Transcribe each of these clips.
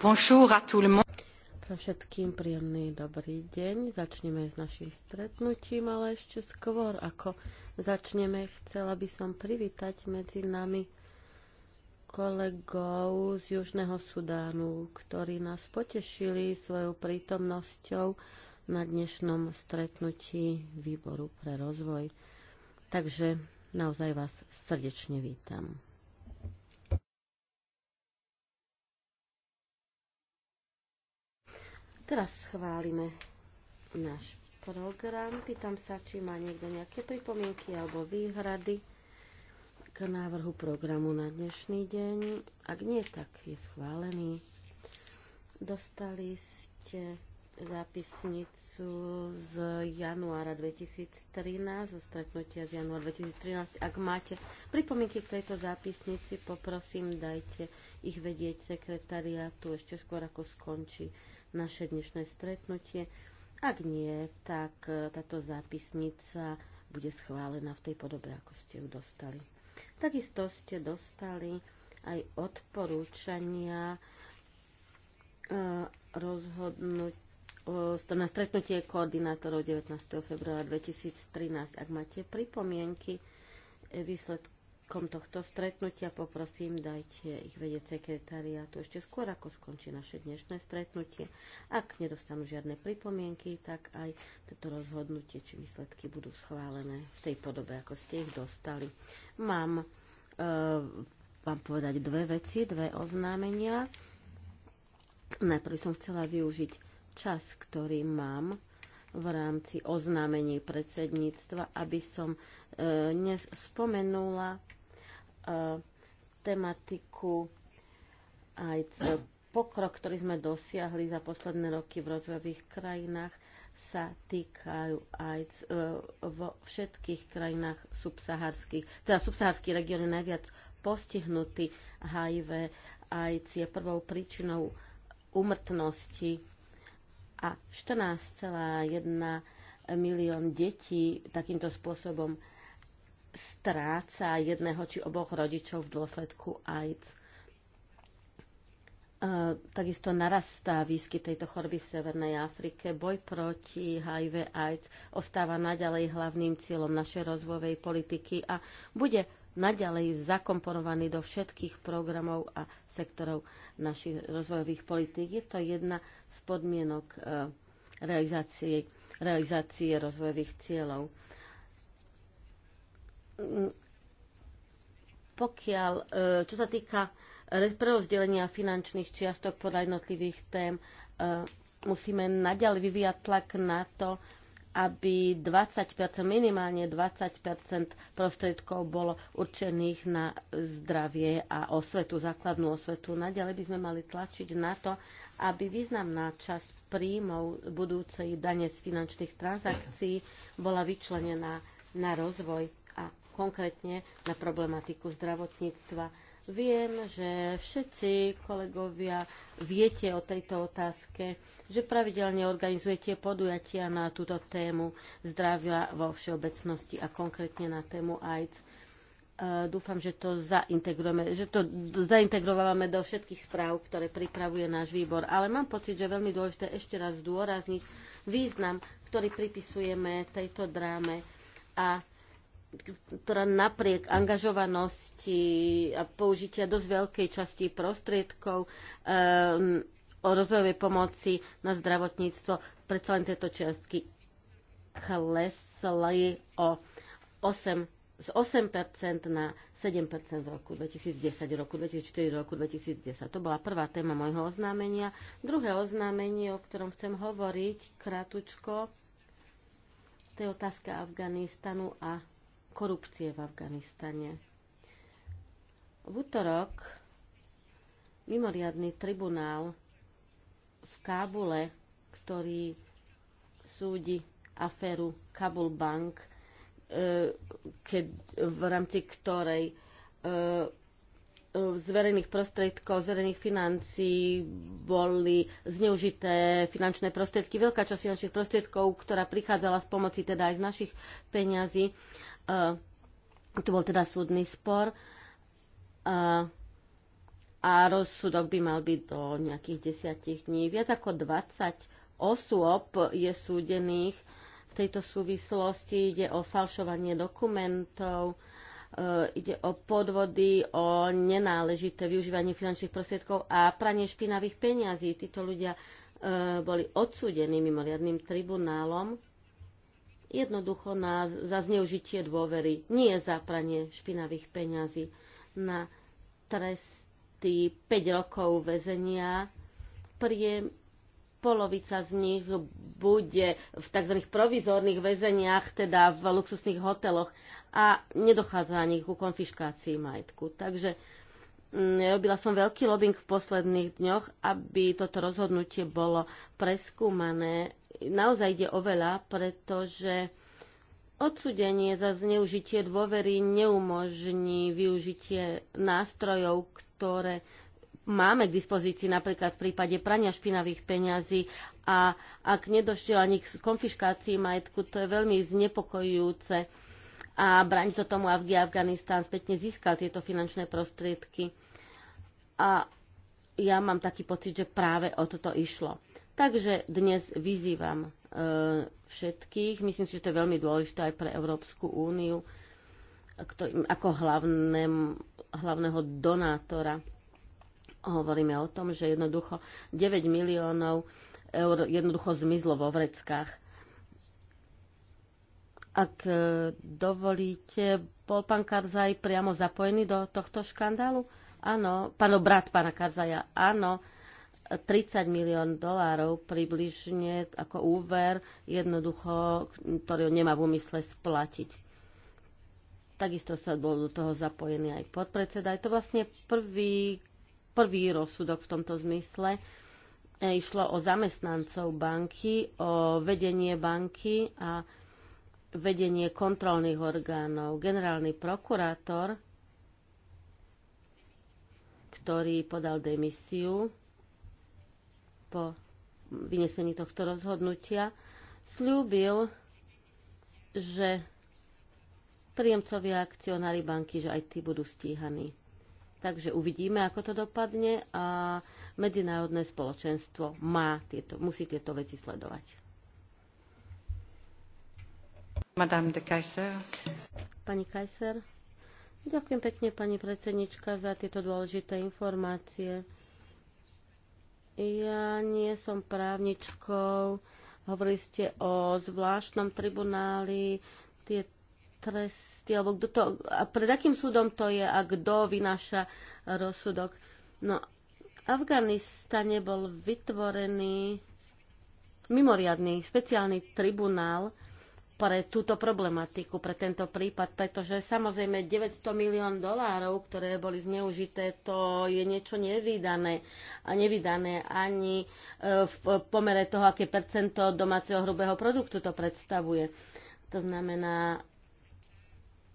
Pre všetkým príjemný dobrý deň. Začneme s našim stretnutím, ale ešte skôr, ako začneme, chcela by som privítať medzi nami kolegov z Južného Sudánu, ktorí nás potešili svojou prítomnosťou na dnešnom stretnutí Výboru pre rozvoj. Takže naozaj vás srdečne vítam. Teraz schválime náš program. Pýtam sa, či má niekto nejaké pripomienky alebo výhrady k návrhu programu na dnešný deň. Ak nie, tak je schválený. Dostali ste zápisnicu z januára 2013, zo stretnutia z januára 2013. Ak máte pripomienky k tejto zápisnici, poprosím, dajte ich vedieť sekretariátu ešte skôr, ako skončí naše dnešné stretnutie. Ak nie, tak e, táto zápisnica bude schválená v tej podobe, ako ste ju dostali. Takisto ste dostali aj odporúčania e, rozhodnúť na stretnutie koordinátorov 19. februára 2013. Ak máte pripomienky, e, výsledky výsledkom tohto stretnutia. Poprosím, dajte ich vedieť sekretariátu ešte skôr, ako skončí naše dnešné stretnutie. Ak nedostanú žiadne pripomienky, tak aj toto rozhodnutie či výsledky budú schválené v tej podobe, ako ste ich dostali. Mám e, vám povedať dve veci, dve oznámenia. Najprv som chcela využiť čas, ktorý mám v rámci oznámení predsedníctva, aby som e, nespomenula tematiku aj pokrok, ktorý sme dosiahli za posledné roky v rozvojových krajinách, sa týkajú aj e, vo všetkých krajinách subsahárskych. Teda subsahársky regióny je najviac postihnutý HIV, aj je prvou príčinou umrtnosti a 14,1 milión detí takýmto spôsobom stráca jedného či oboch rodičov v dôsledku AIDS. E, takisto narastá výskyt tejto choroby v Severnej Afrike. Boj proti HIV AIDS ostáva naďalej hlavným cieľom našej rozvojovej politiky a bude naďalej zakomponovaný do všetkých programov a sektorov našich rozvojových politík. Je to jedna z podmienok e, realizácie, realizácie rozvojových cieľov pokiaľ, e, čo sa týka e, prerozdelenia finančných čiastok podľa jednotlivých tém, e, musíme naďalej vyvíjať tlak na to, aby 20%, minimálne 20% prostriedkov bolo určených na zdravie a osvetu, základnú osvetu. Naďalej by sme mali tlačiť na to, aby významná časť príjmov budúcej dane z finančných transakcií bola vyčlenená na rozvoj konkrétne na problematiku zdravotníctva. Viem, že všetci kolegovia viete o tejto otázke, že pravidelne organizujete podujatia na túto tému zdravia vo všeobecnosti a konkrétne na tému AIDS. E, dúfam, že to zaintegrujeme, že to zaintegrovávame do všetkých správ, ktoré pripravuje náš výbor. Ale mám pocit, že je veľmi dôležité ešte raz zdôrazniť význam, ktorý pripisujeme tejto dráme a ktorá teda napriek angažovanosti a použitia dosť veľkej časti prostriedkov um, o rozvojovej pomoci na zdravotníctvo, predsa len tieto čiastky klesli o 8, z 8% na 7% v roku 2010, roku 2004, roku 2010. To bola prvá téma môjho oznámenia. Druhé oznámenie, o ktorom chcem hovoriť kratučko, to je otázka Afganistanu a korupcie v Afganistane. V útorok mimoriadný tribunál v Kábule, ktorý súdi aféru Kabul Bank, e, keď, v rámci ktorej e, e, z verejných prostriedkov, z verejných financií boli zneužité finančné prostriedky. Veľká časť finančných prostriedkov, ktorá prichádzala z pomoci teda aj z našich peňazí, Eh, tu bol teda súdny spor eh, a rozsudok by mal byť do nejakých desiatich dní. Viac ako 20 osôb je súdených v tejto súvislosti. Ide o falšovanie dokumentov, eh, ide o podvody, o nenáležité využívanie finančných prostriedkov a pranie špinavých peňazí. Títo ľudia boli odsúdení mimoriadným tribunálom jednoducho na, za zneužitie dôvery, nie za pranie špinavých peňazí, na tresty 5 rokov väzenia. prie polovica z nich bude v tzv. provizórnych väzeniach, teda v luxusných hoteloch a nedochádza ani ku konfiškácii majetku. Takže Robila som veľký lobbying v posledných dňoch, aby toto rozhodnutie bolo preskúmané. Naozaj ide o veľa, pretože odsudenie za zneužitie dôvery neumožní využitie nástrojov, ktoré máme k dispozícii napríklad v prípade prania špinavých peňazí a ak nedošiel ani k konfiškácii majetku, to je veľmi znepokojujúce a bráni to tomu, aby Afganistán spätne získal tieto finančné prostriedky. A ja mám taký pocit, že práve o toto išlo. Takže dnes vyzývam e, všetkých, myslím si, že to je veľmi dôležité aj pre Európsku úniu, ako hlavném, hlavného donátora hovoríme o tom, že jednoducho 9 miliónov eur jednoducho zmizlo vo vreckách ak e, dovolíte, bol pán Karzaj priamo zapojený do tohto škandálu? Áno, pán brat pána Karzaja, áno, 30 milión dolárov približne ako úver, jednoducho, ktorý nemá v úmysle splatiť. Takisto sa bol do toho zapojený aj podpredseda. Je to vlastne prvý, prvý rozsudok v tomto zmysle. E, išlo o zamestnancov banky, o vedenie banky a vedenie kontrolných orgánov. Generálny prokurátor, ktorý podal demisiu po vynesení tohto rozhodnutia, slúbil, že príjemcovia akcionári banky, že aj tí budú stíhaní. Takže uvidíme, ako to dopadne a medzinárodné spoločenstvo má tieto, musí tieto veci sledovať. Pani Kaiser. Ďakujem pekne, pani predsednička, za tieto dôležité informácie. Ja nie som právničkou. Hovorili ste o zvláštnom tribunáli. Tie tresty, alebo kto to, a pred akým súdom to je a kto vynáša rozsudok. No, Afganistane bol vytvorený mimoriadný špeciálny tribunál, pre túto problematiku, pre tento prípad, pretože samozrejme 900 milión dolárov, ktoré boli zneužité, to je niečo nevydané a nevydané ani e, v pomere toho, aké percento domáceho hrubého produktu to predstavuje. To znamená,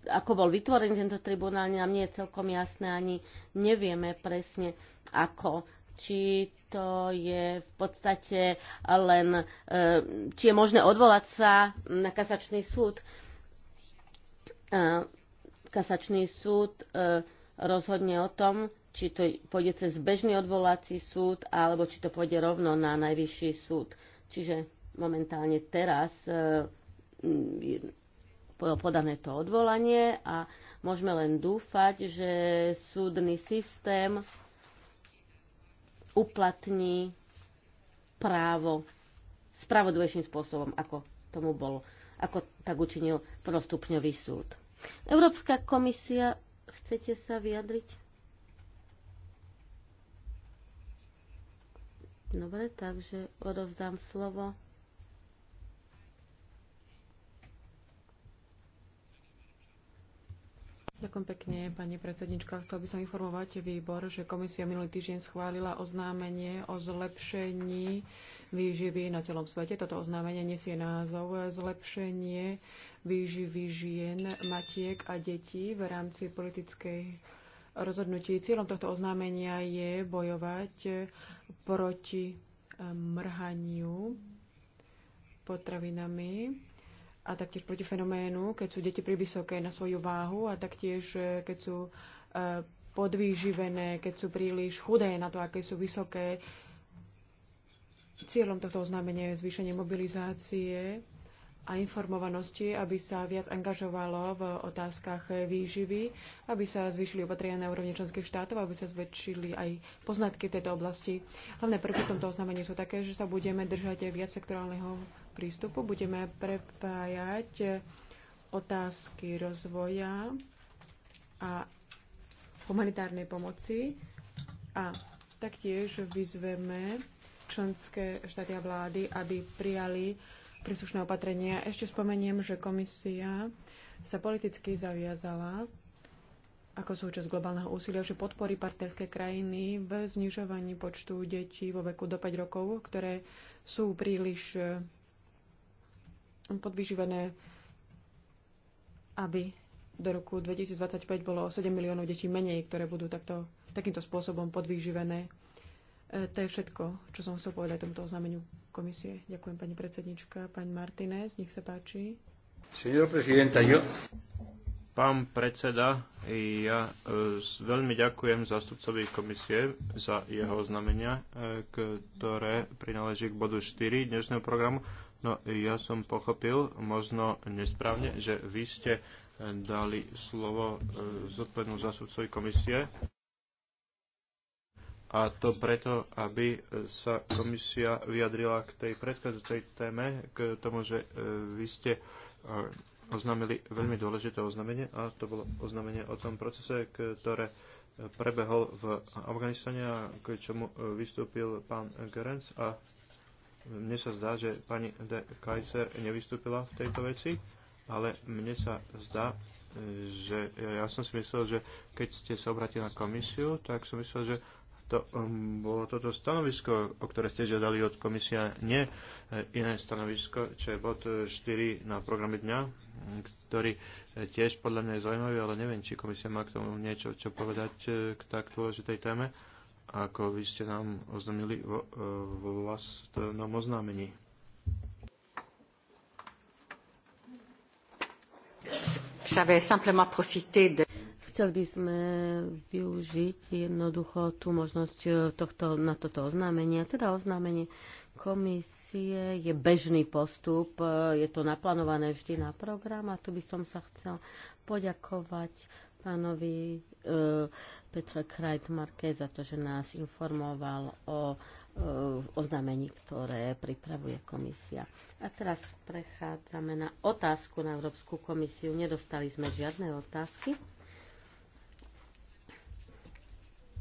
ako bol vytvorený tento tribunál, nám nie je celkom jasné, ani nevieme presne, ako či to je v podstate len, e, či je možné odvolať sa na kasačný súd. E, kasačný súd e, rozhodne o tom, či to pôjde cez bežný odvolací súd, alebo či to pôjde rovno na najvyšší súd. Čiže momentálne teraz podané to odvolanie a môžeme len dúfať, že súdny systém uplatní právo spravodlivejším spôsobom, ako tomu bolo, ako tak učinil prostupňový súd. Európska komisia, chcete sa vyjadriť? Dobre, takže odovzdám slovo Ďakujem pekne, pani predsednička. Chcel by som informovať výbor, že komisia minulý týždeň schválila oznámenie o zlepšení výživy na celom svete. Toto oznámenie nesie názov Zlepšenie výživy žien, matiek a detí v rámci politickej rozhodnutí. Cieľom tohto oznámenia je bojovať proti mrhaniu potravinami a taktiež proti fenoménu, keď sú deti prívysoké na svoju váhu a taktiež e, keď sú e, podvýživené, keď sú príliš chudé na to, aké sú vysoké. Cieľom tohto oznámenia je zvýšenie mobilizácie a informovanosti, aby sa viac angažovalo v otázkach výživy, aby sa zvýšili opatrenia na úrovni členských štátov, aby sa zväčšili aj poznatky v tejto oblasti. Hlavné prvky v tomto oznámení sú také, že sa budeme držať viac sektorálneho prístupu. Budeme prepájať otázky rozvoja a humanitárnej pomoci a taktiež vyzveme členské štáty a vlády, aby prijali príslušné opatrenia. Ešte spomeniem, že komisia sa politicky zaviazala ako súčasť globálneho úsilia, že podporí partnerské krajiny v znižovaní počtu detí vo veku do 5 rokov, ktoré sú príliš podvyživené, aby do roku 2025 bolo 7 miliónov detí menej, ktoré budú takto, takýmto spôsobom podvýživené. E, to je všetko, čo som chcel povedať tomto oznámeniu komisie. Ďakujem pani predsednička. Pani Martinez, nech sa páči. Pán predseda, ja e, veľmi ďakujem zástupcovi komisie za jeho oznámenia, e, ktoré prináleží k bodu 4 dnešného programu. No ja som pochopil, možno nesprávne, že vy ste eh, dali slovo eh, zodpovednú zásudcovi komisie. A to preto, aby eh, sa komisia vyjadrila k tej predchádzajúcej téme, k tomu, že vy ste oznámili veľmi dôležité oznámenie a to bolo oznámenie o tom procese, ktoré prebehol v Afganistane a k čomu vystúpil pán Gerenc a mne sa zdá, že pani de Kaiser nevystúpila v tejto veci, ale mne sa zdá, e, že e, ja som si myslel, že keď ste sa obratili na komisiu, tak som myslel, že to um, bolo toto stanovisko, o ktoré ste žiadali od komisia, nie e, iné stanovisko, čo je bod 4 na programe dňa, ktorý tiež podľa mňa je zaujímavý, ale neviem, či komisia má k tomu niečo, čo povedať k tak dôležitej téme ako vy ste nám oznámili vo, e, vo vlastnom oznámení. Chceli by sme využiť jednoducho tú možnosť e, tohto, na toto oznámenie. Teda oznámenie komisie je bežný postup, e, je to naplánované vždy na program a tu by som sa chcel poďakovať pánovi e, Petra Krajtmarke za to, že nás informoval o e, oznámení, ktoré pripravuje komisia. A teraz prechádzame na otázku na Európsku komisiu. Nedostali sme žiadne otázky.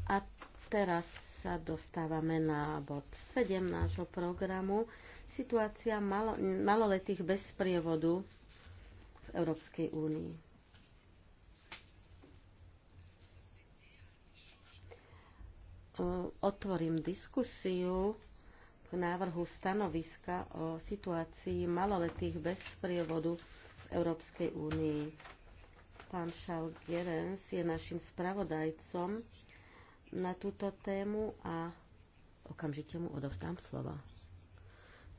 A teraz sa dostávame na bod 7 nášho programu. Situácia malo, maloletých bez prievodu v Európskej únii. otvorím diskusiu k návrhu stanoviska o situácii maloletých bez sprievodu v Európskej únii. Pán Charles Gerens je našim spravodajcom na túto tému a okamžite mu odovzdám slova.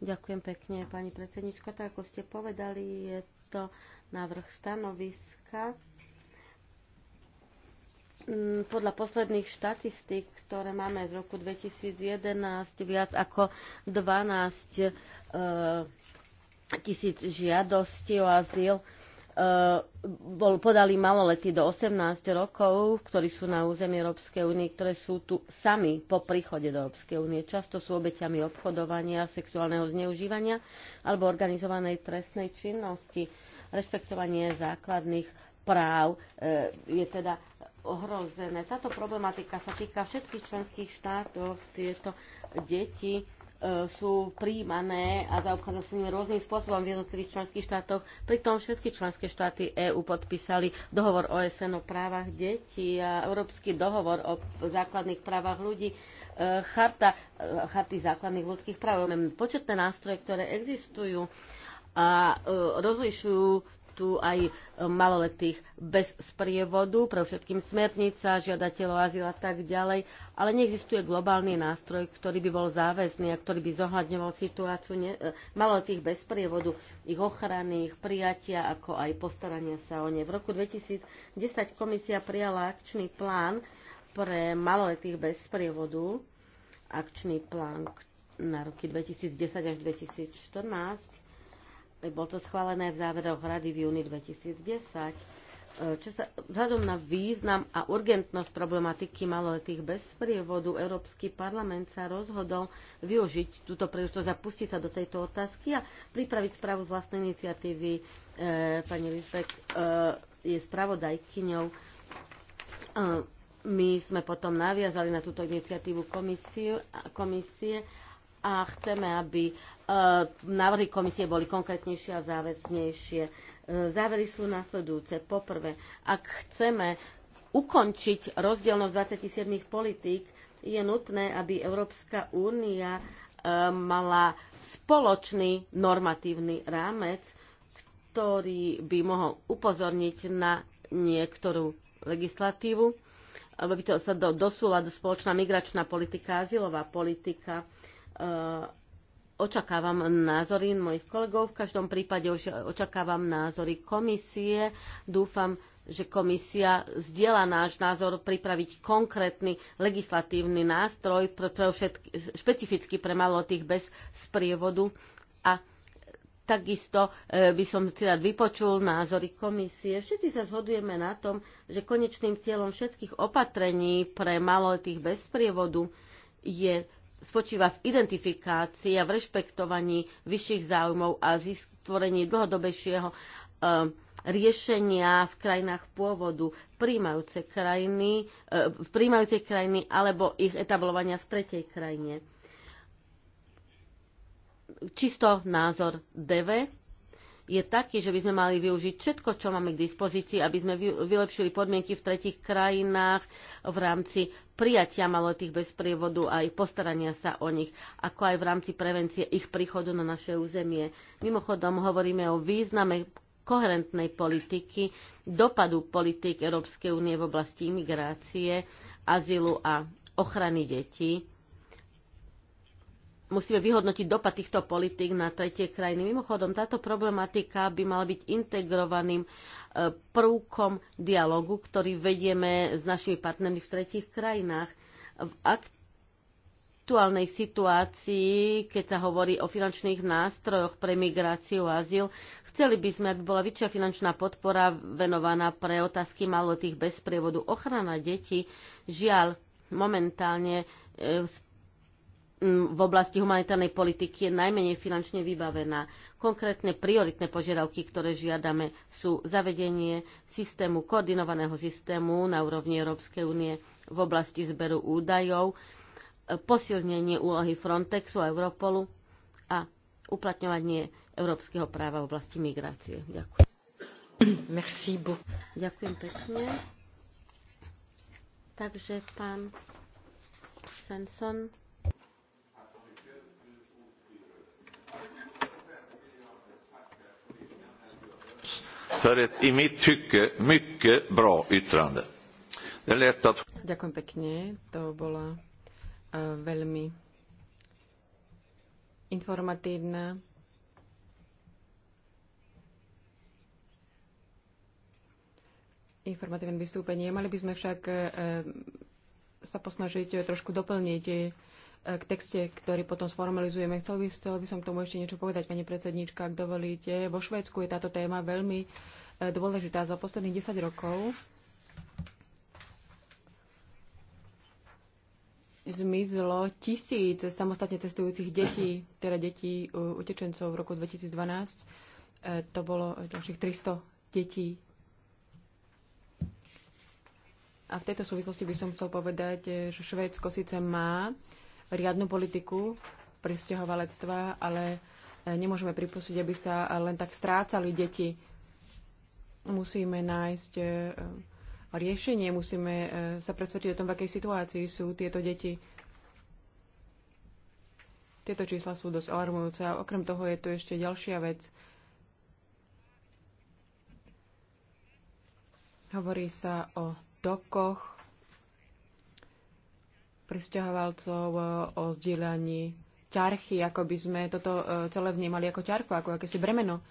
Ďakujem pekne, pani predsednička. Tak ako ste povedali, je to návrh stanoviska Mm, podľa posledných štatistík, ktoré máme z roku 2011, viac ako 12 e, tisíc žiadostí o azyl e, bol, podali maloletí do 18 rokov, ktorí sú na území Európskej únie, ktoré sú tu sami po príchode do Európskej únie. Často sú obeťami obchodovania, sexuálneho zneužívania alebo organizovanej trestnej činnosti. Rešpektovanie základných práv e, je teda ohrozené. Táto problematika sa týka všetkých členských štátov. Tieto deti e, sú príjmané a zaobchádza s nimi rôznym spôsobom v jednotlivých členských štátoch. Pritom všetky členské štáty EÚ podpísali dohovor OSN o právach detí a Európsky dohovor o základných právach ľudí, e, charta, e, charty základných ľudských práv, početné nástroje, ktoré existujú a rozlišujú tu aj e, maloletých bez sprievodu, pre všetkým smernica, žiadateľov azyl a tak ďalej, ale neexistuje globálny nástroj, ktorý by bol záväzný a ktorý by zohľadňoval situáciu ne- e, maloletých bez sprievodu, ich ochrany, ich prijatia, ako aj postarania sa o ne. V roku 2010 komisia prijala akčný plán pre maloletých bez sprievodu, akčný plán na roky 2010 až 2014 bolo to schválené v záveroch Rady v júni 2010. E, čo sa, vzhľadom na význam a urgentnosť problematiky maloletých bez prievodu, Európsky parlament sa rozhodol využiť túto príležitosť a pustiť sa do tejto otázky a pripraviť správu z vlastnej iniciatívy. E, pani Lisbeck e, je spravodajkyňou. E, my sme potom naviazali na túto iniciatívu komisiu, komisie a chceme, aby e, návrhy komisie boli konkrétnejšie a záväznejšie. E, závery sú nasledujúce. Poprvé, ak chceme ukončiť rozdielnosť 27 politík, je nutné, aby Európska únia e, mala spoločný normatívny rámec, ktorý by mohol upozorniť na niektorú legislatívu, aby to sa do, do spoločná migračná politika, azylová politika, Eh, očakávam názory mojich kolegov, v každom prípade už očakávam názory komisie. Dúfam, že komisia zdieľa náš názor pripraviť konkrétny legislatívny nástroj, pre, pre všetky, špecificky pre malotých bez sprievodu. A takisto eh, by som si rád vypočul názory komisie. Všetci sa zhodujeme na tom, že konečným cieľom všetkých opatrení pre maloletých bez sprievodu je spočíva v identifikácii a v rešpektovaní vyšších záujmov a zistvorení dlhodobejšieho e, riešenia v krajinách pôvodu príjmajúce krajiny, e, eh, v príjmajúcej krajiny alebo ich etablovania v tretej krajine. Čisto názor DV je taký, že by sme mali využiť všetko, čo máme k dispozícii, aby sme vylepšili podmienky v tretich krajinách v rámci prijatia malotých bez prievodu a aj postarania sa o nich, ako aj v rámci prevencie ich príchodu na naše územie. Mimochodom hovoríme o význame koherentnej politiky, dopadu politik Európskej únie v oblasti imigrácie, azylu a ochrany detí musíme vyhodnotiť dopad týchto politík na tretie krajiny. Mimochodom, táto problematika by mala byť integrovaným e, prvkom dialogu, ktorý vedieme s našimi partnermi v tretích krajinách. V aktuálnej situácii, keď sa hovorí o finančných nástrojoch pre migráciu a azyl, chceli by sme, aby bola väčšia finančná podpora venovaná pre otázky malotých bez prievodu. Ochrana detí, žiaľ, momentálne e, v oblasti humanitárnej politiky je najmenej finančne vybavená. Konkrétne prioritné požiadavky, ktoré žiadame, sú zavedenie systému, koordinovaného systému na úrovni Európskej únie v oblasti zberu údajov, posilnenie úlohy Frontexu a Europolu a uplatňovanie európskeho práva v oblasti migrácie. Ďakujem. Merci Ďakujem pekne. Takže pán Sanson. för ett i mitt tycke mycket bra yttrande. Det är lätt att... Ďakujem pekne. To bola uh, veľmi informatívna informatívne vystúpenie. Mali by sme však uh, sa posnažiť trošku doplniť eh, k texte, ktorý potom sformalizujeme. Chcel by, chcel by som k tomu ešte niečo povedať, pani predsednička, ak dovolíte. Vo Švédsku je táto téma veľmi e, dôležitá. Za posledných 10 rokov zmizlo tisíc samostatne cestujúcich detí, teda detí e, utečencov v roku 2012. E, to bolo ďalších 300 detí. A v tejto súvislosti by som chcel povedať, že Švédsko síce má riadnu politiku pristahovalectva, ale e, nemôžeme pripustiť, aby sa len tak strácali deti. Musíme nájsť e, e, riešenie, musíme sa presvedčiť o tom, v akej situácii sú tieto deti. Tieto čísla sú dosť alarmujúce a okrem toho je tu ešte ďalšia vec. Hovorí sa o tokoch pristahovalcov, eh, o zdieľaní ťarchy, ako by sme toto eh, celé vnímali ako ťarku, ako akési bremeno.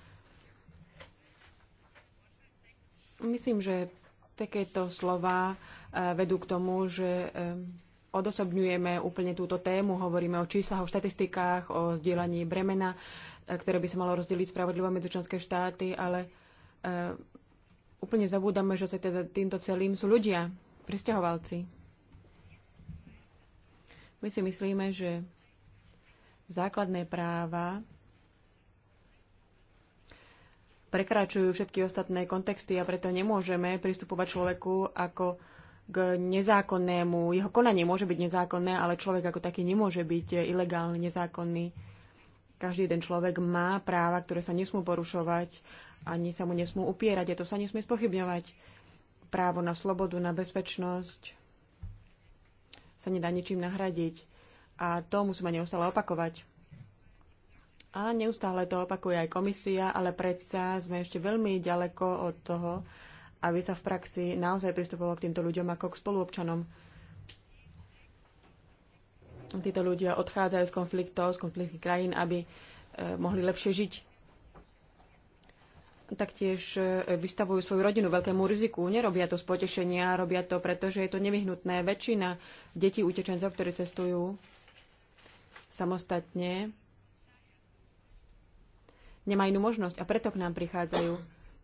Myslím, že takéto slova eh, vedú k tomu, že odosobňujeme úplne túto tému, hovoríme o číslach, o štatistikách, o zdieľaní bremena, ktoré by sa malo rozdeliť spravodlivo medzi členské štáty, ale úplne zabúdame, že sa teda týmto celým sú ľudia, pristahovalci. My si myslíme, že základné práva prekračujú všetky ostatné kontexty a preto nemôžeme pristupovať človeku ako k nezákonnému. Jeho konanie môže byť nezákonné, ale človek ako taký nemôže byť ilegálny, nezákonný. Každý jeden človek má práva, ktoré sa nesmú porušovať, ani sa mu nesmú upierať a to sa nesmie spochybňovať. Právo na slobodu, na bezpečnosť, sa nedá ničím nahradiť. A to musíme neustále opakovať. A neustále to opakuje aj komisia, ale predsa sme ešte veľmi ďaleko od toho, aby sa v praxi naozaj pristupovalo k týmto ľuďom ako k spoluobčanom. Títo ľudia odchádzajú z konfliktov, z konfliktných krajín, aby eh, mohli lepšie žiť taktiež e, vystavujú svoju rodinu veľkému riziku. Nerobia to z potešenia, robia to, pretože je to nevyhnutné. Väčšina detí utečencov, ktorí cestujú samostatne, nemá inú možnosť a preto k nám prichádzajú.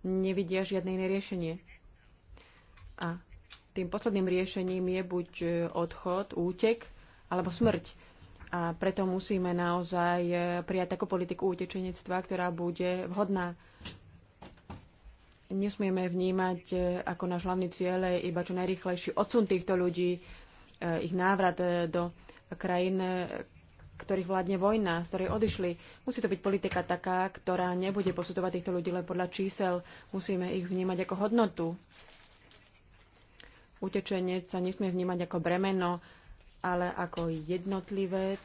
Nevidia žiadne iné riešenie. A tým posledným riešením je buď e, odchod, útek alebo smrť. A preto musíme naozaj e, prijať takú politiku utečenectva, ktorá bude vhodná nesmieme vnímať e, ako náš hlavný cieľ iba čo najrychlejší odsun týchto ľudí, e, ich návrat e, do krajín, ktorých vládne vojna, z ktorej odišli. Musí to byť politika taká, ktorá nebude posudzovať týchto ľudí len podľa čísel. Musíme ich vnímať ako hodnotu. Utečenec sa nesmie vnímať ako bremeno, ale ako jednotlivec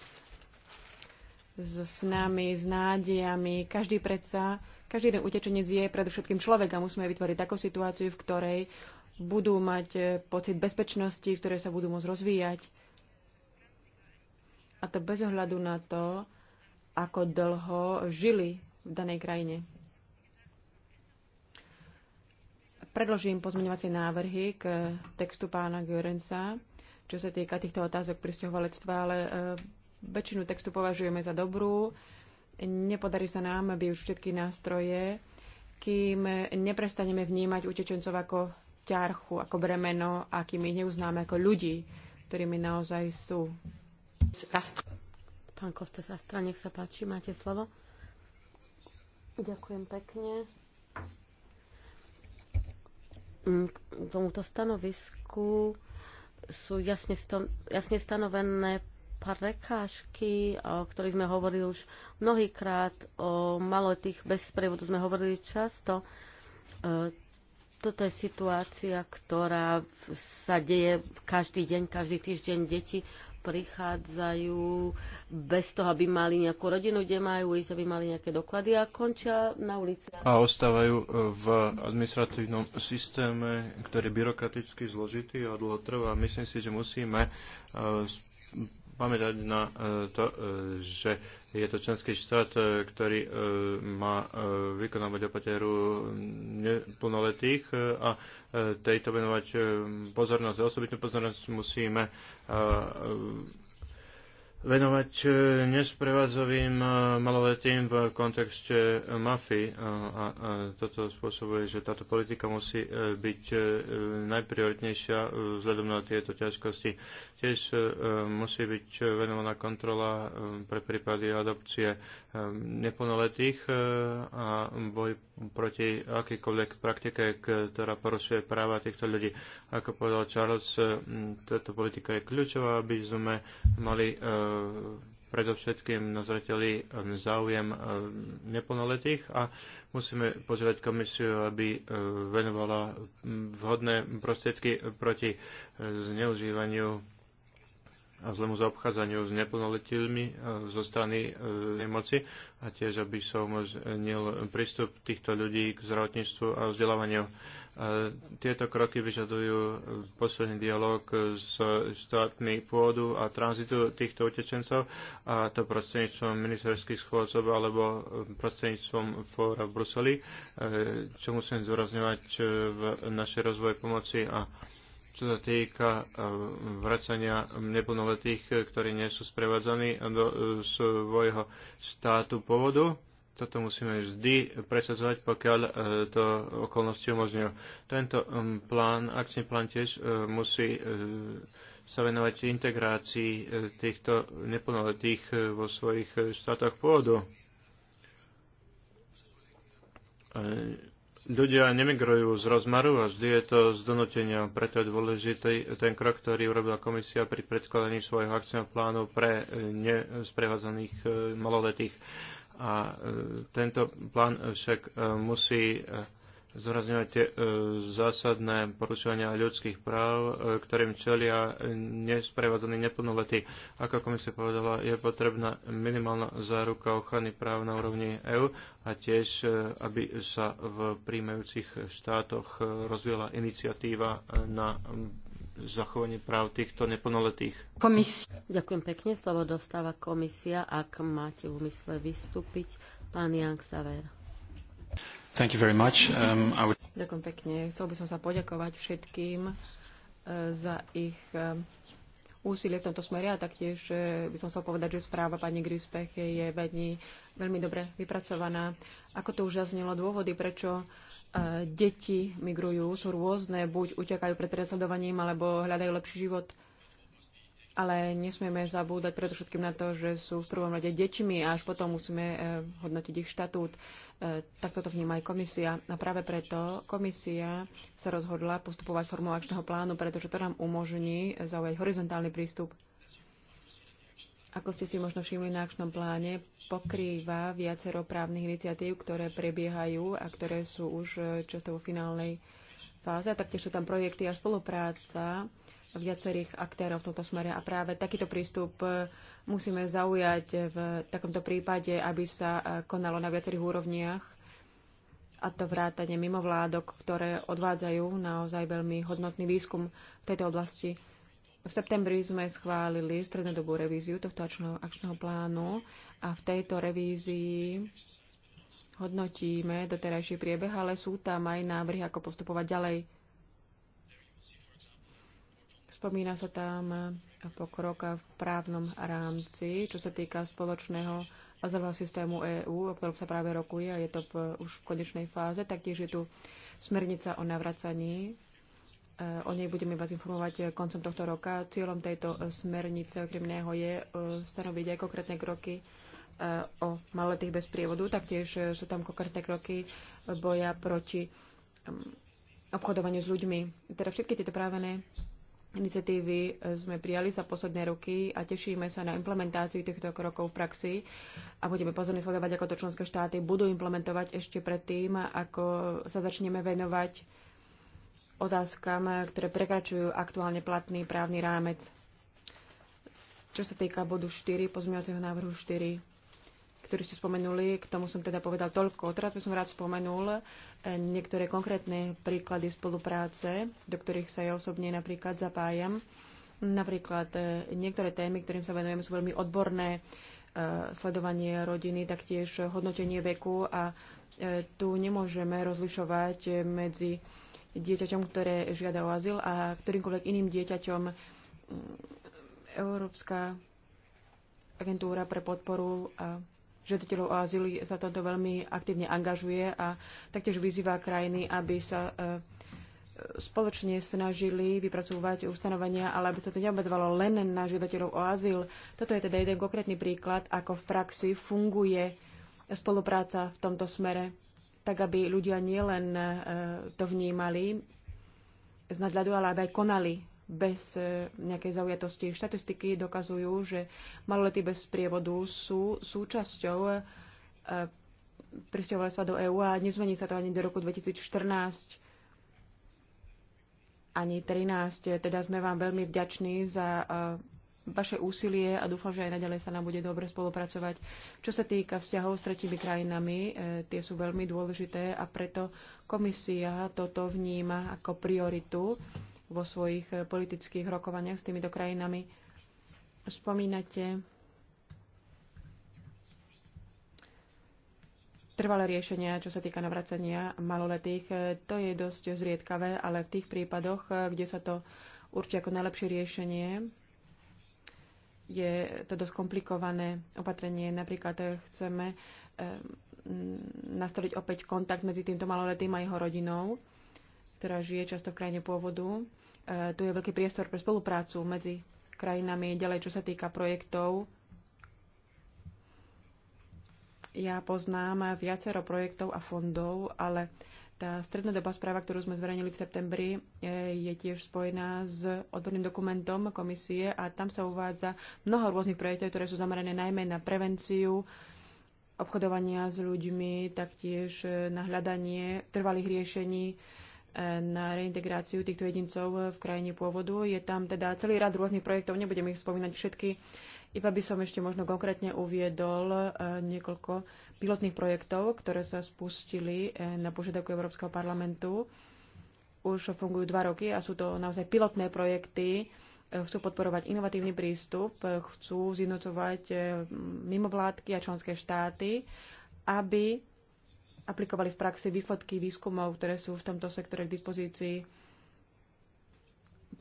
s nami, s nádejami. Každý predsa každý jeden utečenec je predovšetkým človek a musíme vytvoriť takú situáciu, v ktorej budú mať e, pocit bezpečnosti, v ktorej sa budú môcť rozvíjať. A to bez ohľadu na to, ako dlho žili v danej krajine. Predložím pozmeňovacie návrhy k e, textu pána Görensa, čo sa týka týchto otázok prisťahovalectva, ale e, väčšinu textu považujeme za dobrú. Nepodarí sa nám využiť všetky nástroje, kým neprestaneme vnímať utečencov ako ťarchu, ako bremeno a kým ich neuznáme ako ľudí, ktorými naozaj sú. Pán sa Astra, nech sa páči, máte slovo. Ďakujem pekne. Mm, k tomuto stanovisku sú jasne, sto- jasne stanovené prekážky, o ktorých sme hovorili už mnohýkrát, o malotých bez sprievodu sme hovorili často. E, toto je situácia, ktorá sa deje každý deň, každý týždeň. Deti prichádzajú bez toho, aby mali nejakú rodinu, kde majú ísť, aby mali nejaké doklady a končia na ulici. A ostávajú v administratívnom systéme, ktorý je byrokraticky zložitý a dlho trvá. Myslím si, že musíme e, pamätať na e, to, e, že je to členský štát, e, ktorý má vykonávať opateru neplnoletých a tejto venovať pozornosť. Osobitnú pozornosť musíme venovať e, nesprevádzovým e, maloletým v kontexte e, mafii. A, a toto spôsobuje, že táto politika musí byť najprioritnejšia vzhľadom na tieto ťažkosti. Tiež musí byť venovaná kontrola pre prípady adopcie neplnoletých a boj proti akýkoľvek praktike, ktorá porušuje práva týchto ľudí. Ako povedal Charles, táto politika je kľúčová, aby sme mali predovšetkým na zreteli um, záujem um, neplnoletých a musíme požiadať komisiu, aby uh, venovala um, vhodné prostriedky proti uh, zneužívaniu a zlému zaobchádzaniu s neplnoletými uh, zo strany moci a tiež, aby sa umožnil prístup týchto ľudí k zdravotníctvu a vzdelávaniu. Tieto kroky vyžadujú posledný dialog s štátmi pôdu a tranzitu týchto utečencov a to prostredníctvom ministerských schôdzov alebo prostredníctvom fóra v Bruseli, e, čo musím zdôrazňovať e, v našej rozvoj pomoci a čo sa týka e, vracania neplnoletých, ktorí nie sú sprevádzaní do svojho štátu pôvodu toto musíme vždy presadzovať, pokiaľ e, to okolnosti umožňujú. Tento plán, akčný plán tiež e, musí e, sa venovať integrácii týchto neplnoletých vo svojich štátoch pôvodu. Ľudia nemigrujú z rozmaru a vždy je to z donútenia. Preto je dôležitý ten krok, ktorý urobila komisia pri predkladaní svojho akčného plánu pre nesprevádzaných maloletých. A e, tento plán však e, musí tie e, zásadné porušovania ľudských práv, ktorým čelia nesprevádzaní neplnoletí. Ako komisia povedala, je potrebná minimálna záruka ochrany práv na úrovni EÚ a tiež, aby sa v príjmajúcich štátoch rozvíjala iniciatíva na zachovanie práv týchto neplnoletých. Komisia. Ďakujem pekne. Slovo dostáva komisia. Ak máte v úmysle vystúpiť, pán Jan Xaver. Thank you very much. Um, I would... Ďakujem pekne. Chcel by som sa poďakovať všetkým uh, za ich uh, úsilie v tomto smere a taktiež e, by som chcel povedať, že správa pani Grispech je vedni veľmi dobre vypracovaná. Ako to už zaznelo, dôvody, prečo e, deti migrujú, sú rôzne, buď utekajú pred prenasledovaním, alebo hľadajú lepší život ale nesmieme zabúdať predovšetkým na to, že sú v prvom rade deťmi a až potom musíme e, hodnotiť ich štatút. E, takto to vníma aj komisia. A práve preto komisia sa rozhodla postupovať formou akčného plánu, pretože to nám umožní zaujať horizontálny prístup. Ako ste si možno všimli na akčnom pláne, pokrýva viacero právnych iniciatív, ktoré prebiehajú a ktoré sú už e, často vo finálnej fáze. A taktiež sú tam projekty a spolupráca viacerých aktérov v tomto smere a práve takýto prístup e, musíme zaujať v takomto prípade, aby sa e, konalo na viacerých úrovniach a to vrátanie mimovládok, ktoré odvádzajú naozaj veľmi hodnotný výskum v tejto oblasti. V septembri sme schválili strednodobú revíziu tohto akčného, akčného plánu a v tejto revízii hodnotíme doterajší priebeh, ale sú tam aj návrhy, ako postupovať ďalej. Spomína sa tam pokrok v právnom rámci, čo sa týka spoločného azylového systému EÚ, o ktorom sa práve rokuje a je to v, už v konečnej fáze. Taktiež je tu smernica o navracaní. E, o nej budeme vás informovať koncom tohto roka. Cieľom tejto smernice okrem iného je e, stanoviť aj konkrétne kroky e, o maletých bez prievodu. Taktiež sú tam konkrétne kroky boja proti obchodovaniu s ľuďmi. Teda všetky tieto právené iniciatívy eh, sme prijali za posledné roky a tešíme sa na implementáciu týchto krokov v praxi a budeme pozorne sledovať, ako to členské štáty budú implementovať ešte predtým, ako sa začneme venovať otázkam, eh, ktoré prekračujú aktuálne platný právny rámec. Čo sa týka bodu 4, pozmeňovacieho návrhu 4, ktorý ste spomenuli, k tomu som teda povedal toľko. Teraz by som rád spomenul e, niektoré konkrétne príklady spolupráce, do ktorých sa ja osobne napríklad zapájam. Napríklad e, niektoré témy, ktorým sa venujem, sú veľmi odborné. E, sledovanie rodiny, taktiež hodnotenie veku a tu nemôžeme rozlišovať medzi dieťaťom, ktoré žiada o azyl a ktorýmkoľvek iným dieťaťom. Mm, Európska agentúra pre podporu a žiadateľov o azyl sa toto veľmi aktívne angažuje a taktiež vyzýva krajiny, aby sa e, spoločne snažili vypracovať ustanovenia, ale aby sa to neobedvalo len na žiadateľov o azyl. Toto je teda jeden konkrétny príklad, ako v praxi funguje spolupráca v tomto smere, tak aby ľudia nielen e, to vnímali z nadľadu, ale aby aj konali bez e, nejakej zaujatosti. Štatistiky dokazujú, že maloletí bez prievodu sú súčasťou e, pristahovalectva do EÚ a nezmení sa to ani do roku 2014 ani 13. Teda sme vám veľmi vďační za e, vaše úsilie a dúfam, že aj naďalej sa nám bude dobre spolupracovať. Čo sa týka vzťahov s tretími krajinami, tie sú veľmi dôležité a preto komisia toto vníma ako prioritu vo svojich eh, politických rokovaniach s týmito krajinami. Spomínate trvalé riešenia, čo sa týka navracania maloletých. Eh, to je dosť zriedkavé, ale v tých prípadoch, eh, kde sa to určí ako najlepšie riešenie, je to dosť komplikované opatrenie. Napríklad chceme nastoliť opäť kontakt medzi týmto maloletým a jeho rodinou ktorá žije často v krajine pôvodu. E, tu je veľký priestor pre spoluprácu medzi krajinami ďalej, čo sa týka projektov. Ja poznám viacero projektov a fondov, ale tá strednodobá správa, ktorú sme zverejnili v septembri, e, je tiež spojená s odborným dokumentom komisie a tam sa uvádza mnoho rôznych projektov, ktoré sú zamerané najmä na prevenciu obchodovania s ľuďmi, taktiež e, na hľadanie trvalých riešení na reintegráciu týchto jedincov v krajine pôvodu. Je tam teda celý rad rôznych projektov, nebudem ich spomínať všetky, iba by som ešte možno konkrétne uviedol e, niekoľko pilotných projektov, ktoré sa spustili e, na požiadavku Európskeho parlamentu. Už fungujú dva roky a sú to naozaj pilotné projekty. E, chcú podporovať inovatívny prístup, chcú zjednocovať mimovládky a členské štáty, aby aplikovali v praxi výsledky výskumov, ktoré sú v tomto sektore k dispozícii.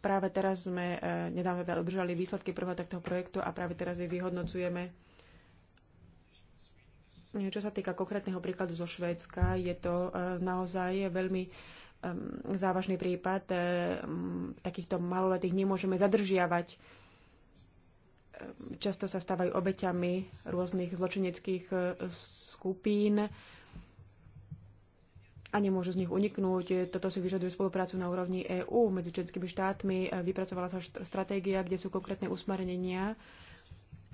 Práve teraz sme e, nedávno teda obržali výsledky prvého takto projektu a práve teraz ich vyhodnocujeme. E, čo sa týka konkrétneho príkladu zo Švédska, je to e, naozaj veľmi závažný prípad. Takýchto maloletých nemôžeme zadržiavať. Často sa stávajú obeťami rôznych zločineckých skupín a nemôžu z nich uniknúť. Toto si vyžaduje spoluprácu na úrovni EÚ medzi členskými štátmi. Eh, vypracovala sa stratégia, kde sú konkrétne usmernenia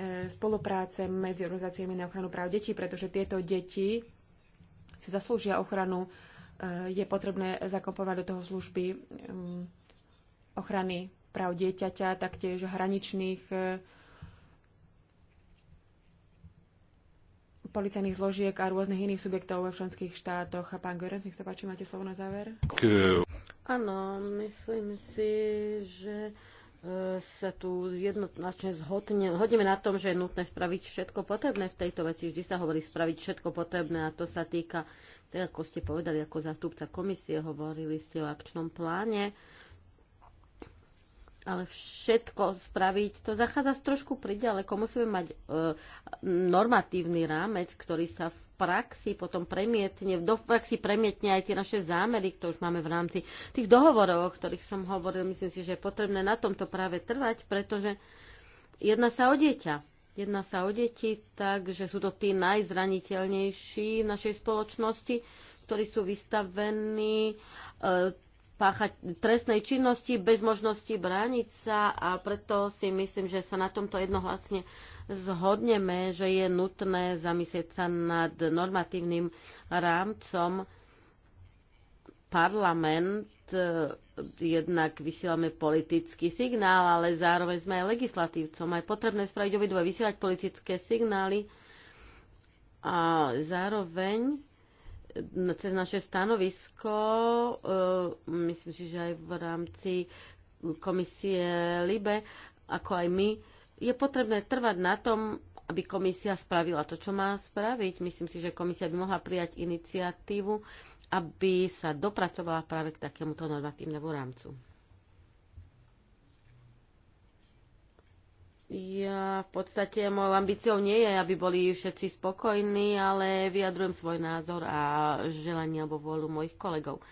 eh, spolupráce medzi organizáciami na ochranu práv detí, pretože tieto deti si zaslúžia ochranu. Eh, je potrebné zakopovať do toho služby mm, ochrany práv dieťaťa, taktiež hraničných policajných zložiek a rôznych iných subjektov vo členských štátoch. Pán Görens, nech sa páči, máte slovo na záver. Áno, myslím si, že e, sa tu jednoznačne zhodne, hodneme na tom, že je nutné spraviť všetko potrebné v tejto veci. Vždy sa hovorí spraviť všetko potrebné a to sa týka, tak ako ste povedali, ako zástupca komisie, hovorili ste o akčnom pláne ale všetko spraviť, to zachádza trošku priďaleko. Musíme mať e, normatívny rámec, ktorý sa v praxi potom premietne, do praxi premietne aj tie naše zámery, ktoré už máme v rámci tých dohovorov, o ktorých som hovoril. Myslím si, že je potrebné na tomto práve trvať, pretože jedna sa o dieťa. Jedná sa o deti, takže sú to tí najzraniteľnejší v našej spoločnosti, ktorí sú vystavení e, páchať trestnej činnosti bez možnosti brániť sa a preto si myslím, že sa na tomto jednohlasne zhodneme, že je nutné zamyslieť sa nad normatívnym rámcom. Parlament e, jednak vysielame politický signál, ale zároveň sme aj legislatívcom. Aj potrebné spraviť obidve vysielať politické signály a zároveň cez naše stanovisko, e, myslím si, že aj v rámci komisie LIBE, ako aj my, je potrebné trvať na tom, aby komisia spravila to, čo má spraviť. Myslím si, že komisia by mohla prijať iniciatívu, aby sa dopracovala práve k takémuto normatívnemu rámcu. Ja v podstate mojou ambíciou nie je, aby boli všetci spokojní, ale vyjadrujem svoj názor a želanie alebo vôľu mojich kolegov.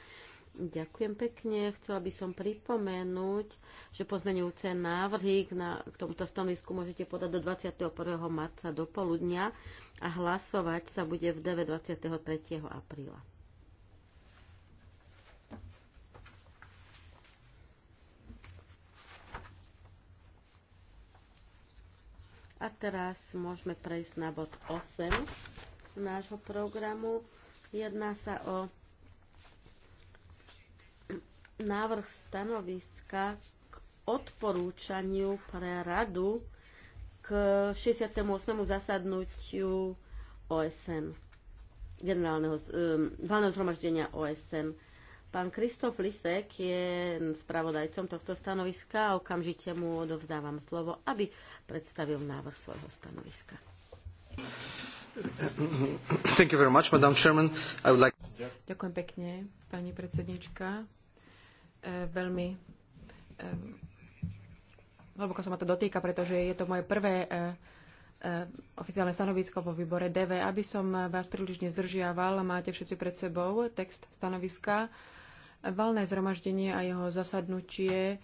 Ďakujem pekne. Chcela by som pripomenúť, že pozmeňujúce návrhy k, na, k tomuto stanovisku môžete podať do 21. marca do poludnia a hlasovať sa bude v 9. 23. apríla. A teraz môžeme prejsť na bod 8 nášho programu. Jedná sa o návrh stanoviska k odporúčaniu pre radu k 68. zasadnutiu OSN, generálneho, um, zhromaždenia OSN Pán Kristof Lisek je spravodajcom tohto stanoviska a okamžite mu odovzdávam slovo, aby predstavil návrh svojho stanoviska. Thank you very much, Madam Chairman. I would like... Ďakujem pekne, pani predsednička. E, veľmi e, hlboko sa ma to dotýka, pretože je to moje prvé e, e oficiálne stanovisko vo výbore DV. Aby som vás príliš nezdržiaval, máte všetci pred sebou text stanoviska. Valné zhromaždenie a jeho zasadnutie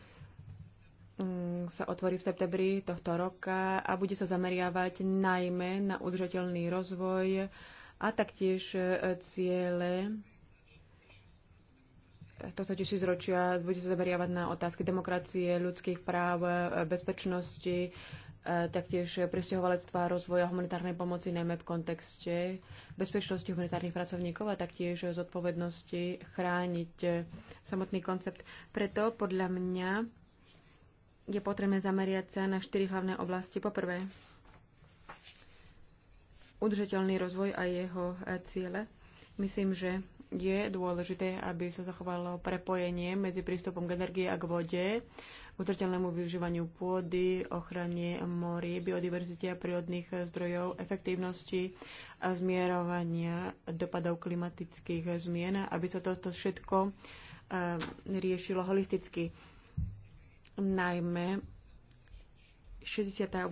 mm, sa otvorí v septembri tohto roka a bude sa zameriavať najmä na udržateľný rozvoj a taktiež e, ciele tohto tisícročia bude sa zameriavať na otázky demokracie, ľudských práv, e, bezpečnosti, Eh, taktiež presťahovalectva a rozvoja humanitárnej pomoci, najmä v kontexte bezpečnosti humanitárnych pracovníkov a taktiež zodpovednosti chrániť eh, samotný koncept. Preto podľa mňa je potrebné zameriať sa na štyri hlavné oblasti. Poprvé, udržateľný rozvoj a jeho eh, ciele. Myslím, že je dôležité, aby sa zachovalo prepojenie medzi prístupom k energii a k vode udržateľnému využívaniu pôdy, ochrane morí, biodiverzite a prírodných zdrojov, efektívnosti a zmierovania dopadov klimatických zmien, aby sa toto všetko e, riešilo holisticky. Najmä 68.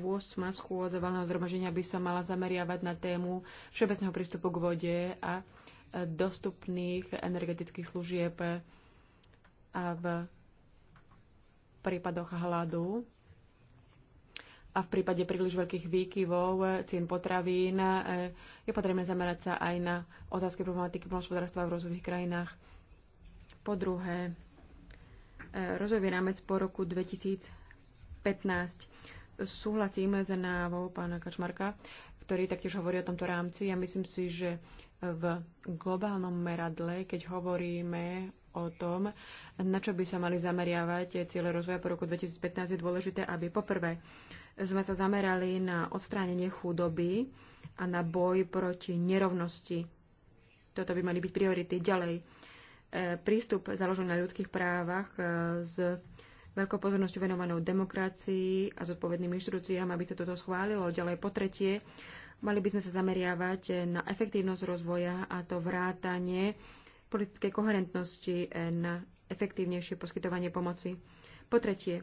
schôdza valného zhromaždenia by sa mala zameriavať na tému všeobecného prístupu k vode a dostupných energetických služieb a v prípadoch hladu a v prípade príliš veľkých výkyvov cien potravín e, je potrebné zamerať sa aj na otázky problematiky poľnohospodárstva v rozvojových krajinách. Po druhé, e, rozvojový rámec po roku 2015. Súhlasíme s návou pána Kačmarka, ktorý taktiež hovorí o tomto rámci. Ja myslím si, že v globálnom meradle, keď hovoríme o tom, na čo by sa mali zameriavať ciele rozvoja po roku 2015, je dôležité, aby poprvé sme sa zamerali na odstránenie chudoby a na boj proti nerovnosti. Toto by mali byť priority. Ďalej, e, prístup založený na ľudských právach e, s veľkou pozornosťou venovanou demokracii a zodpovedným inštitúciám, aby sa toto schválilo. Ďalej, po tretie, mali by sme sa zameriavať na efektívnosť rozvoja a to vrátanie politickej koherentnosti na efektívnejšie poskytovanie pomoci. Po tretie,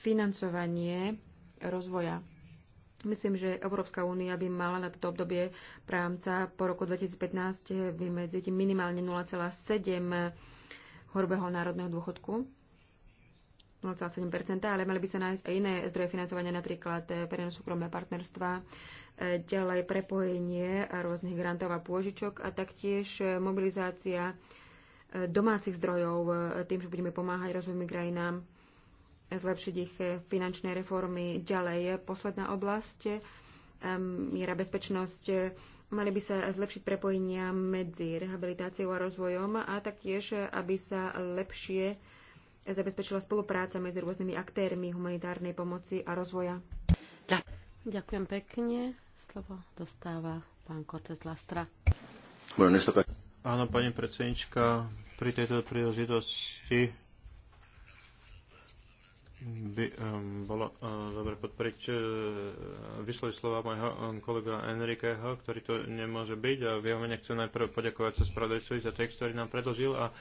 financovanie rozvoja. Myslím, že Európska únia by mala na toto obdobie prámca po roku 2015 vymedziť minimálne 0,7 horbeho národného dôchodku 0,7%, ale mali by sa nájsť aj iné zdroje financovania, napríklad eh, verejno-súkromné partnerstva, ďalej prepojenie rôznych grantov a pôžičok a taktiež mobilizácia e, domácich zdrojov e, tým, že budeme pomáhať rozvojovým krajinám zlepšiť ich e, finančné reformy. Ďalej, posledná oblasť, miera bezpečnosť. Mali by sa zlepšiť prepojenia medzi rehabilitáciou a rozvojom a taktiež, aby sa lepšie zabezpečila spolupráca medzi rôznymi aktérmi humanitárnej pomoci a rozvoja. Ďakujem pekne. Slovo dostáva pán Cortez Lastra. Áno, pani predsednička, pri tejto príležitosti by um, bolo uh, dobre podporiť uh, eh, vyslali slova môjho um, kolega Enriqueho, ktorý tu nemôže byť a v jeho mene chcem najprv poďakovať sa spravodajcovi za text, ktorý nám predložil a uh,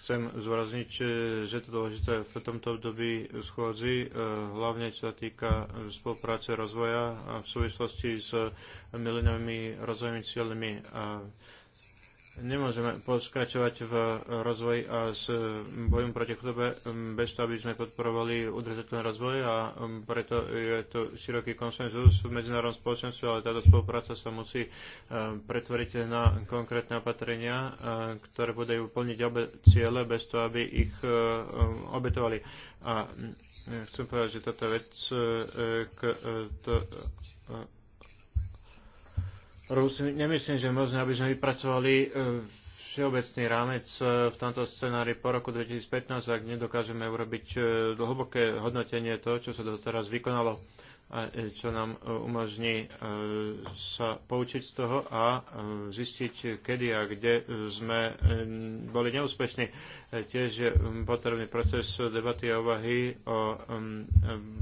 chcem zúrazniť, eh, že to dôležité v tomto období schôdzi, uh, hlavne čo sa týka spolupráce rozvoja a v súvislosti s milenovými rozvojovými cieľmi. Uh, Nemôžeme poskračovať v rozvoji a s bojom proti chudobe bez toho, aby sme podporovali udržateľný rozvoj a preto je to široký konsenzus v medzinárodnom spoločenstve, ale táto spolupráca sa musí e, pretvoriť na konkrétne opatrenia, e, ktoré budú plniť obe ciele bez toho, aby ich e, obetovali. A chcem povedať, že táto vec, k, to, nemyslím, že možno, aby sme vypracovali e, všeobecný rámec e, v tomto scenári po roku 2015, ak nedokážeme urobiť e, hlboké hodnotenie toho, čo sa doteraz vykonalo. E, čo nám e, umožní e, sa poučiť z toho a zistiť, kedy a kde sme boli neúspešní. Tiež je potrebný proces debaty a ovahy o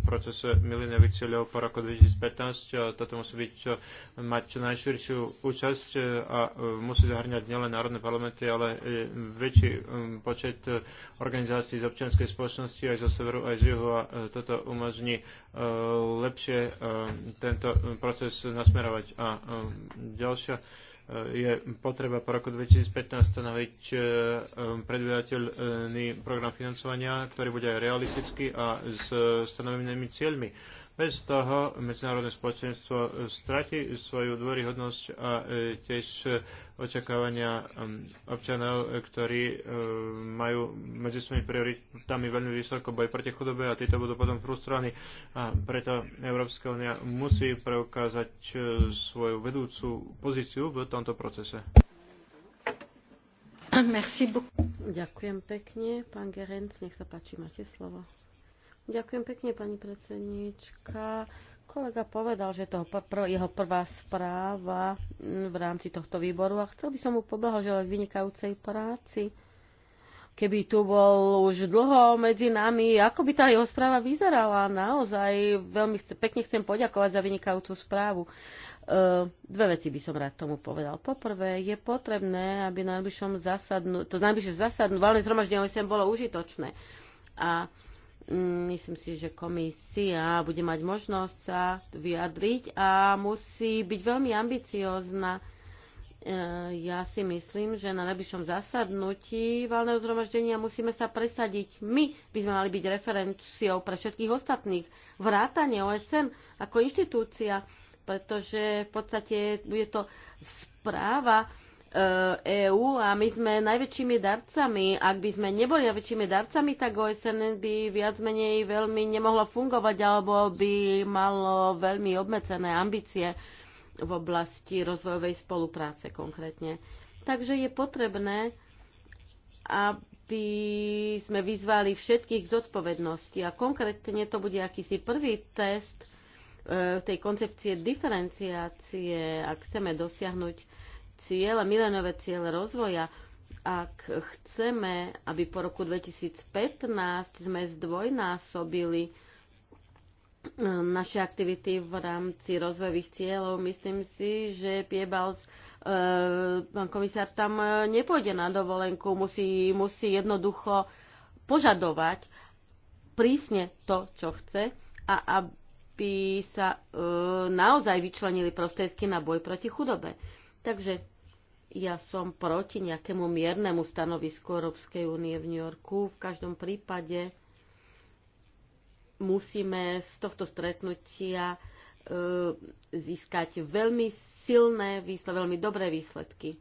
procese mileniových cieľov po roku 2015. Toto musí byť čo, mať čo najširšiu účasť a musí zahrňať nielen národné parlamenty, ale väčší počet organizácií z občianskej spoločnosti aj zo severu, aj z juhu a toto umožní lepšie lepšie e, tento e, proces nasmerovať. A e, ďalšia je potreba po roku 2015 stanoviť predvydateľný program financovania, ktorý bude realistický a s stanovenými cieľmi bez toho medzinárodné spoločenstvo stratí svoju dôryhodnosť a e, tiež očakávania občanov, ktorí e, majú medzi svojimi prioritami veľmi vysoko boj proti chudobe a títo budú potom frustrovaní. A preto Európska únia musí preukázať e, svoju vedúcu pozíciu v tomto procese. Ďakujem pekne. Pán Gerenc, nech sa páči, máte slovo. Ďakujem pekne, pani predsednička. Kolega povedal, že to pr- jeho prvá správa mm, v rámci tohto výboru a chcel by som mu poblahoželať vynikajúcej práci. Keby tu bol už dlho medzi nami, ako by tá jeho správa vyzerala? Naozaj veľmi chce, pekne chcem poďakovať za vynikajúcu správu. E, dve veci by som rád tomu povedal. Poprvé, je potrebné, aby najbližšom zasadnú, to najbližšie zasadnu, valné zhromaždenie sem bolo užitočné. A myslím si, že komisia bude mať možnosť sa vyjadriť a musí byť veľmi ambiciózna. E, ja si myslím, že na najbližšom zasadnutí valného zhromaždenia musíme sa presadiť. My by sme mali byť referenciou pre všetkých ostatných. Vrátanie OSN ako inštitúcia, pretože v podstate je to správa, EÚ e a my sme najväčšími darcami. Ak by sme neboli najväčšími darcami, tak OSN by viac menej veľmi nemohlo fungovať alebo by malo veľmi obmedzené ambície v oblasti rozvojovej spolupráce konkrétne. Takže je potrebné, aby sme vyzvali všetkých k zodpovednosti. A konkrétne to bude akýsi prvý test e, tej koncepcie diferenciácie, ak chceme dosiahnuť ciele, milenové ciele rozvoja, ak chceme, aby po roku 2015 sme zdvojnásobili eh, naše aktivity v rámci rozvojových cieľov, myslím si, že Piebals, eh, pán komisár, tam eh, nepôjde na dovolenku, musí, musí jednoducho požadovať prísne to, čo chce a aby sa naozaj vyčlenili prostriedky na boj proti chudobe Takže ja som proti nejakému miernemu stanovisku Európskej únie v New Yorku. V každom prípade musíme z tohto stretnutia e, získať veľmi silné výsledky, veľmi dobré výsledky.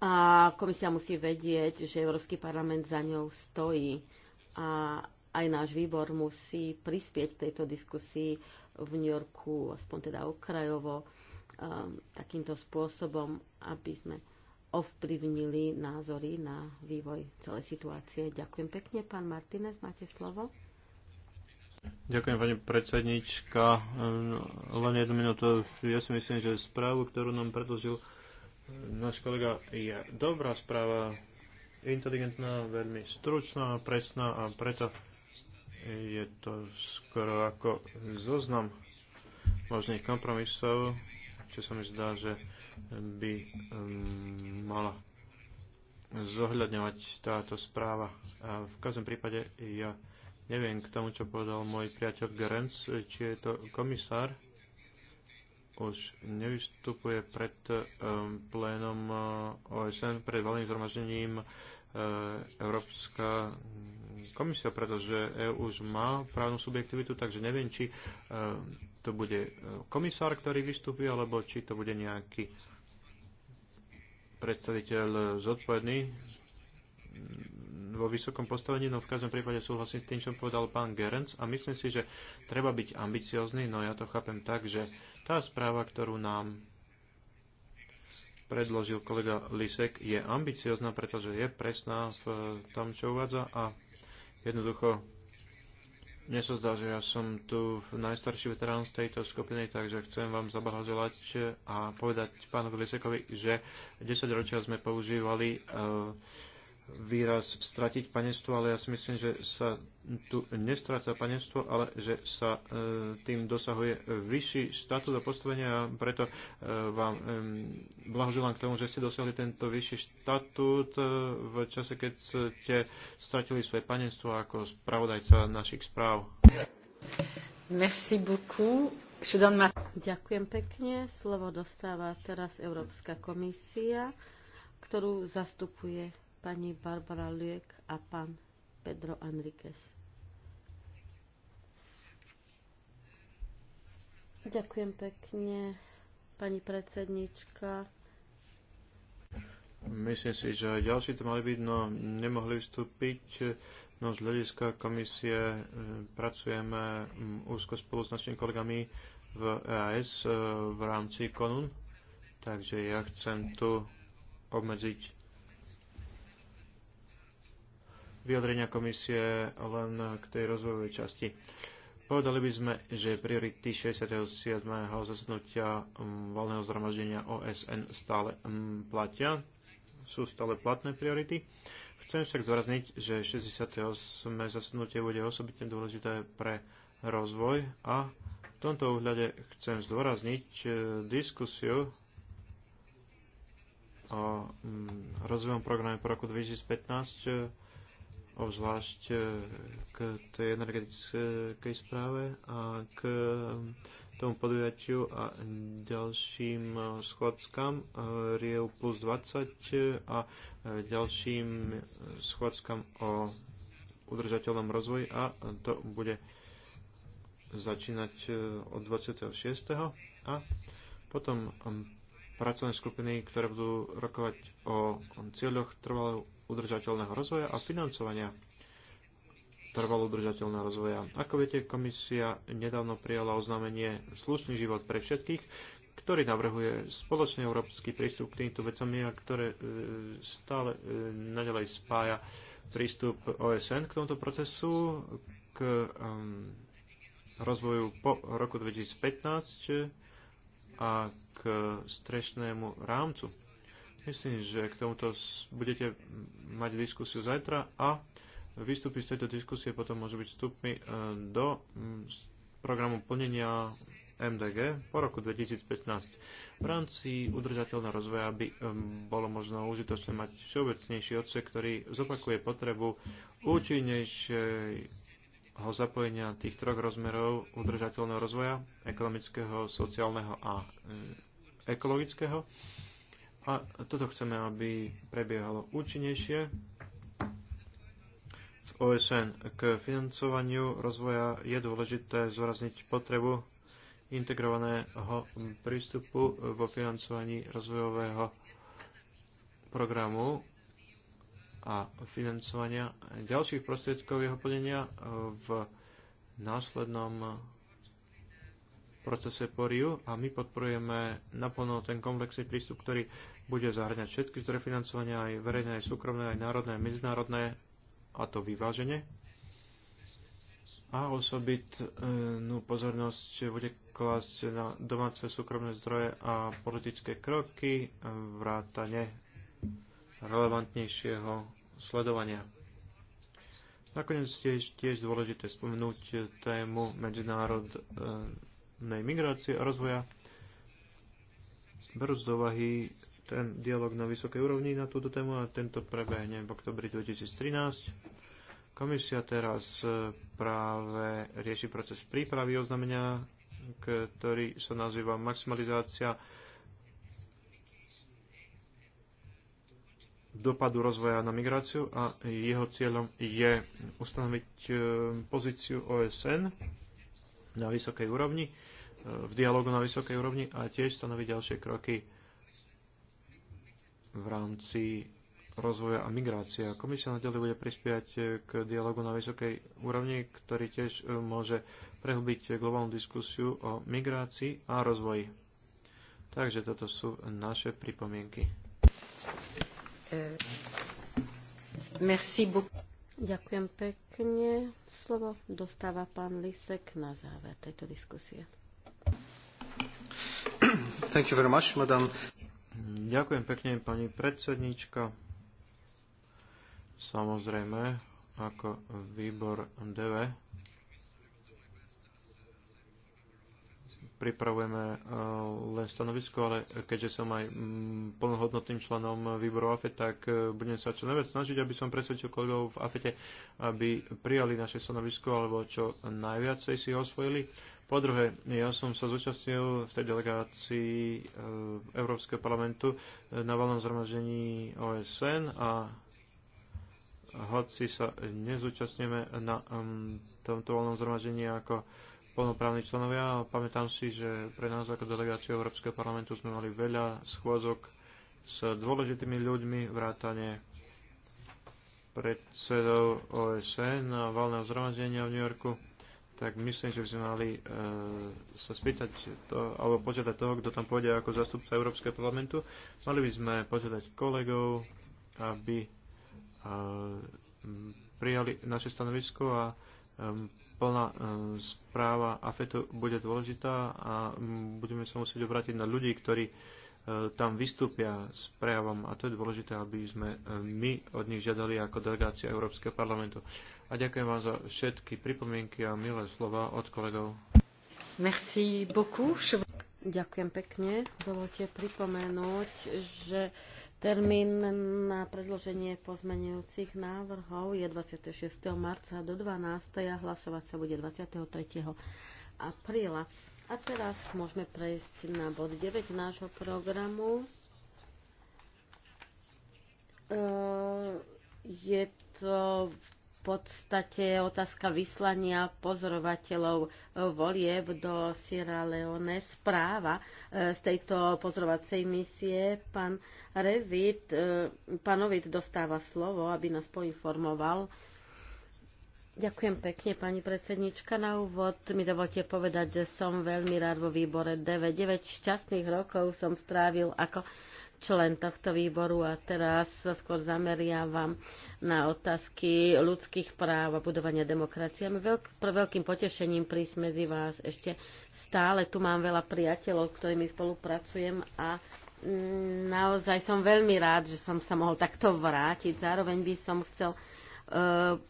A komisia musí vedieť, že Európsky parlament za ňou stojí a aj náš výbor musí prispieť k tejto diskusii v New Yorku, aspoň teda okrajovo, um, takýmto spôsobom, aby sme ovplyvnili názory na vývoj celej situácie. Ďakujem pekne. Pán Martinez, máte slovo. Ďakujem, pani predsednička. Um, len jednu minútu. Ja si myslím, že správu, ktorú nám predložil um, náš kolega, je dobrá správa, inteligentná, veľmi stručná, presná a preto je to skoro ako zoznam možných kompromisov, čo sa mi zdá, že by um, mala zohľadňovať táto správa. A v každom prípade ja neviem k tomu, čo povedal môj priateľ Gerenc, či je to komisár, už nevystupuje pred um, plénom uh, OSN, pred valným zhromaždením uh, Európska komisiou, pretože EU už má právnu subjektivitu, takže neviem, či e, to bude e, komisár, ktorý vystúpi, alebo či to bude nejaký predstaviteľ zodpovedný vo vysokom postavení, no v každom prípade súhlasím s tým, čo povedal pán Gerenc a myslím si, že treba byť ambiciozný, no ja to chápem tak, že tá správa, ktorú nám predložil kolega Lisek, je ambiciozná, pretože je presná v tom, čo uvádza a Jednoducho, mne sa zdá, že ja som tu najstarší veterán z tejto skupiny, takže chcem vám zablahoželať a povedať pánovi Lisekovi, že 10 ročia sme používali uh, výraz stratiť panenstvo, ale ja si myslím, že sa tu nestráca panenstvo, ale že sa e, tým dosahuje vyšší štatút a postavenie a preto e, vám e, blahoželám k tomu, že ste dosiahli tento vyšší štatút e, v čase, keď ste stratili svoje panenstvo ako spravodajca našich správ. Merci beaucoup. Ďakujem pekne. Slovo dostáva teraz Európska komisia, ktorú zastupuje pani Barbara Liek a pán Pedro Enriquez. Ďakujem pekne, pani predsednička. Myslím si, že ďalší to mali byť, no nemohli vstúpiť. No z hľadiska komisie e, pracujeme úzko spolu s našimi kolegami v EAS e, v rámci KONUN. Takže ja chcem tu obmedziť vyjadrenia komisie len k tej rozvojovej časti. Povedali by sme, že priority 67. zasadnutia mm, valného zhromaždenia OSN stále mm, platia, sú stále platné priority. Chcem však zdôrazniť, že 68. zasadnutie bude osobitne dôležité pre rozvoj a v tomto ohľade chcem zdôrazniť e, diskusiu o mm, rozvojom programe po roku 2015 obzvlášť e, k tej energetickej správe a k e, tomu podujatiu a ďalším e, schodskám Rieu plus 20 a ďalším schodskám o udržateľnom rozvoji a to bude začínať od 26. a potom pracovné skupiny, ktoré budú rokovať o cieľoch trvalého udržateľného rozvoja a financovania trvalo udržateľného rozvoja. Ako viete, komisia nedávno prijala oznámenie Slušný život pre všetkých, ktorý navrhuje spoločný európsky prístup k týmto vecam, a ktoré e, stále e, nadalej spája prístup OSN k tomuto procesu, k rozvoju po roku 2015 a k strešnému rámcu. Myslím, že k tomuto budete mať diskusiu zajtra a výstupy z tejto diskusie potom môžu byť vstupmi e, do programu plnenia MDG po roku 2015. V rámci udržateľného rozvoja by e, bolo možno užitočné mať všeobecnejší odsek, ktorý zopakuje potrebu účinnejšieho zapojenia tých troch rozmerov udržateľného rozvoja, ekonomického, sociálneho a e, ekologického. A toto chceme, aby prebiehalo účinnejšie v OSN. K financovaniu rozvoja je dôležité zúrazniť potrebu integrovaného prístupu vo financovaní rozvojového programu a financovania ďalších prostriedkov jeho plnenia v následnom procese PORIU a my podporujeme naplno ten komplexný prístup, ktorý bude zahrňať všetky zdroje financovania, aj verejné, aj súkromné, aj národné, aj medzinárodné, a to vyváženie. A osobitnú pozornosť bude klásť na domáce súkromné zdroje a politické kroky, vrátane relevantnejšieho sledovania. Nakoniec tiež, tiež dôležité spomenúť tému medzinárodných migrácie a rozvoja berú z dovahy ten dialog na vysokej úrovni na túto tému a tento prebehne v oktobri 2013. Komisia teraz e, práve rieši proces prípravy oznamenia, ktorý sa nazýva maximalizácia dopadu rozvoja na migráciu a jeho cieľom je ustanoviť e, pozíciu OSN na vysokej úrovni, e, v dialogu na vysokej úrovni a tiež stanoviť ďalšie kroky v rámci rozvoja a migrácia. Komisia nadalej bude prispievať e, k dialogu na vysokej úrovni, ktorý tiež e, môže prehlbiť globálnu diskusiu o migrácii a rozvoji. Takže toto sú naše pripomienky. Merci beaucoup. Ďakujem pekne. Slovo dostáva pán Lisek na záver tejto diskusie. Thank you very much, madam. Ďakujem pekne, pani predsednička. Samozrejme, ako výbor DV pripravujeme eh, len stanovisko, ale keďže som aj mm, plnohodnotným členom výboru AFE, tak eh, budem sa čo najviac snažiť, aby som presvedčil kolegov v AFETE, aby prijali naše stanovisko alebo čo najviacej si ho osvojili. Po druhé, ja som sa zúčastnil v tej delegácii eh, Európskeho parlamentu na valnom zhromaždení OSN a hoci sa nezúčastníme na mm, tomto voľnom zhromaždení ako plnoprávni členovia. Pamätám si, že pre nás ako delegáciu Európskeho parlamentu sme mali veľa schôdzok s dôležitými ľuďmi, vrátane predsedov OSN a valného zhromaždenia v New Yorku, tak myslím, že by sme mali e, sa spýtať to, alebo požiadať toho, kto tam pôjde ako zastupca Európskeho parlamentu. Mali by sme požiadať kolegov, aby e, prijali naše stanovisko a plná e, správa AFETu bude dôležitá a budeme sa musieť obrátiť na ľudí, ktorí e, tam vystúpia s prejavom a to je dôležité, aby sme e, my od nich žiadali ako delegácia Európskeho parlamentu. A ďakujem vám za všetky pripomienky a milé slova od kolegov. Merci beaucoup. Ďakujem pekne. Dovolte pripomenúť, že Termín na predloženie pozmenujúcich návrhov je 26. marca do 12. a hlasovať sa bude 23. apríla. A teraz môžeme prejsť na bod 9 nášho programu. E, je to podstate otázka vyslania pozorovateľov e, volieb do Sierra Leone správa e, z tejto pozorovacej misie. Pán Revit, e, pán Ovid dostáva slovo, aby nás poinformoval. Ďakujem pekne, pani predsednička. Na úvod mi dovolte povedať, že som veľmi rád vo výbore 9. 9 šťastných rokov som strávil ako člen tohto výboru a teraz sa skôr zameriavam na otázky ľudských práv a budovania demokracie. Veľk, pre veľkým potešením prísť medzi vás ešte stále. Tu mám veľa priateľov, ktorými spolupracujem a mm, naozaj som veľmi rád, že som sa mohol takto vrátiť. Zároveň by som chcel e,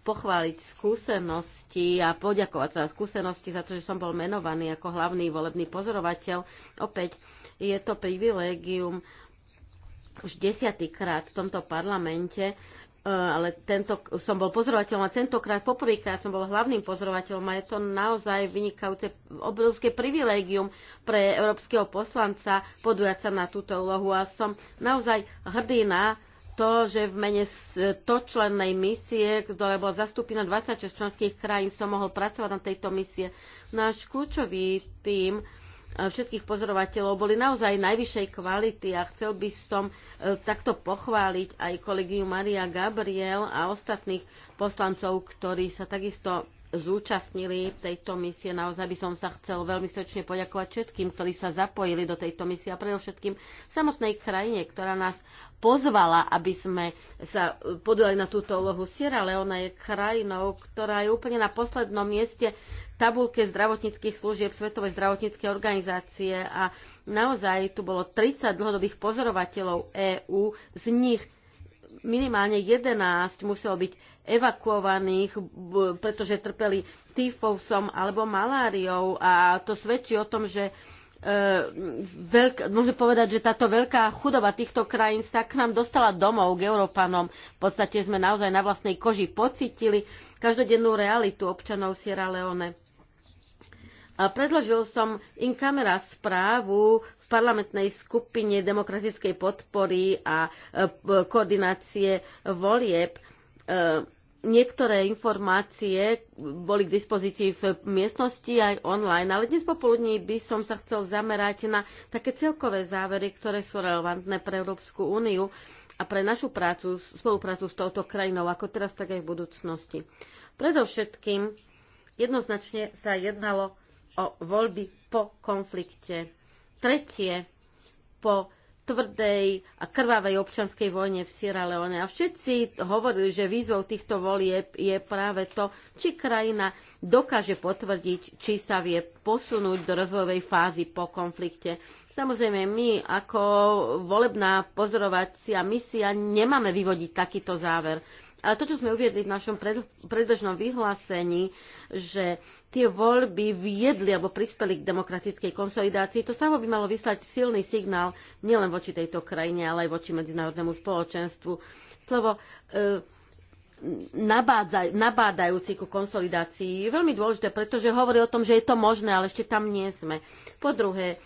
pochváliť skúsenosti a poďakovať sa za skúsenosti za to, že som bol menovaný ako hlavný volebný pozorovateľ. Opäť je to privilégium už desiatýkrát v tomto parlamente, e, ale tento, som bol pozorovateľom a tentokrát poprvýkrát som bol hlavným pozorovateľom a je to naozaj vynikajúce obrovské privilégium pre európskeho poslanca podujať sa na túto úlohu a som naozaj hrdý na to, že v mene e, točlennej misie, ktorá bola zastúpená 26 členských krajín, som mohol pracovať na tejto misie. Náš kľúčový tým všetkých pozorovateľov boli naozaj najvyššej kvality a chcel by som e, takto pochváliť aj kolegiu Maria Gabriel a ostatných poslancov, ktorí sa takisto zúčastnili tejto misie. Naozaj by som sa chcel veľmi srdečne poďakovať všetkým, ktorí sa zapojili do tejto misie a predovšetkým samotnej krajine, ktorá nás pozvala, aby sme sa podali na túto úlohu. Sierra Leona je krajinou, ktorá je úplne na poslednom mieste tabulke zdravotníckých služieb Svetovej zdravotníckej organizácie a naozaj tu bolo 30 dlhodobých pozorovateľov EÚ, z nich minimálne 11 muselo byť evakuovaných, pretože trpeli tyfusom alebo maláriou a to svedčí o tom, že e, veľk, môžem povedať, že táto veľká chudoba týchto krajín sa k nám dostala domov, k Európanom. V podstate sme naozaj na vlastnej koži pocitili každodennú realitu občanov Sierra Leone. A predložil som in camera správu v parlamentnej skupine demokratickej podpory a e, koordinácie volieb. E, Niektoré informácie boli k dispozícii v miestnosti aj online, ale dnes popoludní by som sa chcel zamerať na také celkové závery, ktoré sú relevantné pre Európsku úniu a pre našu prácu, spoluprácu s touto krajinou, ako teraz, tak aj v budúcnosti. Predovšetkým jednoznačne sa jednalo o voľby po konflikte. Tretie, po tvrdej a krvavej občanskej vojne v Sierra Leone. A všetci hovorili, že výzvou týchto volieb je práve to, či krajina dokáže potvrdiť, či sa vie posunúť do rozvojovej fázy po konflikte. Samozrejme, my ako volebná pozorovacia misia nemáme vyvodiť takýto záver ale to, čo sme uviedli v našom predbežnom vyhlásení, že tie voľby viedli alebo prispeli k demokratickej konsolidácii, to samo by malo vyslať silný signál nielen voči tejto krajine, ale aj voči medzinárodnému spoločenstvu. Slovo e, nabádzaj, nabádajúci ku konsolidácii je veľmi dôležité, pretože hovorí o tom, že je to možné, ale ešte tam nie sme. Po druhé, e,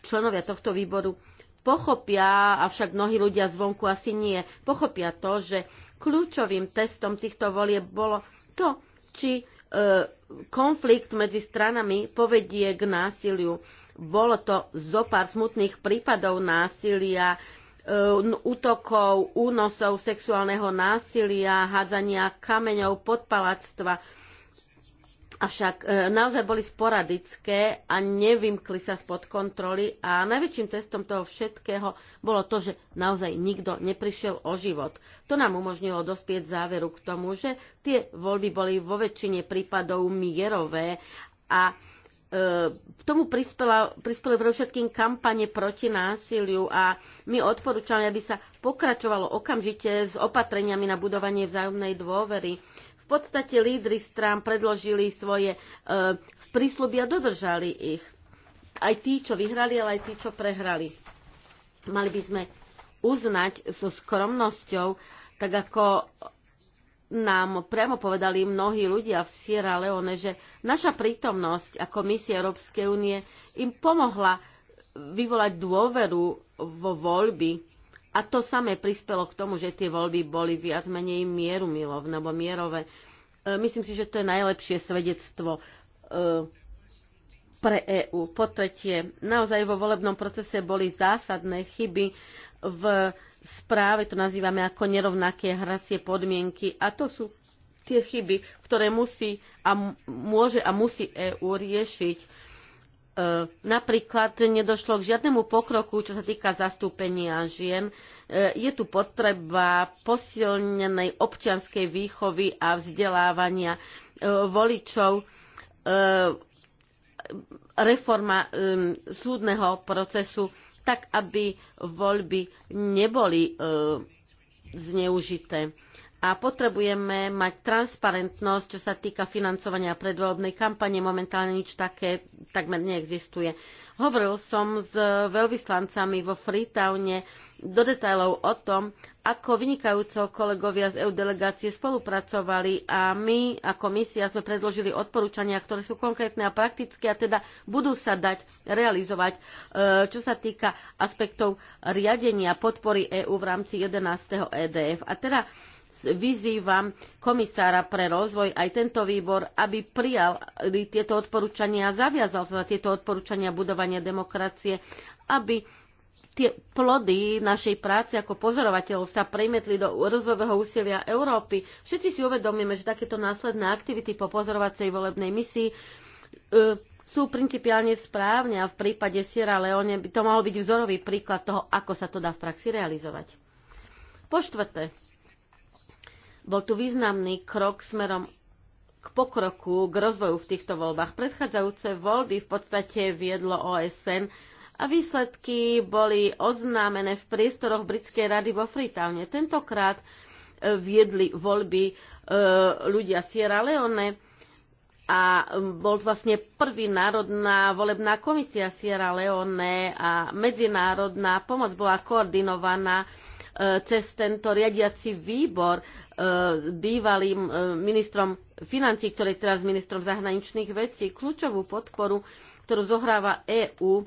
členovia tohto výboru pochopia, avšak mnohí ľudia zvonku asi nie, pochopia to, že kľúčovým testom týchto volieb bolo to, či e, konflikt medzi stranami povedie k násiliu. Bolo to pár smutných prípadov násilia, e, útokov, únosov, sexuálneho násilia, hádzania kameňov, podpalactva avšak e, naozaj boli sporadické a nevymkli sa spod kontroly a najväčším testom toho všetkého bolo to, že naozaj nikto neprišiel o život. To nám umožnilo dospieť záveru k tomu, že tie voľby boli vo väčšine prípadov mierové a e, k tomu prispela, prispeli všetkým kampane proti násiliu a my odporúčame, aby sa pokračovalo okamžite s opatreniami na budovanie vzájomnej dôvery. V podstate lídry strán predložili svoje e, prísľuby a dodržali ich. Aj tí, čo vyhrali, ale aj tí, čo prehrali. Mali by sme uznať so skromnosťou, tak ako nám priamo povedali mnohí ľudia v Sierra Leone, že naša prítomnosť ako misia Európskej únie im pomohla vyvolať dôveru vo voľby a to samé prispelo k tomu, že tie voľby boli viac menej mieru milovné, alebo mierové. E, myslím si, že to je najlepšie svedectvo e, pre EÚ. Po tretie, naozaj vo volebnom procese boli zásadné chyby v správe, to nazývame ako nerovnaké hracie podmienky. A to sú tie chyby, ktoré musí a môže a musí EÚ riešiť. E, napríklad nedošlo k žiadnemu pokroku, čo sa týka zastúpenia žien. E, je tu potreba posilnenej občianskej výchovy a vzdelávania e, voličov, reforma súdneho procesu, tak aby voľby neboli zneužité a potrebujeme mať transparentnosť, čo sa týka financovania predvoľobnej kampane. Momentálne nič také takmer neexistuje. Hovoril som s veľvyslancami vo Freetowne do detailov o tom, ako vynikajúco kolegovia z EU delegácie spolupracovali a my a komisia sme predložili odporúčania, ktoré sú konkrétne a praktické a teda budú sa dať realizovať, e, čo sa týka aspektov riadenia podpory EÚ v rámci 11. EDF. A teda vyzývam komisára pre rozvoj aj tento výbor, aby prijal tieto odporúčania a zaviazal sa na tieto odporúčania budovania demokracie, aby tie plody našej práce ako pozorovateľov sa premietli do rozvojového úsilia Európy. Všetci si uvedomíme, že takéto následné aktivity po pozorovacej volebnej misii e, sú principiálne správne a v prípade Sierra Leone by to mohol byť vzorový príklad toho, ako sa to dá v praxi realizovať. Po štvrté, bol tu významný krok smerom k pokroku, k rozvoju v týchto voľbách. Predchádzajúce voľby v podstate viedlo OSN a výsledky boli oznámené v priestoroch Britskej rady vo Freetowne. Tentokrát e, viedli voľby e, ľudia Sierra Leone a bol to vlastne prvý národná volebná komisia Sierra Leone a medzinárodná pomoc bola koordinovaná e, cez tento riadiaci výbor E, bývalým e, ministrom financí, ktorý je teraz ministrom zahraničných vecí, kľúčovú podporu, ktorú zohráva EÚ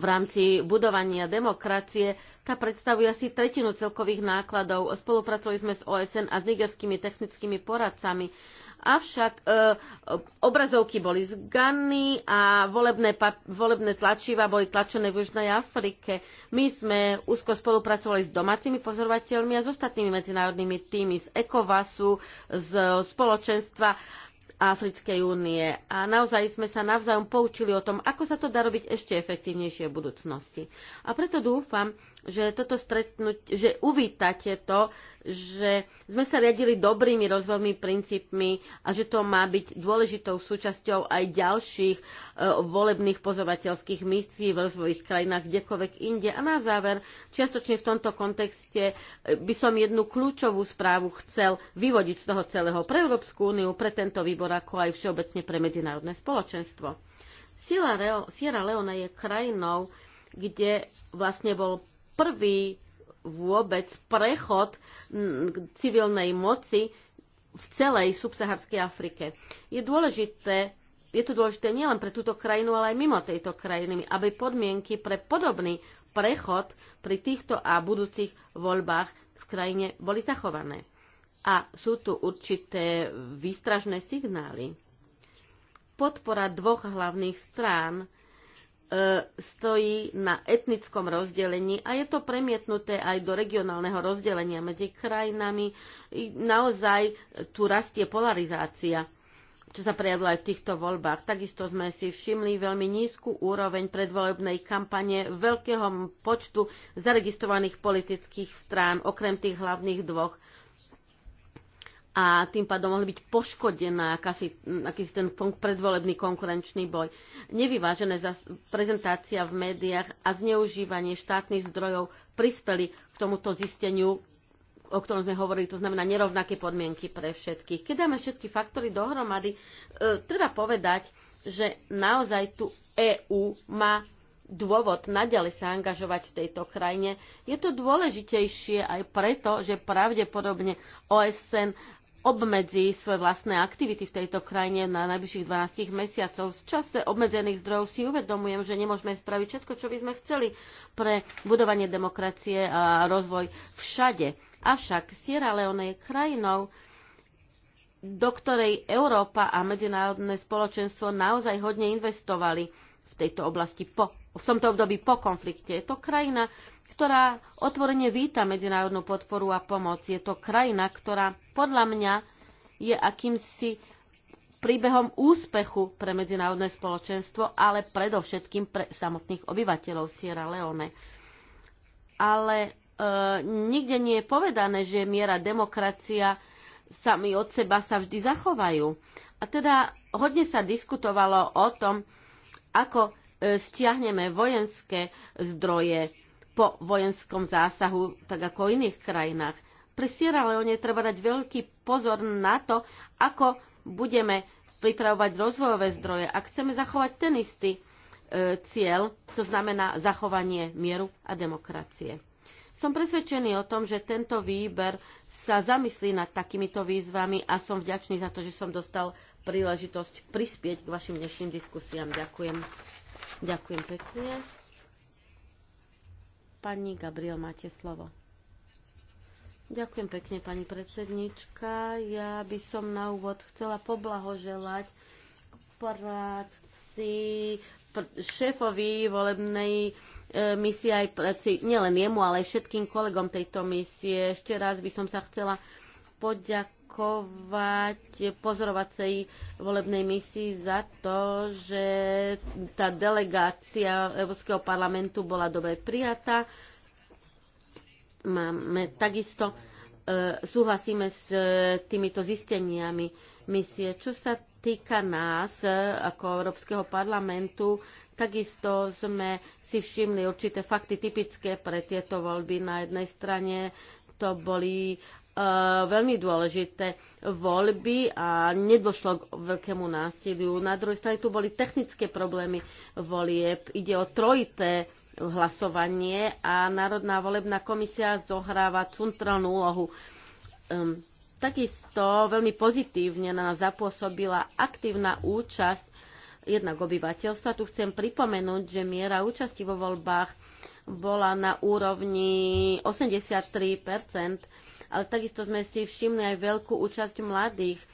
v rámci budovania demokracie, tá predstavuje asi tretinu celkových nákladov. Spolupracovali sme s OSN a s nigerskými technickými poradcami Avšak e, obrazovky boli z Gany a volebné, volebné tlačiva boli tlačené v Južnej Afrike. My sme úzko spolupracovali s domácimi pozorovateľmi a s ostatnými medzinárodnými týmy z ECOVASu, z spoločenstva Africkej únie. A naozaj sme sa navzájom poučili o tom, ako sa to dá robiť ešte efektívnejšie v budúcnosti. A preto dúfam, že toto stretnúť, že uvítate to, že sme sa riadili dobrými rozvojmi princípmi a že to má byť dôležitou súčasťou aj ďalších e, volebných pozovateľských misií v rozvojových krajinách kdekoľvek inde. A na záver, čiastočne v tomto kontexte e, by som jednu kľúčovú správu chcel vyvodiť z toho celého pre Európsku úniu, pre tento výbor, ako aj všeobecne pre medzinárodné spoločenstvo. Sierra Leone je krajinou, kde vlastne bol prvý vôbec prechod civilnej moci v celej subsaharskej Afrike. Je dôležité je to dôležité nielen pre túto krajinu, ale aj mimo tejto krajiny, aby podmienky pre podobný prechod pri týchto a budúcich voľbách v krajine boli zachované. A sú tu určité výstražné signály. Podpora dvoch hlavných strán E, stojí na etnickom rozdelení a je to premietnuté aj do regionálneho rozdelenia medzi krajinami. Naozaj tu rastie polarizácia čo sa prejavilo aj v týchto voľbách. Takisto sme si všimli veľmi nízku úroveň predvolebnej kampane veľkého počtu zaregistrovaných politických strán, okrem tých hlavných dvoch a tým pádom mohli byť poškodená akási, akýsi ten predvolebný konkurenčný boj. Nevyvážené prezentácia v médiách a zneužívanie štátnych zdrojov prispeli k tomuto zisteniu, o ktorom sme hovorili, to znamená nerovnaké podmienky pre všetkých. Keď dáme všetky faktory dohromady, e, treba povedať, že naozaj tu EÚ má dôvod naďalej sa angažovať v tejto krajine. Je to dôležitejšie aj preto, že pravdepodobne OSN obmedzí svoje vlastné aktivity v tejto krajine na najbližších 12 mesiacov. V čase obmedzených zdrojov si uvedomujem, že nemôžeme spraviť všetko, čo by sme chceli pre budovanie demokracie a rozvoj všade. Avšak Sierra Leone je krajinou, do ktorej Európa a medzinárodné spoločenstvo naozaj hodne investovali tejto oblasti po, v tomto období po konflikte. Je to krajina, ktorá otvorene víta medzinárodnú podporu a pomoc. Je to krajina, ktorá podľa mňa je akýmsi príbehom úspechu pre medzinárodné spoločenstvo, ale predovšetkým pre samotných obyvateľov Sierra Leone. Ale e, nikde nie je povedané, že miera demokracia sami od seba sa vždy zachovajú. A teda hodne sa diskutovalo o tom, ako e, stiahneme vojenské zdroje po vojenskom zásahu, tak ako v iných krajinách. Pri Sierra Leone treba dať veľký pozor na to, ako budeme pripravovať rozvojové zdroje. Ak chceme zachovať ten istý e, cieľ, to znamená zachovanie mieru a demokracie. Som presvedčený o tom, že tento výber sa zamyslí nad takýmito výzvami a som vďačný za to, že som dostal príležitosť prispieť k vašim dnešným diskusiám. Ďakujem. Ďakujem pekne. Pani Gabriel, máte slovo. Ďakujem pekne, pani predsednička. Ja by som na úvod chcela poblahoželať práci šéfovi volebnej misie aj nielen jemu, ale aj všetkým kolegom tejto misie. Ešte raz by som sa chcela poďakovať pozorovacej volebnej misii za to, že tá delegácia Európskeho parlamentu bola dobre prijatá. Máme takisto e, súhlasíme s e, týmito zisteniami misie. Čo sa týka nás e, ako Európskeho parlamentu. Takisto sme si všimli určité fakty typické pre tieto voľby. Na jednej strane to boli e, veľmi dôležité voľby a nedošlo k veľkému násiliu. Na druhej strane tu boli technické problémy volieb. Ide o trojité hlasovanie a Národná volebná komisia zohráva centrálnu úlohu. Um, Takisto veľmi pozitívne na nás zapôsobila aktívna účasť jednak obyvateľstva. Tu chcem pripomenúť, že miera účasti vo voľbách bola na úrovni 83 ale takisto sme si všimli aj veľkú účasť mladých. E,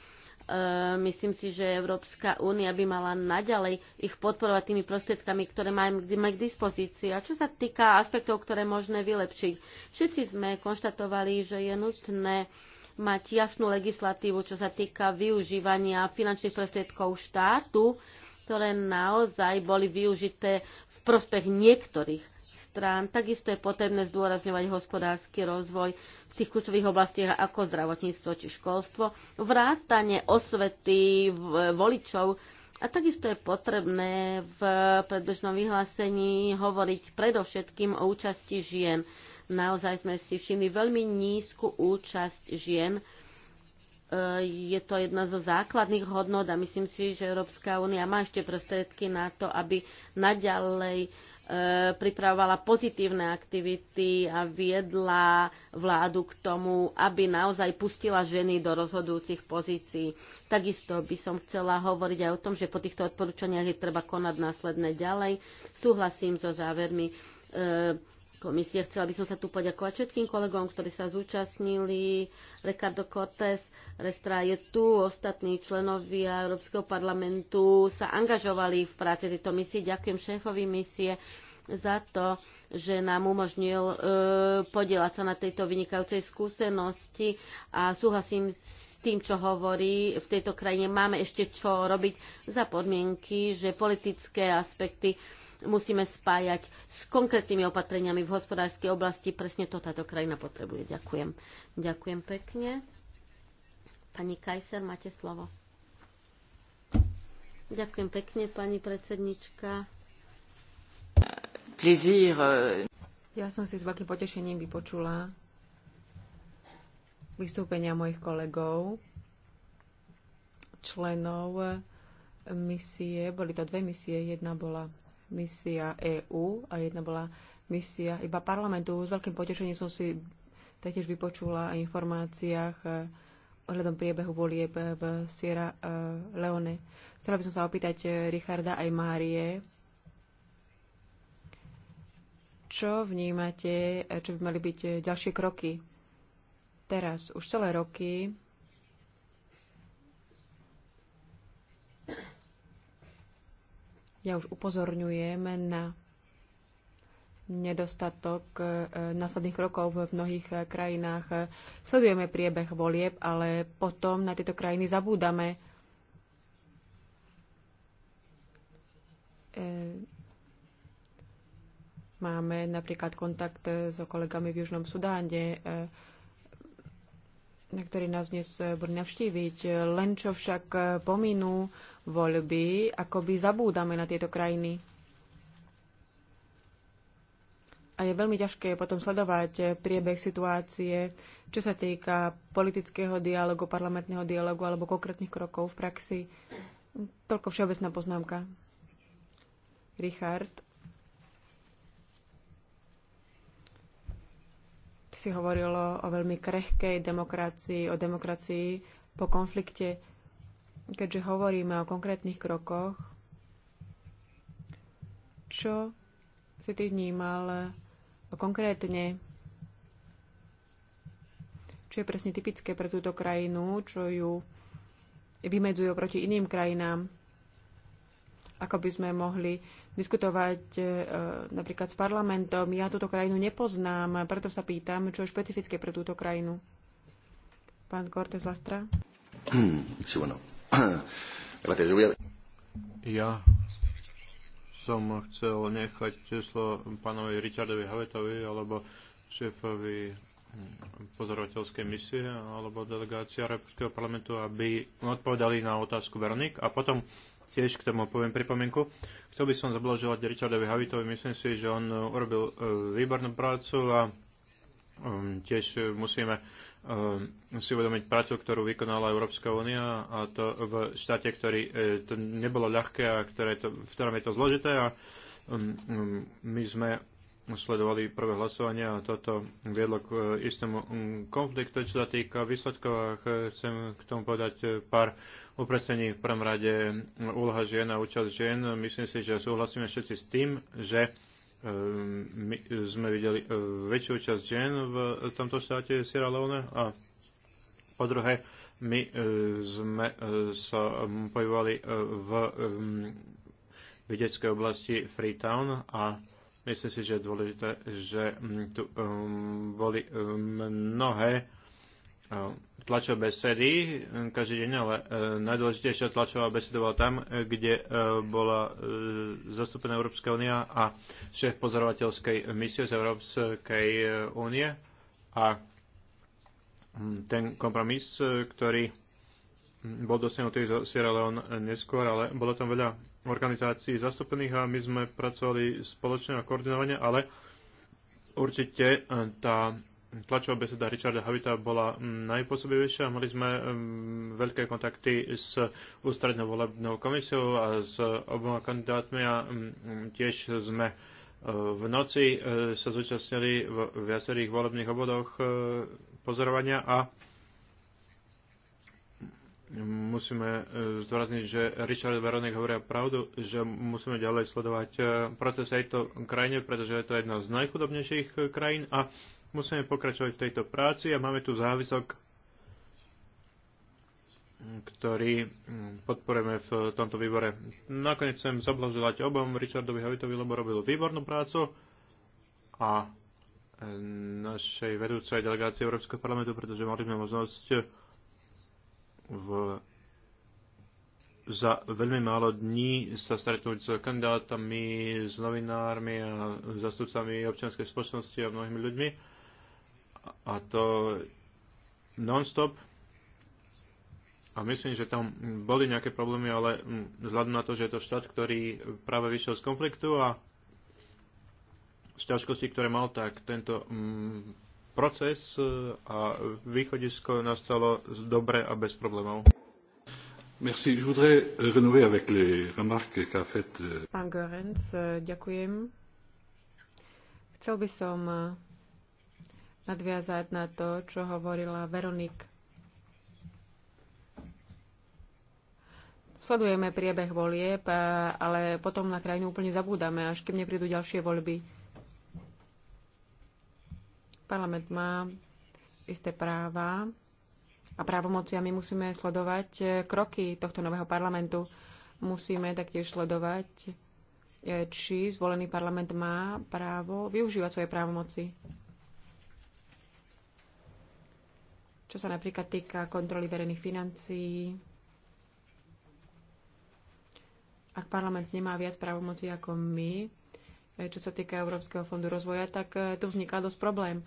myslím si, že Európska únia by mala naďalej ich podporovať tými prostriedkami, ktoré majú k dispozícii. A čo sa týka aspektov, ktoré možné vylepšiť, všetci sme konštatovali, že je nutné mať jasnú legislatívu, čo sa týka využívania finančných prostriedkov štátu, ktoré naozaj boli využité v prospech niektorých strán. Takisto je potrebné zdôrazňovať hospodársky rozvoj v tých kľúčových oblastiach ako zdravotníctvo či školstvo, vrátanie osvety voličov, a takisto je potrebné v predložnom vyhlásení hovoriť predovšetkým o účasti žien. Naozaj sme si všimli veľmi nízku účasť žien. E, je to jedna zo základných hodnot a myslím si, že Európska únia má ešte prostriedky na to, aby naďalej e, pripravovala pozitívne aktivity a viedla vládu k tomu, aby naozaj pustila ženy do rozhodujúcich pozícií. Takisto by som chcela hovoriť aj o tom, že po týchto odporúčaniach je treba konať následne ďalej. Súhlasím so závermi e, komisie. Chcela by som sa tu poďakovať všetkým kolegom, ktorí sa zúčastnili. Ricardo Cortés, Restra je tu, ostatní členovia Európskeho parlamentu sa angažovali v práci tejto misie. Ďakujem šéfovi misie za to, že nám umožnil e, podielať sa na tejto vynikajúcej skúsenosti a súhlasím s tým, čo hovorí. V tejto krajine máme ešte čo robiť za podmienky, že politické aspekty musíme spájať s konkrétnymi opatreniami v hospodárskej oblasti. Presne to táto krajina potrebuje. Ďakujem. Ďakujem pekne. Pani Kajser, máte slovo. Ďakujem pekne, pani predsednička. Plezír. Uh, ja som si s veľkým potešením vypočula vystúpenia mojich kolegov, členov misie, boli to dve misie, jedna bola misia EÚ a jedna bola misia iba parlamentu. S veľkým potešením som si taktiež vypočula o informáciách eh, ohľadom priebehu volieb eh, v Sierra eh, Leone. Chcela by som sa opýtať Richarda aj Márie, čo vnímate, čo by mali byť ďalšie kroky? Teraz už celé roky Ja už upozorňujem na nedostatok e, následných krokov v mnohých e, krajinách. Sledujeme priebeh volieb, ale potom na tieto krajiny zabúdame. E, máme napríklad kontakt so kolegami v Južnom Sudáne, na ktorý nás dnes budú navštíviť. Len čo však pominú voľby, akoby zabúdame na tieto krajiny. A je veľmi ťažké potom sledovať priebeh situácie, čo sa týka politického dialogu, parlamentného dialogu alebo konkrétnych krokov v praxi. Toľko všeobecná poznámka. Richard. Ty si hovorilo o veľmi krehkej demokracii, o demokracii po konflikte keďže hovoríme o konkrétnych krokoch, čo si ty vnímal e, konkrétne? Čo je presne typické pre túto krajinu, čo ju vymedzujú proti iným krajinám? Ako by sme mohli diskutovať e, napríklad s parlamentom? Ja túto krajinu nepoznám, preto sa pýtam, čo je špecifické pre túto krajinu. Pán Cortez Lastra. Ja som chcel nechať číslo pánovi Richardovi Havetovi alebo šéfovi hm, pozorovateľskej misie alebo delegácia Európskeho parlamentu, aby odpovedali na otázku Veronik a potom tiež k tomu poviem pripomienku. Chcel by som zablažovať Richardovi Havitovi, myslím si, že on eh, urobil eh, výbornú prácu a Ehm, tiež e, musíme ehm, si uvedomiť prácu, ktorú vykonala Európska únia a to v štáte, ktorý e, to nebolo ľahké a ktoré to, v ktorom je to zložité a ehm, my sme sledovali prvé hlasovanie a toto viedlo k e, istému mm, konfliktu, čo sa týka výsledkov a chcem k tomu povedať pár upresnení. V prvom rade úloha žien a účasť žien. Myslím si, že súhlasíme všetci s tým, že Ehm, my sme videli eh, väčšiu časť žien v tomto štáte Sierra Leone a po druhé, my eh, sme eh, sa mm, pojúvali v ehm, vidieckej oblasti Freetown a myslím si, že je dôležité, že mm, tu ehm, boli mnohé tlačové besedy hm, každý deň, ale e, najdôležitejšia tlačová beseda bola tam, e, kde e, bola zastúpená Európska únia a šéf pozorovateľskej misie z Európskej únie a hm, ten kompromis, ktorý hm, bol dosiahnutý zo Sierra Leone neskôr, ale bolo tam veľa organizácií zastúpených a my sme pracovali spoločne a koordinovane, ale určite tá tlačová beseda Richarda Havita bola mm, najpôsobivejšia. Mali sme mm, veľké kontakty s ústrednou volebnou komisiou a s oboma kandidátmi a mm, tiež sme e, v noci e, sa zúčastnili v viacerých volebných obvodoch e, pozorovania a musíme zdôrazniť, že Richard Veronik hovoria pravdu, že musíme ďalej sledovať proces aj to krajine, pretože je to jedna z najchudobnejších krajín a Musíme pokračovať v tejto práci a máme tu závisok, ktorý mm, podporujeme v tomto výbore. Nakoniec chcem zablažovať obom Richardovi Havitovi, lebo robil výbornú prácu a e, našej vedúcej delegácie Európskeho parlamentu, pretože mali sme možnosť v, za veľmi málo dní sa stretnúť s kandidátami, s novinármi a zastupcami občianskej spoločnosti a mnohými ľuďmi a to non-stop. A myslím, že tam boli nejaké problémy, ale mm, vzhľadom na to, že je to štát, ktorý práve vyšiel z konfliktu a z ťažkosti, ktoré mal, tak tento mm, proces e, a východisko nastalo dobre a bez problémov. Merci. Je voudrais renouer avec les remarques qu'a fait... Euh, Pán Gorenc, e, ďakujem. Chcel by som e, nadviazať na to, čo hovorila Veronik. Sledujeme priebeh volieb, ale potom na krajinu úplne zabúdame, až kým neprídu ďalšie voľby. Parlament má isté práva a právomoci a my musíme sledovať e, kroky tohto nového parlamentu. Musíme taktiež sledovať, e, či zvolený parlament má právo využívať svoje právomoci. čo sa napríklad týka kontroly verejných financií. Ak parlament nemá viac právomocí ako my, e, čo sa týka Európskeho fondu rozvoja, tak e, tu vzniká dosť problém.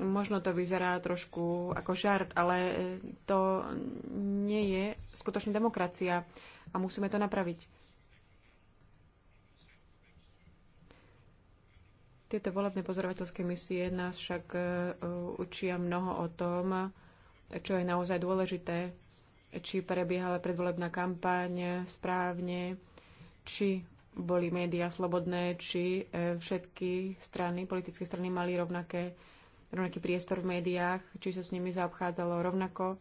Možno to vyzerá trošku ako žart, ale e, to nie je skutočná demokracia a musíme to napraviť. Tieto volebné pozorovateľské misie nás však e, učia mnoho o tom, čo je naozaj dôležité, či prebiehala predvolebná kampaň správne, či boli médiá slobodné, či e, všetky strany, politické strany mali rovnaké, rovnaký priestor v médiách, či sa s nimi zaobchádzalo rovnako,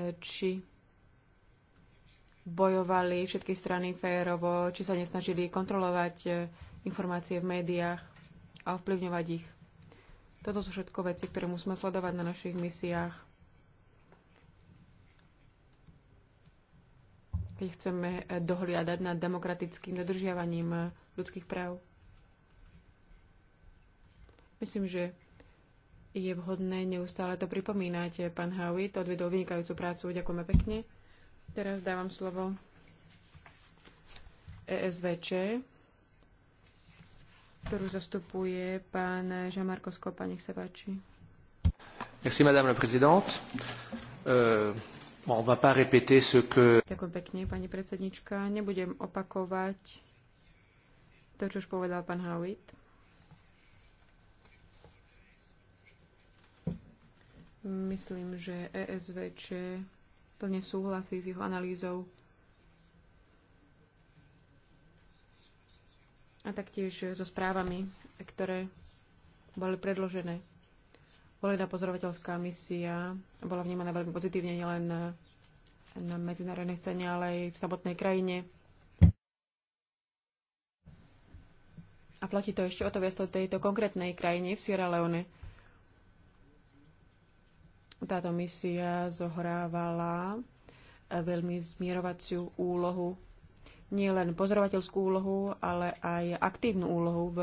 e, či bojovali všetky strany férovo, či sa nesnažili kontrolovať e, informácie v médiách a ovplyvňovať ich. Toto sú všetko veci, ktoré musíme sledovať na našich misiách. Keď chceme e, dohliadať nad demokratickým dodržiavaním e, ľudských práv. Myslím, že je vhodné neustále to pripomínať. Pán Howitt odvedol vynikajúcu prácu. Ďakujeme pekne. Teraz dávam slovo ESVČ, ktorú zastupuje pán Jean-Marco Skopa. Nech sa páči. Merci, madame la présidente. Euh, bon, on va pas répéter ce que... Ďakujem pekne, pani predsednička. Nebudem opakovať to, čo už povedal pán Howitt. Myslím, že ESVČ plne súhlasí s jeho analýzou. A taktiež so správami, ktoré boli predložené. Volebná pozorovateľská misia bola vnímaná veľmi pozitívne nielen na, na medzinárodnej scéne, ale aj v samotnej krajine. A platí to ešte o to viac o tejto konkrétnej krajine v Sierra Leone táto misia zohrávala eh, veľmi zmierovaciu úlohu, nielen pozorovateľskú úlohu, ale aj aktívnu úlohu v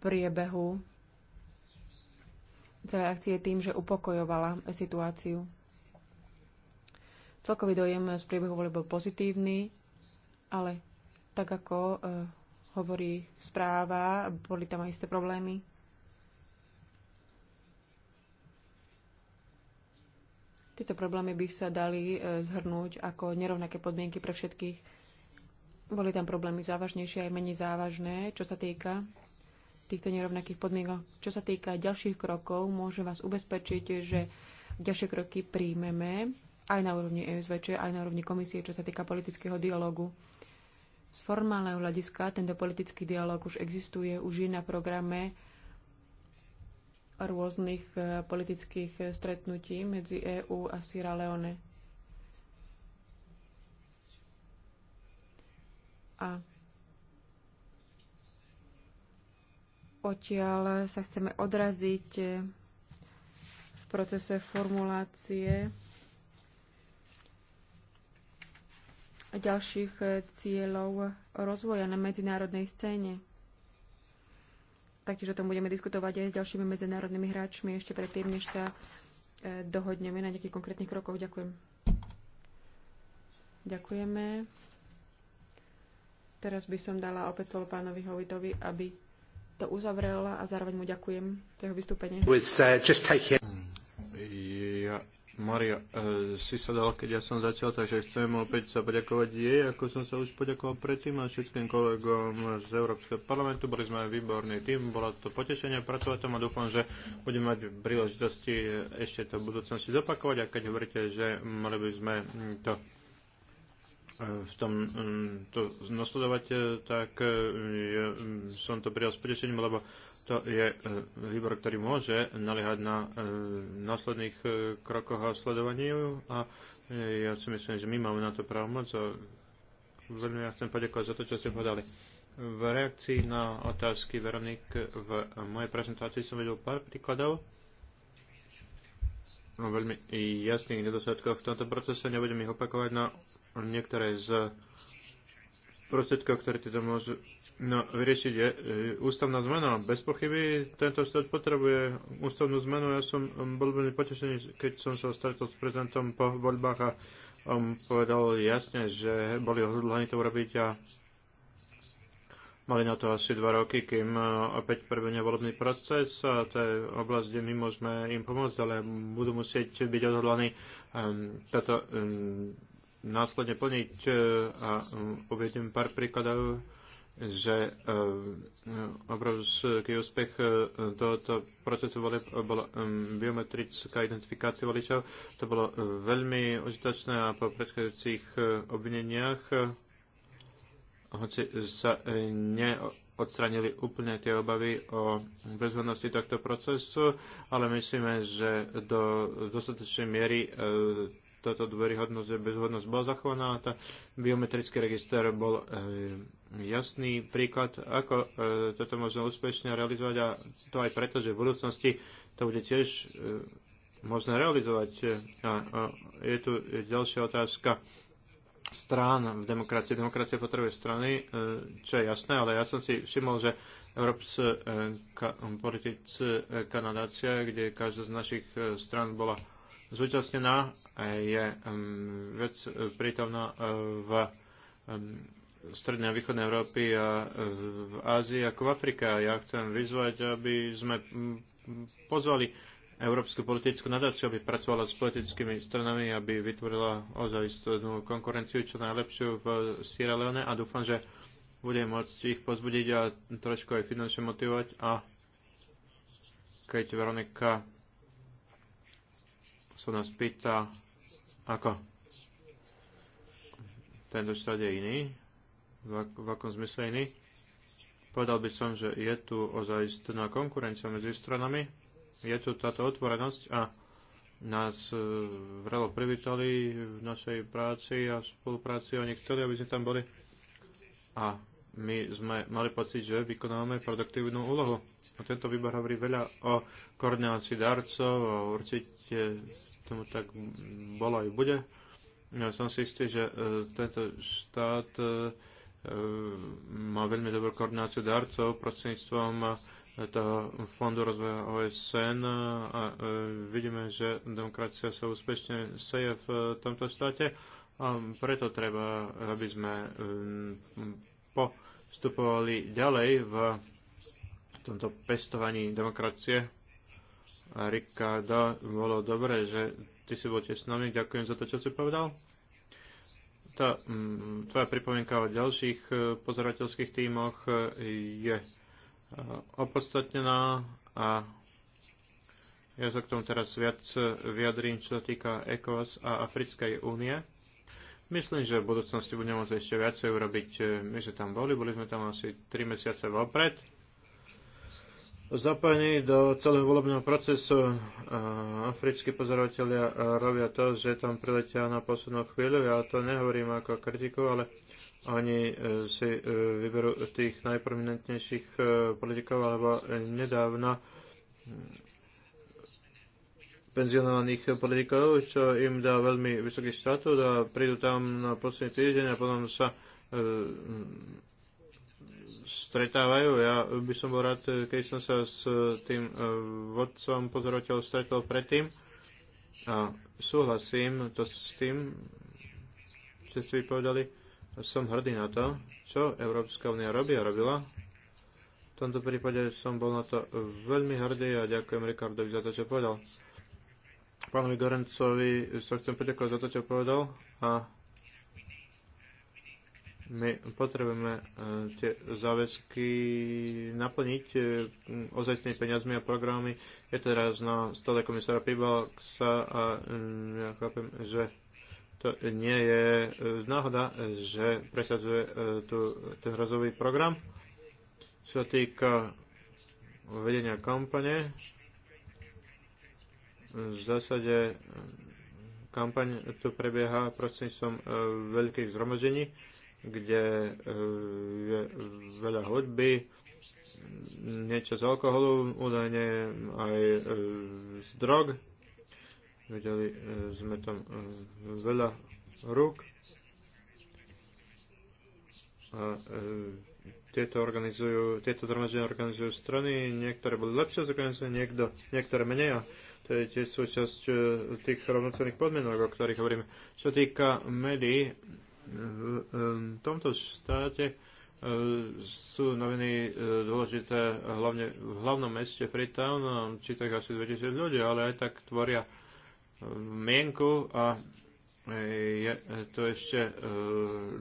priebehu celej akcie tým, že upokojovala situáciu. Celkový dojem z priebehu voľby bol pozitívny, ale tak ako e, hovorí správa, boli tam aj isté problémy. Tieto problémy by sa dali e, zhrnúť ako nerovnaké podmienky pre všetkých. Boli tam problémy závažnejšie aj menej závažné, čo sa týka týchto nerovnakých podmienok. Čo sa týka ďalších krokov, môžem vás ubezpečiť, že ďalšie kroky príjmeme aj na úrovni ESVČ, aj na úrovni komisie, čo sa týka politického dialogu. Z formálneho hľadiska tento politický dialog už existuje, už je na programe rôznych e, politických e, stretnutí medzi EÚ a Sierra Leone. A odtiaľ sa chceme odraziť e, v procese formulácie ďalších cieľov rozvoja na medzinárodnej scéne. Taktiež o tom budeme diskutovať aj s ďalšími medzinárodnými hráčmi ešte predtým, než sa e, dohodneme na nejakých konkrétnych krokoch. Ďakujem. Ďakujeme. Teraz by som dala opäť slovo pánovi Hovitovi, aby to uzavrela a zároveň mu ďakujem za jeho vystúpenie. Uh, ja, Maria e, si sa dal, keď ja som začal, takže chcem opäť sa poďakovať jej, ako som sa už poďakoval predtým a všetkým kolegom z Európskeho parlamentu. Boli sme výborný tým, bolo to potešenie pracovať tam a dúfam, že budeme mať príležitosti ešte to v budúcnosti zopakovať a keď hovoríte, že mali by sme to v tom mm, to nasledovať, e, tak e, ja mm, som to prijal s priešením, lebo to je e, výbor, ktorý môže naliehať na následných krokoch a sledovaní a ja si myslím, že my máme na to právomoc a veľmi ja chcem poďakovať za to, čo ste povedali. V reakcii na otázky Veronik v mojej prezentácii som vedel pár príkladov veľmi jasných nedostatkov v tomto procese. Nebudem ich opakovať, no niektoré z prostriedkov, ktoré tieto môžu no, vyriešiť, je e, ústavná zmena. Bez pochyby tento štát potrebuje ústavnú zmenu. Ja som um, bol veľmi potešený, keď som sa stretol s prezidentom po voľbách a on um, povedal jasne, že boli odhodlaní to urobiť a Mali na to asi dva roky, kým e, opäť prebehne volebný proces. A to je oblasť, kde my môžeme im pomôcť, ale budú musieť byť odhodlaní ehm, táto ehm, následne plniť. E, a ehm, uvediem pár príkladov že obrovský úspech e, tohoto procesu bol, bola biometrická identifikácia voličov. To bolo veľmi užitočné a po predchádzajúcich obvineniach hoci sa e, neodstranili úplne tie obavy o bezhodnosti tohto procesu, ale myslíme, že do dostatočnej miery e, táto dôveryhodnosť a bezhodnosť bola zachovaná a biometrický register bol e, jasný príklad, ako toto možno úspešne realizovať a to aj preto, že v budúcnosti to bude tiež možné realizovať. a je tu ďalšia otázka strán v demokracii. Demokracia potrebuje strany, e, čo je jasné, ale ja som si všimol, že európska e, politická kanadácia, kde každá z našich e, strán bola zúčastnená, je vec prítomná v strednej a východnej Európy a v Ázii ako v Afrike. Ja chcem vyzvať, aby sme pozvali Európsku politickú nadáciu, aby pracovala s politickými stranami, aby vytvorila ozajstnú konkurenciu čo najlepšiu v Sierra Leone a dúfam, že bude môcť ich pozbudiť a trošku aj finančne motivovať a keď Veronika sa nás pýta, ako tento štát je iný, v, akom zmysle iný, povedal by som, že je tu ozajstná konkurencia medzi stranami, je tu táto otvorenosť a nás e, vrelo privítali v našej práci a spolupráci oni chceli, aby sme tam boli. A my sme mali pocit, že vykonávame produktívnu úlohu. A tento výbor hovorí veľa o koordinácii darcov a určite tomu tak bolo aj bude. Ja som si istý, že e, tento štát e, má veľmi dobrú koordináciu darcov prostredníctvom toho fondu rozvoja OSN a e, vidíme, že demokracia sa úspešne seje v tomto štáte a preto treba, aby sme e, postupovali ďalej v tomto pestovaní demokracie. Ricardo, bolo dobré, že ty si bol tiež s nami. Ďakujem za to, čo si povedal tá tvoja pripomienka o ďalších e, pozorateľských tímoch je Eh, opodstatnená a ja sa k tomu teraz viac vyjadrím, čo sa týka ECOWAS a Africkej únie. Myslím, že v budúcnosti budeme môcť ešte viacej urobiť. Eh, my sme tam boli, boli sme tam asi 3 mesiace vopred. Zapojení do celého volebného procesu eh, africkí pozorovateľia robia to, že tam priletia na poslednú chvíľu. Ja to nehovorím ako kritiku, ale oni e, si e, vyberú tých najprominentnejších e, politikov, alebo nedávno mm, penzionovaných politikov, čo im dá veľmi vysoký štatút a prídu tam na posledný týždeň a potom sa mm, stretávajú. Ja by som bol rád, keď som sa s tým vodcom pozorovateľ stretol predtým a súhlasím to s tým, čo ste vy povedali som hrdý na to, čo Európska únia robí a robila. V tomto prípade som bol na to veľmi hrdý a ďakujem Rikardovi za to, čo povedal. Pánovi Gorencovi sa chcem poďakovať za to, čo povedal a my potrebujeme e, tie záväzky naplniť e, ozajstnými peniazmi a programy. Je teraz na stále komisára Pibalksa a mm, ja chápem, že to nie je e, náhoda, že presadzuje e, tu, ten rozový program. Čo sa týka vedenia kampane, v zásade e, kampaň tu prebieha prostredníctvom veľkých zhromaždení, kde je veľa hudby, niečo z alkoholu, údajne aj z drog, Videli e, sme tam e, veľa rúk a e, tieto, organizujú, tieto zhromaždenia organizujú strany, niektoré boli lepšie zorganizované, niekto, niektoré menej a to je tiež súčasť tých rovnocenných podmienok, o ktorých hovoríme. Čo týka médií, v tomto štáte sú noviny dôležité hlavne v hlavnom meste Freetown, tak asi 2000 ľudí, ale aj tak tvoria mienku a e, je to ešte e,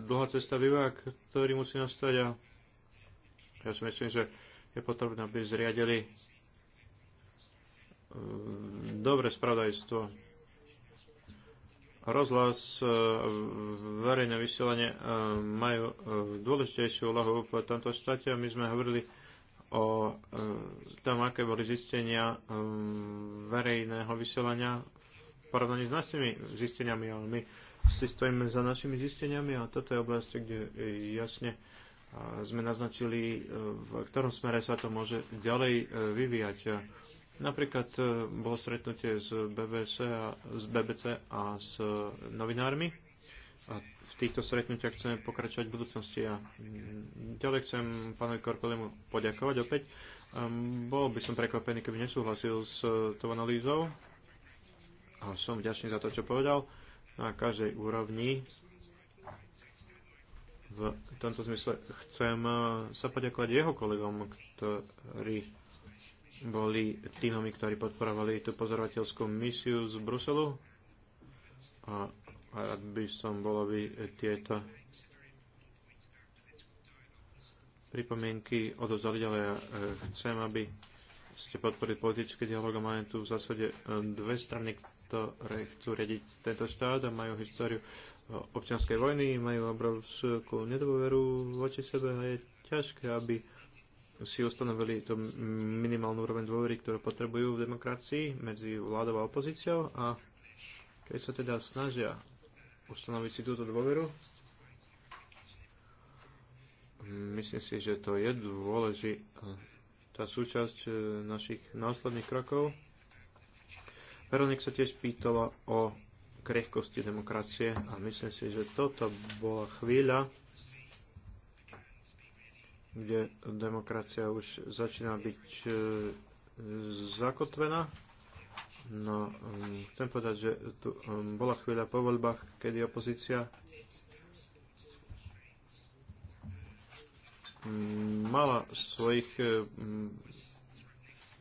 dlhá cesta vývoja, ktorý musí nastať a ja si myslím, že je potrebné, aby zriadili e, dobre spravodajstvo. Rozhlas, verejné vysielanie majú dôležitejšiu úlohu v tomto štáte a my sme hovorili o tom, aké boli zistenia verejného vysielania porovnaní s našimi zisteniami, ale my si stojíme za našimi zisteniami a toto je oblasť, kde jasne sme naznačili, e, v ktorom smere sa to môže ďalej e, vyvíjať. Napríklad e, bolo stretnutie s, BBC a, z BBC a s novinármi a v týchto stretnutiach chceme pokračovať v budúcnosti a mm, ďalej chcem pánovi Korpelimu poďakovať opäť. Ehm, bol by som prekvapený, keby nesúhlasil s tou analýzou, a som vďačný za to, čo povedal na každej úrovni. V tomto zmysle chcem eh, sa poďakovať jeho kolegom, ktorí boli týmami, ktorí podporovali tú pozorovateľskú misiu z Bruselu. A rád by som bol, aby tieto pripomienky odovzdali ďalej. Eh, chcem, aby ste podporiť politický dialog a máme tu v zásade e, dve strany, ktoré chcú riadiť tento štát a majú históriu e, občianskej vojny, majú obrovskú nedôveru voči sebe a je ťažké, aby si ustanovili tú minimálnu úroveň dôvery, ktorú potrebujú v demokracii medzi vládou a opozíciou a keď sa teda snažia ustanoviť si túto dôveru, myslím si, že to je dôležité tá súčasť e, našich následných krokov. Veronik sa tiež pýtala o krehkosti demokracie a myslím si, že toto bola chvíľa, kde demokracia už začína byť e, zakotvená. No, mm, chcem povedať, že tu mm, bola chvíľa po voľbách, kedy opozícia mala svojich e,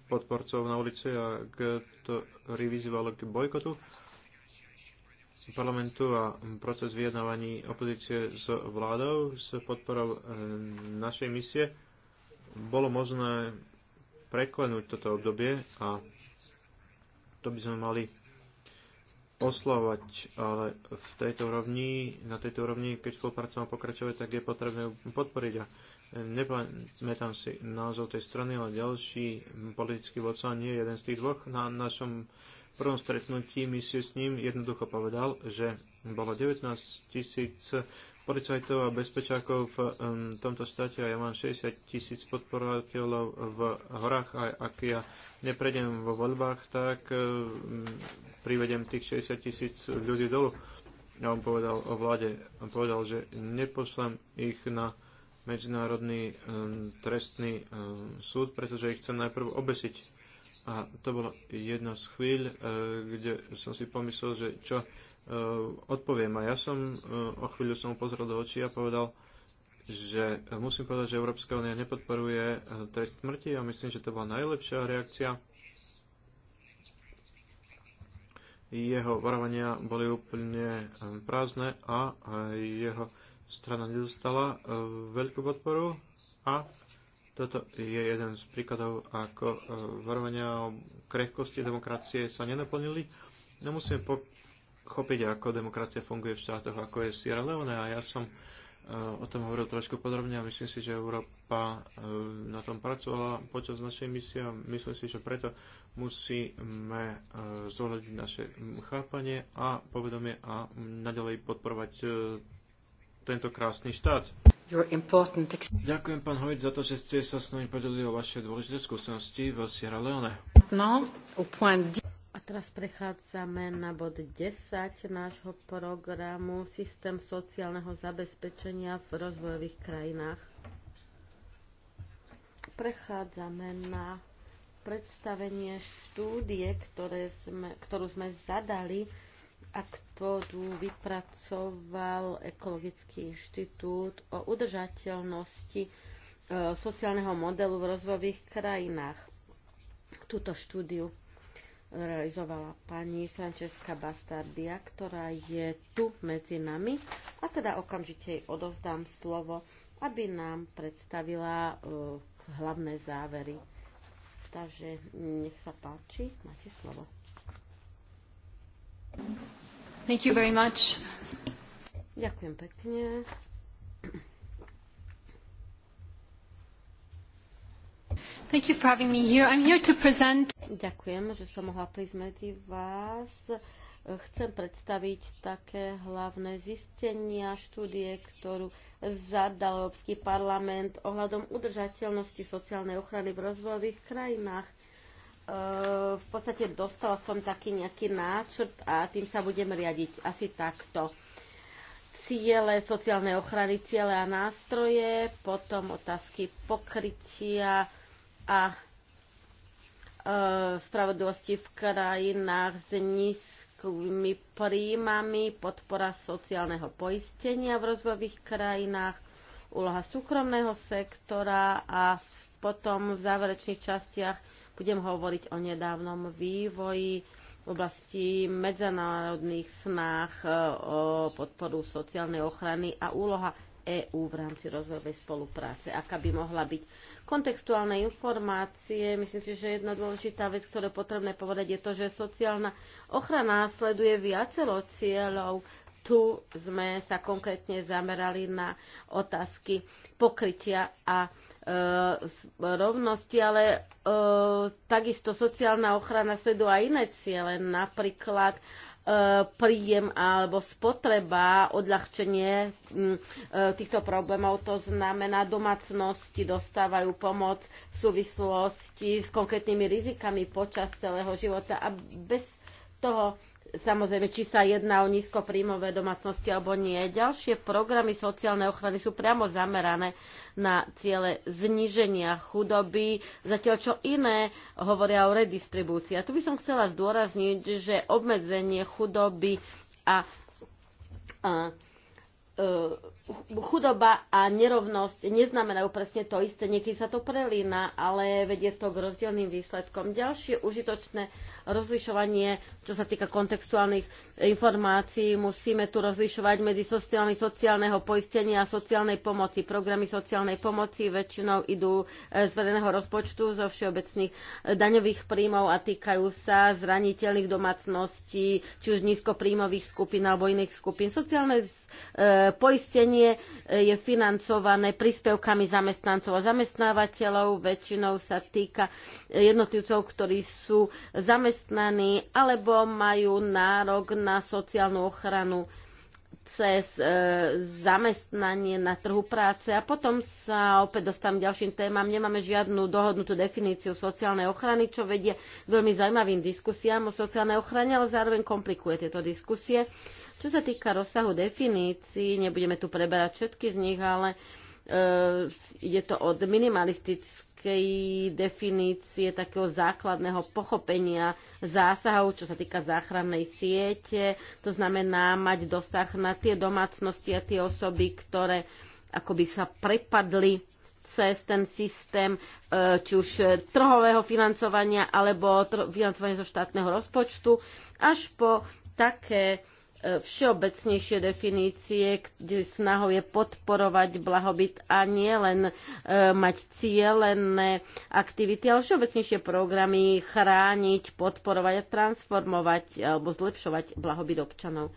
podporcov na ulici a ktorí vyzývali k bojkotu parlamentu a proces vyjednávaní opozície s vládou s podporou e, našej misie bolo možné preklenúť toto obdobie a to by sme mali oslovať, ale v tejto rovni, na tejto úrovni, keď spolupracujeme pokračovať, tak je potrebné podporiť. A nepamätám si názov tej strany, ale ďalší politický vodca nie je jeden z tých dvoch. Na našom prvom stretnutí my si s ním jednoducho povedal, že bolo 19 tisíc policajtov a bezpečákov v tomto štáte a ja mám 60 tisíc podporovateľov v horách a ak ja neprejdem vo voľbách, tak privedem tých 60 tisíc ľudí dolu. ja on povedal o vláde, on povedal, že nepošlem ich na Medzinárodný e, trestný e, súd, pretože ich chcem najprv obesiť. A to bola jedna z chvíľ, e, kde som si pomyslel, že čo odpoviem. A ja som o chvíľu som pozrel do očí a povedal, že musím povedať, že Európska únia nepodporuje trest smrti a myslím, že to bola najlepšia reakcia. Jeho varovania boli úplne prázdne a jeho strana nedostala e, veľkú podporu a toto je jeden z príkladov, ako e, varovania o krehkosti demokracie sa nenaplnili. No musíme pochopiť, ako demokracia funguje v štátoch, ako je Sierra Leone a ja som e, o tom hovoril trošku podrobne a myslím si, že Európa na tom pracovala počas našej misie a myslím si, že preto musíme zohľadiť naše chápanie a povedomie a nadalej podporovať tento krásny štát. Ďakujem, pán Hovic, za to, že ste sa s nami podelili o vaše dôležité skúsenosti v Sierra Leone. No, A teraz prechádzame na bod 10 nášho programu Systém sociálneho zabezpečenia v rozvojových krajinách. Prechádzame na predstavenie štúdie, ktoré sme, ktorú sme zadali a ktorú vypracoval Ekologický inštitút o udržateľnosti e, sociálneho modelu v rozvojových krajinách. Túto štúdiu realizovala pani Francesca Bastardia, ktorá je tu medzi nami. A teda okamžite jej odovzdám slovo, aby nám predstavila uh, hlavné závery. Takže nech sa páči, máte slovo. Thank you very much. Ďakujem pekne. Thank you for having me here. I'm here to present... Ďakujem, že som mohla prísť medzi vás. Chcem predstaviť také hlavné zistenia štúdie, ktorú zadal Európsky parlament ohľadom udržateľnosti sociálnej ochrany v rozvojových krajinách. Eh, v podstate dostala som taký nejaký náčrt a tým sa budem riadiť asi takto. Ciele sociálnej ochrany, ciele a nástroje, potom otázky pokrytia a e, spravodlivosti v krajinách s nízkymi príjmami, podpora sociálneho poistenia v rozvojových krajinách, úloha súkromného sektora a potom v záverečných častiach budem hovoriť o nedávnom vývoji v oblasti medzinárodných snách e, o podporu sociálnej ochrany a úloha EÚ v rámci rozvojovej spolupráce, aká by mohla byť. Kontextuálne informácie, myslím si, že jedna dôležitá vec, ktorú je potrebné povedať, je to, že sociálna ochrana sleduje viacero cieľov tu sme sa konkrétne zamerali na otázky pokrytia a e, rovnosti, ale e, takisto sociálna ochrana svedu a iné ciele, napríklad e, príjem alebo spotreba, odľahčenie e, týchto problémov. To znamená, domácnosti dostávajú pomoc v súvislosti s konkrétnymi rizikami počas celého života a bez toho samozrejme, či sa jedná o nízkopríjmové domácnosti alebo nie. Ďalšie programy sociálnej ochrany sú priamo zamerané na ciele zníženia chudoby, zatiaľ čo iné hovoria o redistribúcii. A tu by som chcela zdôrazniť, že obmedzenie chudoby a, a e, chudoba a nerovnosť neznamenajú presne to isté. Niekedy sa to prelína, ale vedie to k rozdielným výsledkom. Ďalšie užitočné rozlišovanie, čo sa týka kontextuálnych informácií. Musíme tu rozlišovať medzi sociálmi sociálneho poistenia a sociálnej pomoci. Programy sociálnej pomoci väčšinou idú e, z verejného rozpočtu, zo všeobecných e, daňových príjmov a týkajú sa zraniteľných domácností, či už nízkopríjmových skupín alebo iných skupín. Sociálne E, poistenie e, je financované príspevkami zamestnancov a zamestnávateľov, väčšinou sa týka jednotlivcov, ktorí sú zamestnaní alebo majú nárok na sociálnu ochranu cez e, zamestnanie na trhu práce a potom sa opäť dostávam k ďalším témam. Nemáme žiadnu dohodnutú definíciu sociálnej ochrany, čo vedie veľmi zaujímavým diskusiám o sociálnej ochrane, ale zároveň komplikuje tieto diskusie. Čo sa týka rozsahu definícií, nebudeme tu preberať všetky z nich, ale e, ide to od minimalistických nejakej definície takého základného pochopenia zásahov, čo sa týka záchrannej siete. To znamená mať dosah na tie domácnosti a tie osoby, ktoré akoby sa prepadli cez ten systém e, či už trhového financovania alebo financovania zo štátneho rozpočtu, až po také E, všeobecnejšie definície, kde snahou je podporovať blahobyt a nie len e, mať cielené aktivity, ale všeobecnejšie programy chrániť, podporovať a transformovať alebo zlepšovať blahobyt občanov.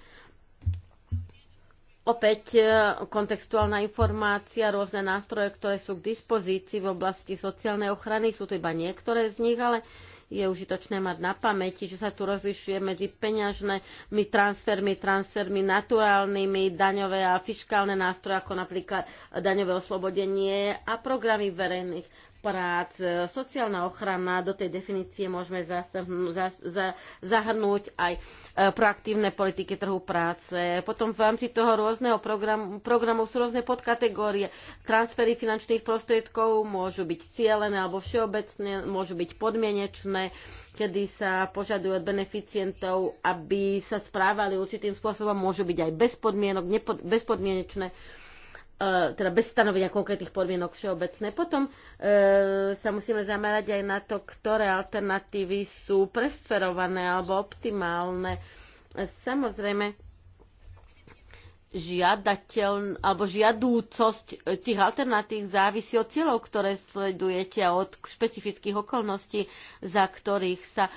Opäť e, kontextuálna informácia, rôzne nástroje, ktoré sú k dispozícii v oblasti sociálnej ochrany, sú to iba niektoré z nich, ale je užitočné mať na pamäti, že sa tu rozlišuje medzi peňažnými transfermi, transfermi naturálnymi, daňové a fiskálne nástroje, ako napríklad daňové oslobodenie a programy verejných prác, sociálna ochrana, do tej definície môžeme zahrnúť aj e, proaktívne politiky trhu práce. Potom v rámci toho rôzneho programu, programu sú rôzne podkategórie. Transfery finančných prostriedkov môžu byť cieľené alebo všeobecné, môžu byť podmienečné, kedy sa požadujú od beneficientov, aby sa správali určitým spôsobom, môžu byť aj bez podmienok, nepo, bezpodmienečné E, teda bez stanovenia konkrétnych podmienok všeobecné. Potom e, sa musíme zamerať aj na to, ktoré alternatívy sú preferované alebo optimálne. Samozrejme, žiadateľ, alebo žiadúcosť tých alternatív závisí od cieľov, ktoré sledujete a od špecifických okolností, za ktorých sa e,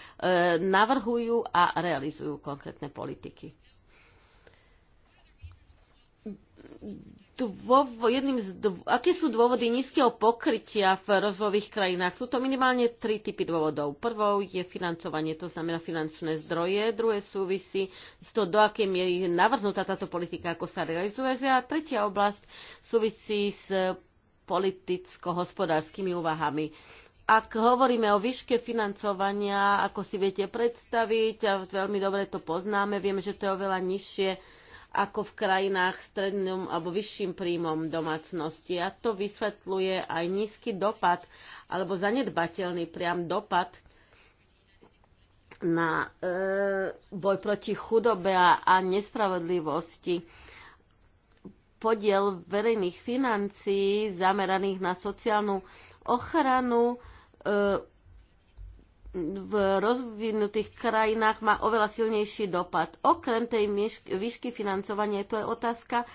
navrhujú a realizujú konkrétne politiky dôvo, jedným z dô, aké sú dôvody nízkeho pokrytia v rozvojových krajinách? Sú to minimálne tri typy dôvodov. Prvou je financovanie, to znamená finančné zdroje. Druhé súvisí s to, do akej miery je navrhnutá táto politika, ako sa realizuje. A tretia oblasť súvisí s politicko-hospodárskymi úvahami ak hovoríme o výške financovania, ako si viete predstaviť, a veľmi dobre to poznáme, vieme, že to je oveľa nižšie ako v krajinách stredným alebo vyšším príjmom domácnosti. A to vysvetľuje aj nízky dopad alebo zanedbateľný priam dopad na e, boj proti chudobe a, a nespravodlivosti. Podiel verejných financií zameraných na sociálnu ochranu e, v rozvinutých krajinách má oveľa silnejší dopad. Okrem tej výšky financovania to je otázka e,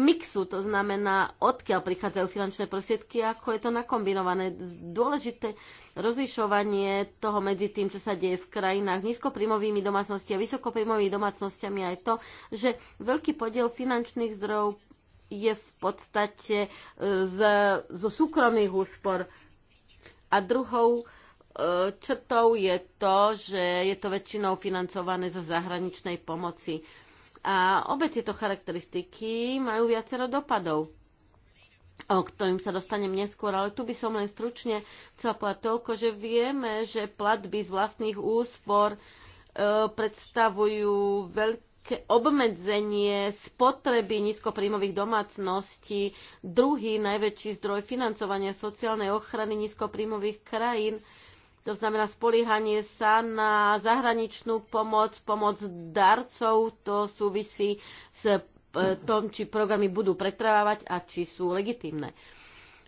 mixu, to znamená, odkiaľ prichádzajú finančné prostriedky, ako je to nakombinované. Dôležité rozlišovanie toho medzi tým, čo sa deje v krajinách s nízkoprímovými domácnostiami a vysokoprímovými domácnostiami aj to, že veľký podiel finančných zdrojov je v podstate e, z, zo súkromných úspor. A druhou Črtou je to, že je to väčšinou financované zo zahraničnej pomoci. A obe tieto charakteristiky majú viacero dopadov o ktorým sa dostanem neskôr, ale tu by som len stručne chcela povedať toľko, že vieme, že platby z vlastných úspor e, predstavujú veľké obmedzenie spotreby nízkopríjmových domácností, druhý najväčší zdroj financovania sociálnej ochrany nízkopríjmových krajín to znamená spoliehanie sa na zahraničnú pomoc, pomoc darcov, to súvisí s e, tom, či programy budú pretrvávať a či sú legitimné.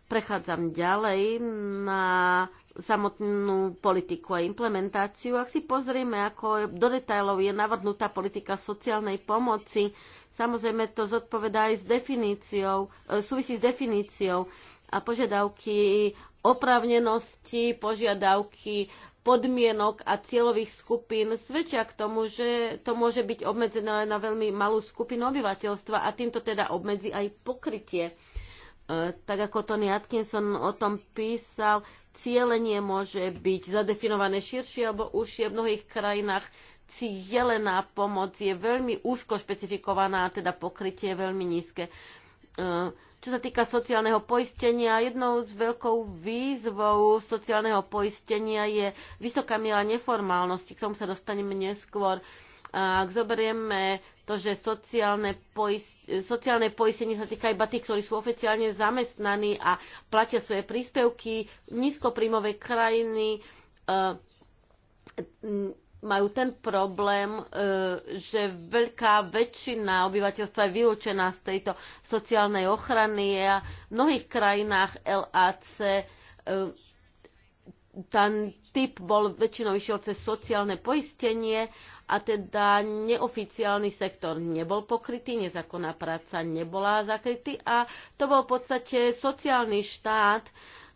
Prechádzam ďalej na samotnú politiku a implementáciu. Ak si pozrieme, ako do detajlov je navrhnutá politika sociálnej pomoci, samozrejme to zodpovedá aj s definíciou, e, súvisí s definíciou a požiadavky oprávnenosti, požiadavky podmienok a cieľových skupín svedčia k tomu, že to môže byť obmedzené len na veľmi malú skupinu obyvateľstva a týmto teda obmedzí aj pokrytie. E, tak ako Tony Atkinson o tom písal, cieľenie môže byť zadefinované širšie alebo užšie v mnohých krajinách. Cieľená pomoc je veľmi úzko špecifikovaná, teda pokrytie je veľmi nízke. E, čo sa týka sociálneho poistenia, jednou z veľkou výzvou sociálneho poistenia je vysoká miera neformálnosti. K tomu sa dostaneme neskôr. Ak zoberieme to, že sociálne, poist, sociálne poistenie sa týka iba tých, ktorí sú oficiálne zamestnaní a platia svoje príspevky, nízkoprímové krajiny, e, majú ten problém, e, že veľká väčšina obyvateľstva je vylúčená z tejto sociálnej ochrany a v mnohých krajinách LAC e, ten typ bol väčšinou išiel cez sociálne poistenie a teda neoficiálny sektor nebol pokrytý, nezákonná práca nebola zakrytý a to bol v podstate sociálny štát,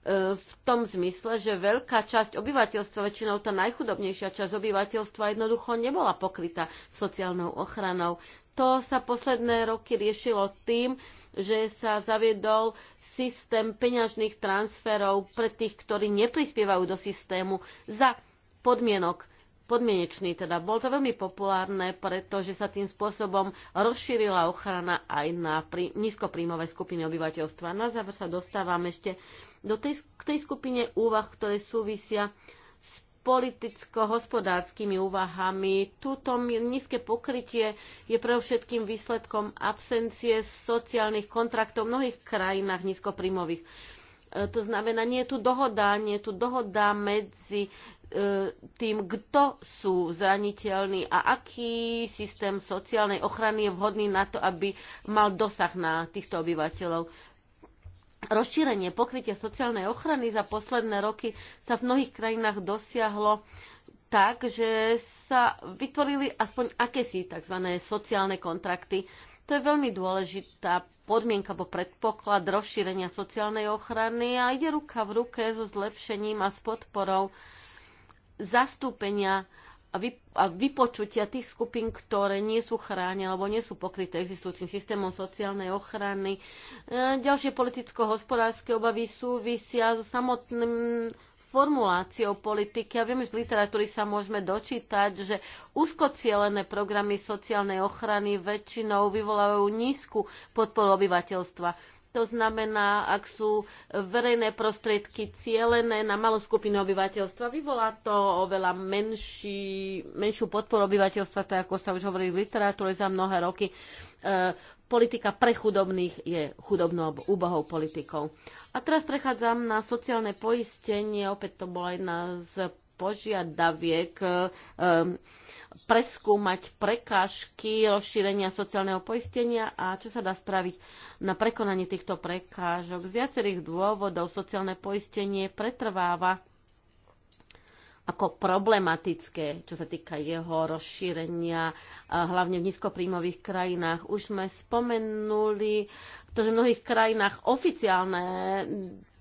E, v tom zmysle, že veľká časť obyvateľstva, väčšinou tá najchudobnejšia časť obyvateľstva jednoducho nebola pokrytá sociálnou ochranou. To sa posledné roky riešilo tým, že sa zaviedol systém peňažných transferov pre tých, ktorí neprispievajú do systému za podmienok podmienečný. Teda bol to veľmi populárne, pretože sa tým spôsobom rozšírila ochrana aj na nízkopríjmové skupiny obyvateľstva. Na záver sa dostávam ešte do tej, k tej skupine úvah, ktoré súvisia s politicko-hospodárskymi úvahami. Tuto nízke pokrytie je pre všetkým výsledkom absencie sociálnych kontraktov v mnohých krajinách nízkoprímových. E, to znamená, nie je tu dohoda, nie je tu dohoda medzi e, tým, kto sú zraniteľní a aký systém sociálnej ochrany je vhodný na to, aby mal dosah na týchto obyvateľov. Rozšírenie pokrytia sociálnej ochrany za posledné roky sa v mnohých krajinách dosiahlo tak, že sa vytvorili aspoň akési tzv. sociálne kontrakty. To je veľmi dôležitá podmienka alebo predpoklad rozšírenia sociálnej ochrany a ide ruka v ruke so zlepšením a s podporou zastúpenia a vypočutia tých skupín, ktoré nie sú chránené alebo nie sú pokryté existujúcim systémom sociálnej ochrany. E, ďalšie politicko-hospodárske obavy súvisia so samotným formuláciou politiky Ja viem, že z literatúry sa môžeme dočítať, že úzkocielené programy sociálnej ochrany väčšinou vyvolávajú nízku podporu obyvateľstva to znamená, ak sú verejné prostriedky cielené na malú skupinu obyvateľstva, vyvolá to oveľa menší, menšiu podporu obyvateľstva, tak ako sa už hovorí v literatúre za mnohé roky. E, politika pre chudobných je chudobnou úbohou politikou. A teraz prechádzam na sociálne poistenie. Opäť to bola jedna z požiadaviek e, e, preskúmať prekážky rozšírenia sociálneho poistenia a čo sa dá spraviť na prekonanie týchto prekážok. Z viacerých dôvodov sociálne poistenie pretrváva ako problematické, čo sa týka jeho rozšírenia, hlavne v nízkopríjmových krajinách. Už sme spomenuli to, že v mnohých krajinách oficiálne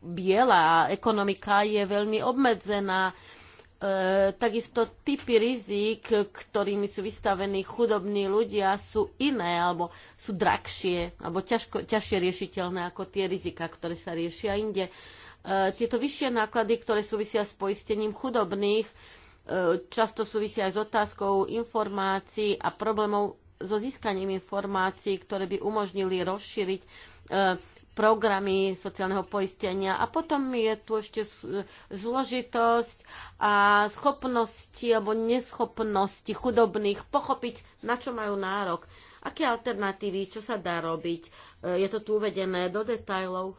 biela ekonomika je veľmi obmedzená E, takisto typy rizik, ktorými sú vystavení chudobní ľudia, sú iné alebo sú drahšie alebo ťažko, ťažšie riešiteľné ako tie rizika, ktoré sa riešia inde. E, tieto vyššie náklady, ktoré súvisia s poistením chudobných, e, často súvisia aj s otázkou informácií a problémov so získaním informácií, ktoré by umožnili rozšíriť programy sociálneho poistenia. A potom je tu ešte zložitosť a schopnosti alebo neschopnosti chudobných pochopiť, na čo majú nárok. Aké alternatívy, čo sa dá robiť? E, je to tu uvedené do detajlov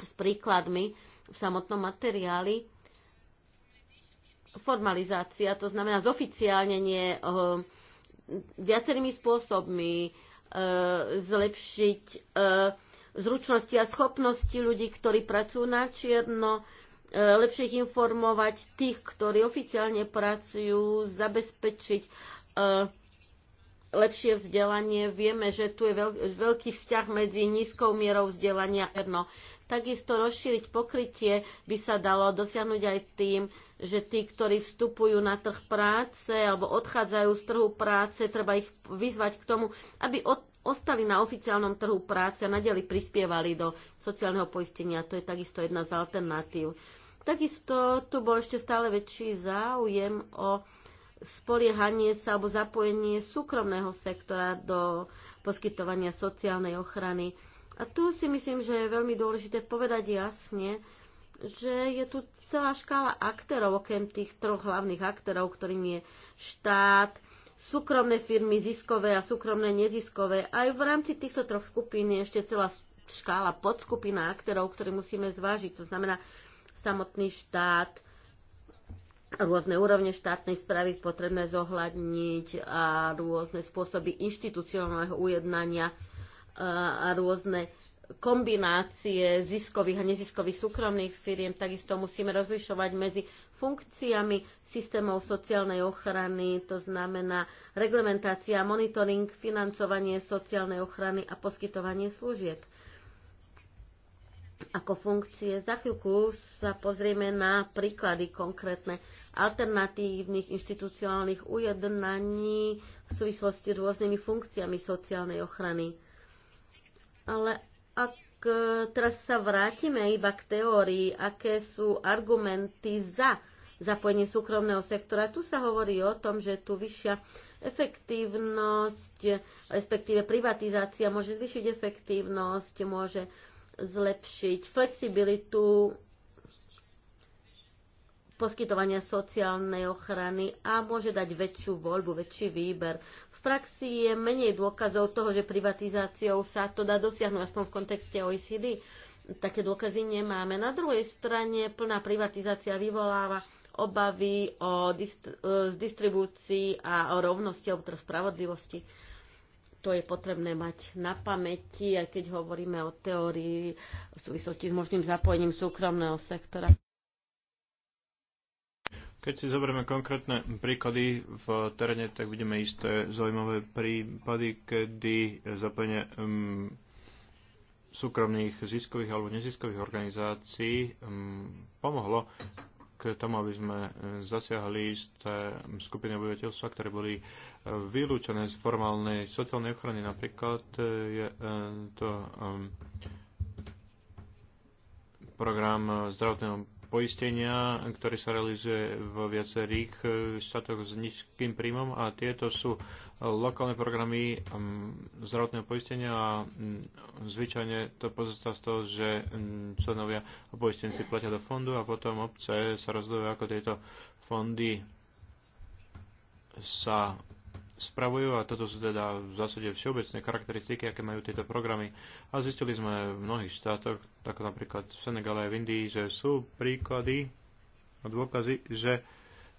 s príkladmi v samotnom materiáli. Formalizácia, to znamená zoficiálnenie e, viacerými spôsobmi e, zlepšiť zručnosti a schopnosti ľudí, ktorí pracujú na čierno, e, lepšie ich informovať, tých, ktorí oficiálne pracujú, zabezpečiť e, lepšie vzdelanie. Vieme, že tu je veľký vzťah medzi nízkou mierou vzdelania a čierno. Takisto rozšíriť pokrytie by sa dalo dosiahnuť aj tým, že tí, ktorí vstupujú na trh práce alebo odchádzajú z trhu práce, treba ich vyzvať k tomu, aby od, ostali na oficiálnom trhu práce a nadeli prispievali do sociálneho poistenia. To je takisto jedna z alternatív. Takisto tu bol ešte stále väčší záujem o spoliehanie sa alebo zapojenie súkromného sektora do poskytovania sociálnej ochrany. A tu si myslím, že je veľmi dôležité povedať jasne, že je tu celá škála aktérov, okrem tých troch hlavných aktérov, ktorým je štát, súkromné firmy, ziskové a súkromné neziskové. Aj v rámci týchto troch skupín je ešte celá škála podskupina aktérov, ktoré musíme zvážiť. To znamená samotný štát, rôzne úrovne štátnej správy potrebné zohľadniť a rôzne spôsoby inštitucionálneho ujednania a rôzne kombinácie ziskových a neziskových súkromných firiem. Takisto musíme rozlišovať medzi funkciami systémov sociálnej ochrany, to znamená reglementácia, monitoring, financovanie sociálnej ochrany a poskytovanie služieb. Ako funkcie za chvíľku sa pozrieme na príklady konkrétne alternatívnych inštitucionálnych ujednaní v súvislosti s rôznymi funkciami sociálnej ochrany. Ale ak e, teraz sa vrátime iba k teórii, aké sú argumenty za zapojenie súkromného sektora. Tu sa hovorí o tom, že tu vyššia efektívnosť, respektíve privatizácia môže zvýšiť efektívnosť, môže zlepšiť flexibilitu poskytovania sociálnej ochrany a môže dať väčšiu voľbu, väčší výber. V praxi je menej dôkazov toho, že privatizáciou sa to dá dosiahnuť, aspoň v kontexte OECD. Také dôkazy nemáme. Na druhej strane plná privatizácia vyvoláva obavy o dist- e, z distribúcii a o rovnosti alebo teda spravodlivosti. To je potrebné mať na pamäti, aj keď hovoríme o teórii v súvislosti s možným zapojením súkromného sektora. Keď si zoberieme konkrétne príklady v teréne, tak vidíme isté zaujímavé prípady, kedy zapojenie um, súkromných ziskových alebo neziskových organizácií um, pomohlo k tomu, aby sme e, zasiahli isté skupiny obyvateľstva, ktoré boli e, vylúčené z formálnej sociálnej ochrany. Napríklad e, je to program zdravotného poistenia, ktoré sa realizuje vo viacerých eh, štátoch s nízkym príjmom a tieto sú eh, lokálne programy mm, zdravotného poistenia a mm, zvyčajne to pozostá z toho, že mm, členovia a poistenci platia do fondu a potom obce sa rozhodujú, ako tieto fondy sa spravujú a toto sú teda v zásade všeobecné charakteristiky, aké majú tieto programy. A zistili sme v mnohých štátoch, ako napríklad v Senegale a v Indii, že sú príklady a dôkazy, že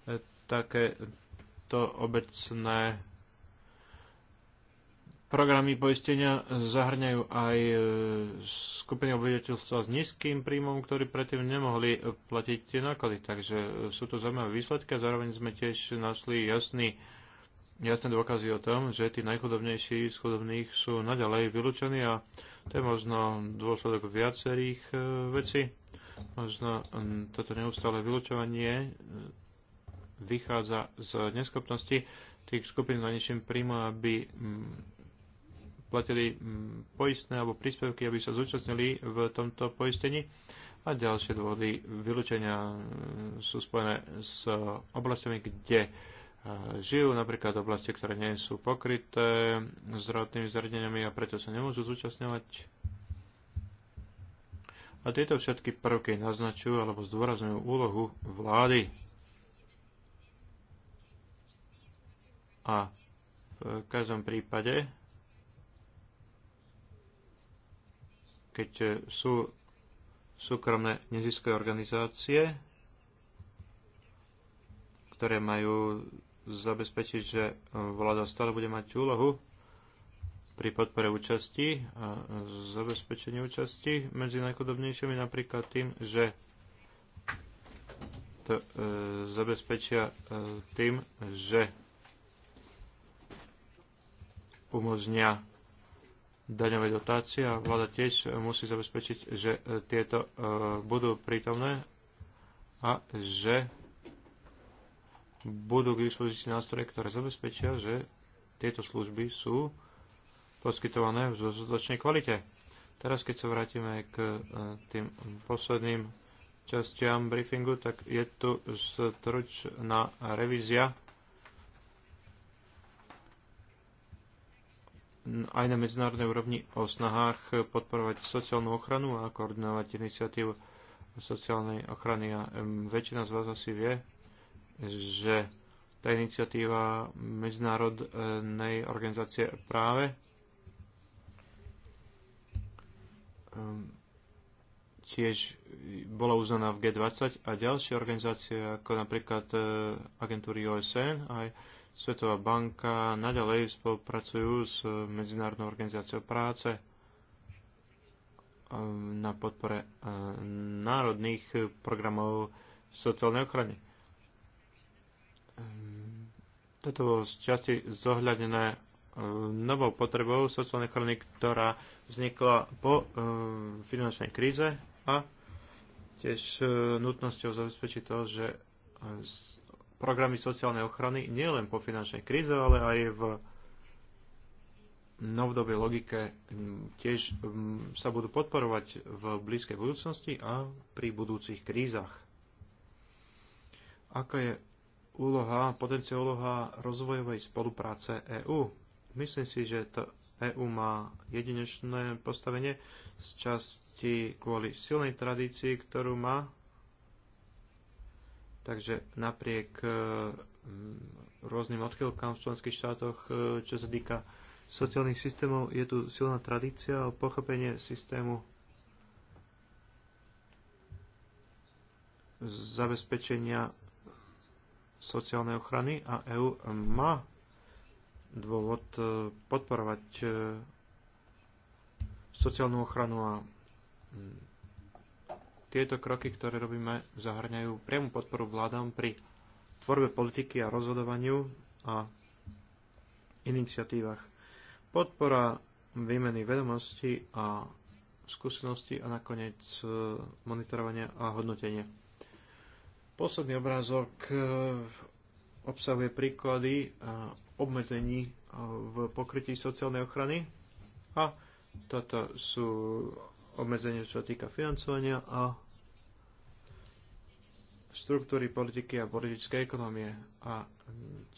e, takéto obecné programy poistenia zahrňajú aj e, skupiny obyvateľstva s nízkym príjmom, ktorí predtým nemohli platiť tie náklady. Takže e, sú to zaujímavé výsledky a zároveň sme tiež našli jasný jasné dôkazy o tom, že tí najchudobnejší z chudobných sú naďalej vylúčení a to je možno dôsledok viacerých e, vecí. Možno toto neustále vylúčovanie e, vychádza z neschopnosti tých skupín na nižším príjmom, aby platili poistné alebo príspevky, aby sa zúčastnili v tomto poistení. A ďalšie dôvody vylúčenia e, sú spojené s oblastiami, kde žijú napríklad v oblasti, ktoré nie sú pokryté zdravotnými zariadeniami a preto sa nemôžu zúčastňovať. A tieto všetky prvky naznačujú alebo zdôrazňujú úlohu vlády. A v každom prípade, keď sú súkromné neziskové organizácie, ktoré majú zabezpečiť, že e, vláda stále bude mať úlohu pri podpore účasti a zabezpečení účasti medzi najchudobnejšími napríklad tým, že to e, zabezpečia e, tým, že umožnia daňové dotácie a vláda tiež musí zabezpečiť, že e, tieto e, budú prítomné a že budú k dispozícii nástroje, ktoré zabezpečia, že tieto služby sú poskytované v dostatočnej kvalite. Teraz, keď sa vrátime k e, tým posledným častiam briefingu, tak je tu stručná revízia aj na medzinárodnej úrovni o snahách podporovať sociálnu ochranu a koordinovať iniciatívu sociálnej ochrany. A väčšina z vás asi vie, že tá iniciatíva Medzinárodnej organizácie práve ehm, tiež bola uznaná v G20 a ďalšie organizácie ako napríklad e, agentúry OSN aj Svetová banka naďalej spolupracujú s Medzinárodnou organizáciou práce ehm, na podpore e, národných programov sociálnej ochrany. Ehm, toto bolo z časti zohľadené ehm, novou potrebou sociálnej ekonomiky, ktorá vznikla po ehm, finančnej kríze a tiež nutnosťou zabezpečiť to, že programy sociálnej ochrany nielen po finančnej kríze, ale aj v novodobej logike tiež sa budú podporovať v blízkej budúcnosti a pri budúcich krízach. Aká je úloha, potenciál úloha rozvojovej spolupráce EÚ. Myslím si, že to EÚ má jedinečné postavenie z časti kvôli silnej tradícii, ktorú má. Takže napriek e, rôznym odchylkám v členských štátoch, e, čo sa týka sociálnych systémov, je tu silná tradícia o pochopenie systému zabezpečenia sociálnej ochrany a EÚ má dôvod e, podporovať e, sociálnu ochranu a mm, tieto kroky, ktoré robíme, zahrňajú priamu podporu vládam pri tvorbe politiky a rozhodovaniu a iniciatívach. Podpora výmeny vedomostí a skúseností a nakoniec e, monitorovania a hodnotenie. Posledný obrázok eh, obsahuje príklady eh, obmedzení eh, v pokrytí sociálnej ochrany a toto sú obmedzenia, čo týka financovania a štruktúry politiky a politické ekonomie a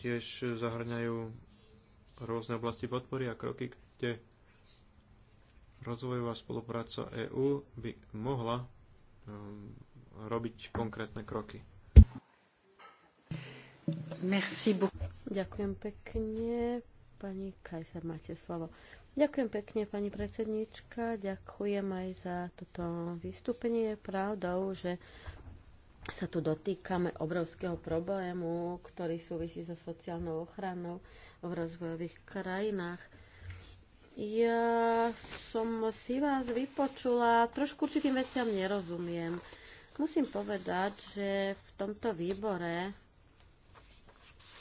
tiež zahrňajú rôzne oblasti podpory a kroky, kde rozvojová spolupráca EÚ by mohla ehm, robiť konkrétne kroky. Merci Ďakujem pekne. Pani Kajsa, máte slovo. Ďakujem pekne, pani predsednička. Ďakujem aj za toto vystúpenie. Je pravdou, že sa tu dotýkame obrovského problému, ktorý súvisí so sociálnou ochranou v rozvojových krajinách. Ja som si vás vypočula, trošku určitým veciam nerozumiem. Musím povedať, že v tomto výbore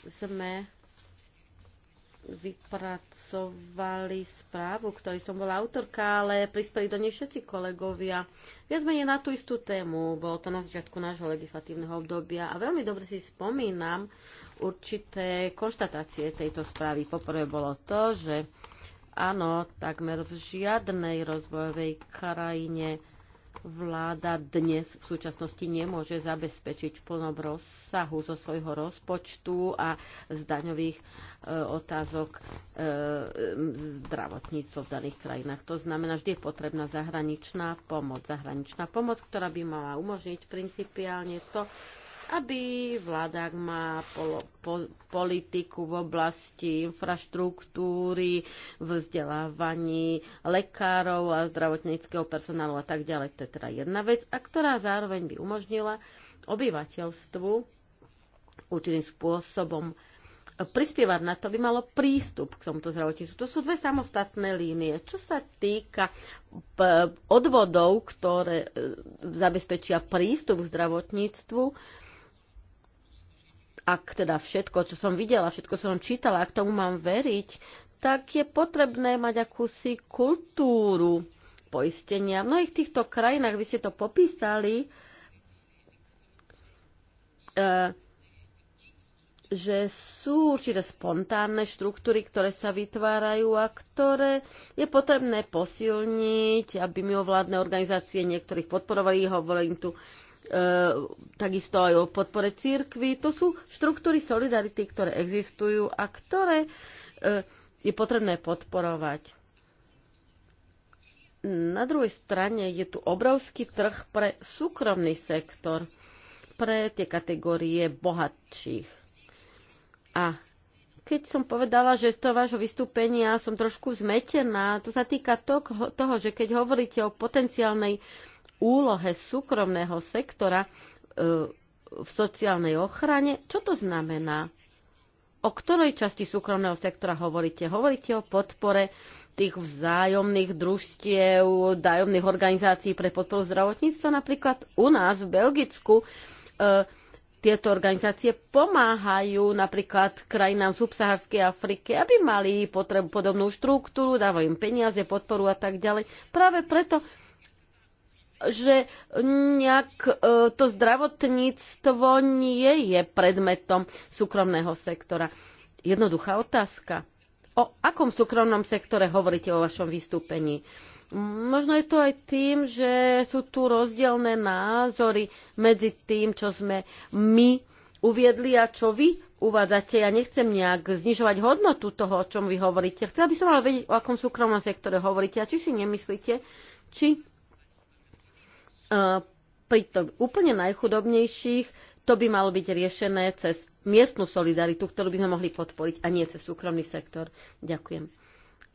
sme vypracovali správu, ktorý som bola autorka, ale prispeli do nej všetci kolegovia. Viac menej na tú istú tému, bolo to na začiatku nášho legislatívneho obdobia a veľmi dobre si spomínam určité konštatácie tejto správy. Poprvé bolo to, že áno, takmer v žiadnej rozvojovej krajine vláda dnes v súčasnosti nemôže zabezpečiť v plnom rozsahu zo svojho rozpočtu a z daňových e, otázok e, zdravotníctvo v daných krajinách. To znamená, vždy je potrebná zahraničná pomoc. Zahraničná pomoc, ktorá by mala umožniť principiálne to, aby vláda, ak má polo, po, politiku v oblasti infraštruktúry, vzdelávaní lekárov a zdravotníckého personálu a tak ďalej, to je teda jedna vec, a ktorá zároveň by umožnila obyvateľstvu určitým spôsobom prispievať na to, by malo prístup k tomuto zdravotníctvu. To sú dve samostatné línie. Čo sa týka odvodov, ktoré e, zabezpečia prístup k zdravotníctvu, ak teda všetko, čo som videla, všetko, čo som čítala, ak tomu mám veriť, tak je potrebné mať akúsi kultúru poistenia. V mnohých týchto krajinách, vy ste to popísali, eh, že sú určité spontánne štruktúry, ktoré sa vytvárajú a ktoré je potrebné posilniť, aby mimovládne organizácie niektorých podporovali. Hovorím tu E, takisto aj o podpore církvy. To sú štruktúry solidarity, ktoré existujú a ktoré e, je potrebné podporovať. Na druhej strane je tu obrovský trh pre súkromný sektor, pre tie kategórie bohatších. A keď som povedala, že z toho vášho vystúpenia som trošku zmetená, to sa týka toho, že keď hovoríte o potenciálnej úlohe súkromného sektora e, v sociálnej ochrane. Čo to znamená? O ktorej časti súkromného sektora hovoríte? Hovoríte o podpore tých vzájomných družstiev, dajomných organizácií pre podporu zdravotníctva. Napríklad u nás v Belgicku e, tieto organizácie pomáhajú napríklad krajinám v subsaharskej Afrike, aby mali potrebu, podobnú štruktúru, dávajú im peniaze, podporu a tak ďalej. Práve preto, že nejak e, to zdravotníctvo nie je predmetom súkromného sektora. Jednoduchá otázka. O akom súkromnom sektore hovoríte o vašom vystúpení? Možno je to aj tým, že sú tu rozdielne názory medzi tým, čo sme my uviedli a čo vy uvádzate. Ja nechcem nejak znižovať hodnotu toho, o čom vy hovoríte. Chcela by som ale vedieť, o akom súkromnom sektore hovoríte a či si nemyslíte, či pri to úplne najchudobnejších to by malo byť riešené cez miestnu solidaritu, ktorú by sme mohli podporiť a nie cez súkromný sektor. Ďakujem.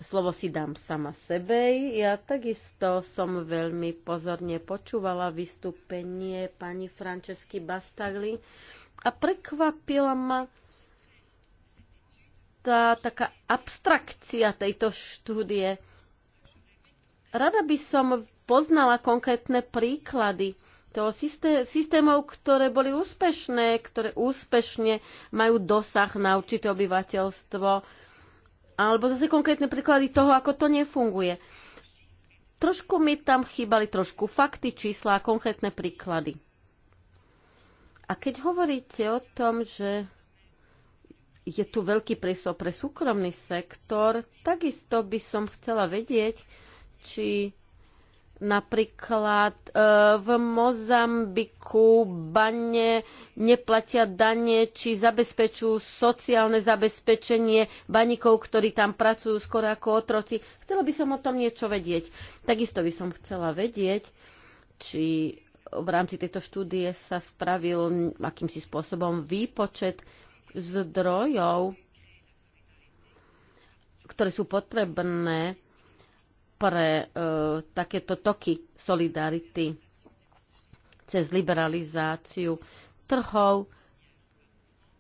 Slovo si dám sama sebe. Ja takisto som veľmi pozorne počúvala vystúpenie pani Francesky Bastagli a prekvapila ma tá taká abstrakcia tejto štúdie. Rada by som poznala konkrétne príklady toho systé- systémov, ktoré boli úspešné, ktoré úspešne majú dosah na určité obyvateľstvo, alebo zase konkrétne príklady toho, ako to nefunguje. Trošku mi tam chýbali trošku fakty, čísla a konkrétne príklady. A keď hovoríte o tom, že je tu veľký priestor pre súkromný sektor, takisto by som chcela vedieť, či Napríklad e, v Mozambiku bane neplatia dane, či zabezpečujú sociálne zabezpečenie baníkov, ktorí tam pracujú skoro ako otroci. Chcela by som o tom niečo vedieť. Takisto by som chcela vedieť, či v rámci tejto štúdie sa spravil akýmsi spôsobom výpočet zdrojov, ktoré sú potrebné pre e, takéto toky solidarity cez liberalizáciu trhov,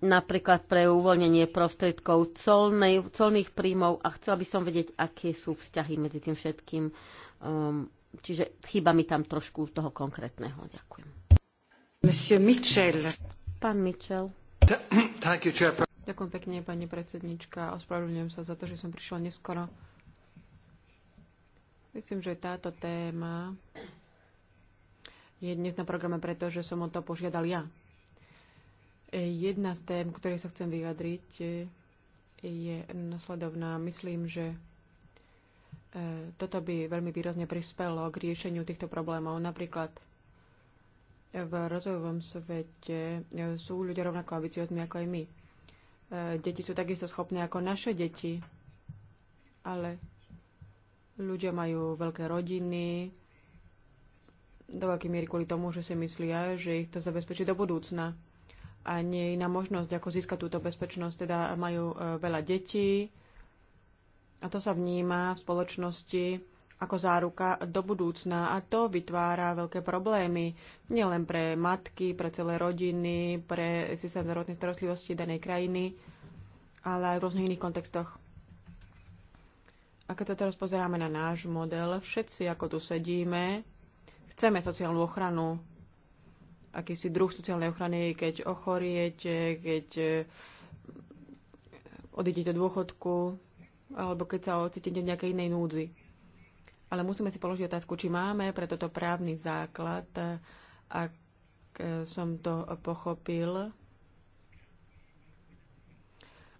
napríklad pre uvoľnenie prostriedkov colnej, colných príjmov a chcela by som vedieť, aké sú vzťahy medzi tým všetkým. Um, čiže chýba mi tam trošku toho konkrétneho. Ďakujem. Mitchell. Pán Mitchell. Ďakujem pekne, pani predsednička. Ospravedlňujem sa za to, že som prišla neskoro. Myslím, že táto téma je dnes na programe, pretože som o to požiadal ja. Jedna z tém, ktorej sa chcem vyjadriť, je nasledovná. Myslím, že e, toto by veľmi výrazne prispelo k riešeniu týchto problémov. Napríklad v rozvojovom svete sú ľudia rovnako ambiciozní, ako aj my. E, deti sú takisto schopné ako naše deti, ale Ľudia majú veľké rodiny, do veľkej miery kvôli tomu, že si myslia, že ich to zabezpečí do budúcna. A nie je iná možnosť, ako získať túto bezpečnosť. Teda majú e, veľa detí a to sa vníma v spoločnosti ako záruka do budúcna a to vytvára veľké problémy nielen pre matky, pre celé rodiny, pre systém zdravotnej starostlivosti danej krajiny, ale aj v rôznych iných kontextoch. A keď sa teraz pozeráme na náš model, všetci, ako tu sedíme, chceme sociálnu ochranu, akýsi druh sociálnej ochrany, keď ochoriete, keď e, odídete do dôchodku, alebo keď sa ocitíte v nejakej inej núdzi. Ale musíme si položiť otázku, či máme pre toto právny základ, e, ak e, som to pochopil,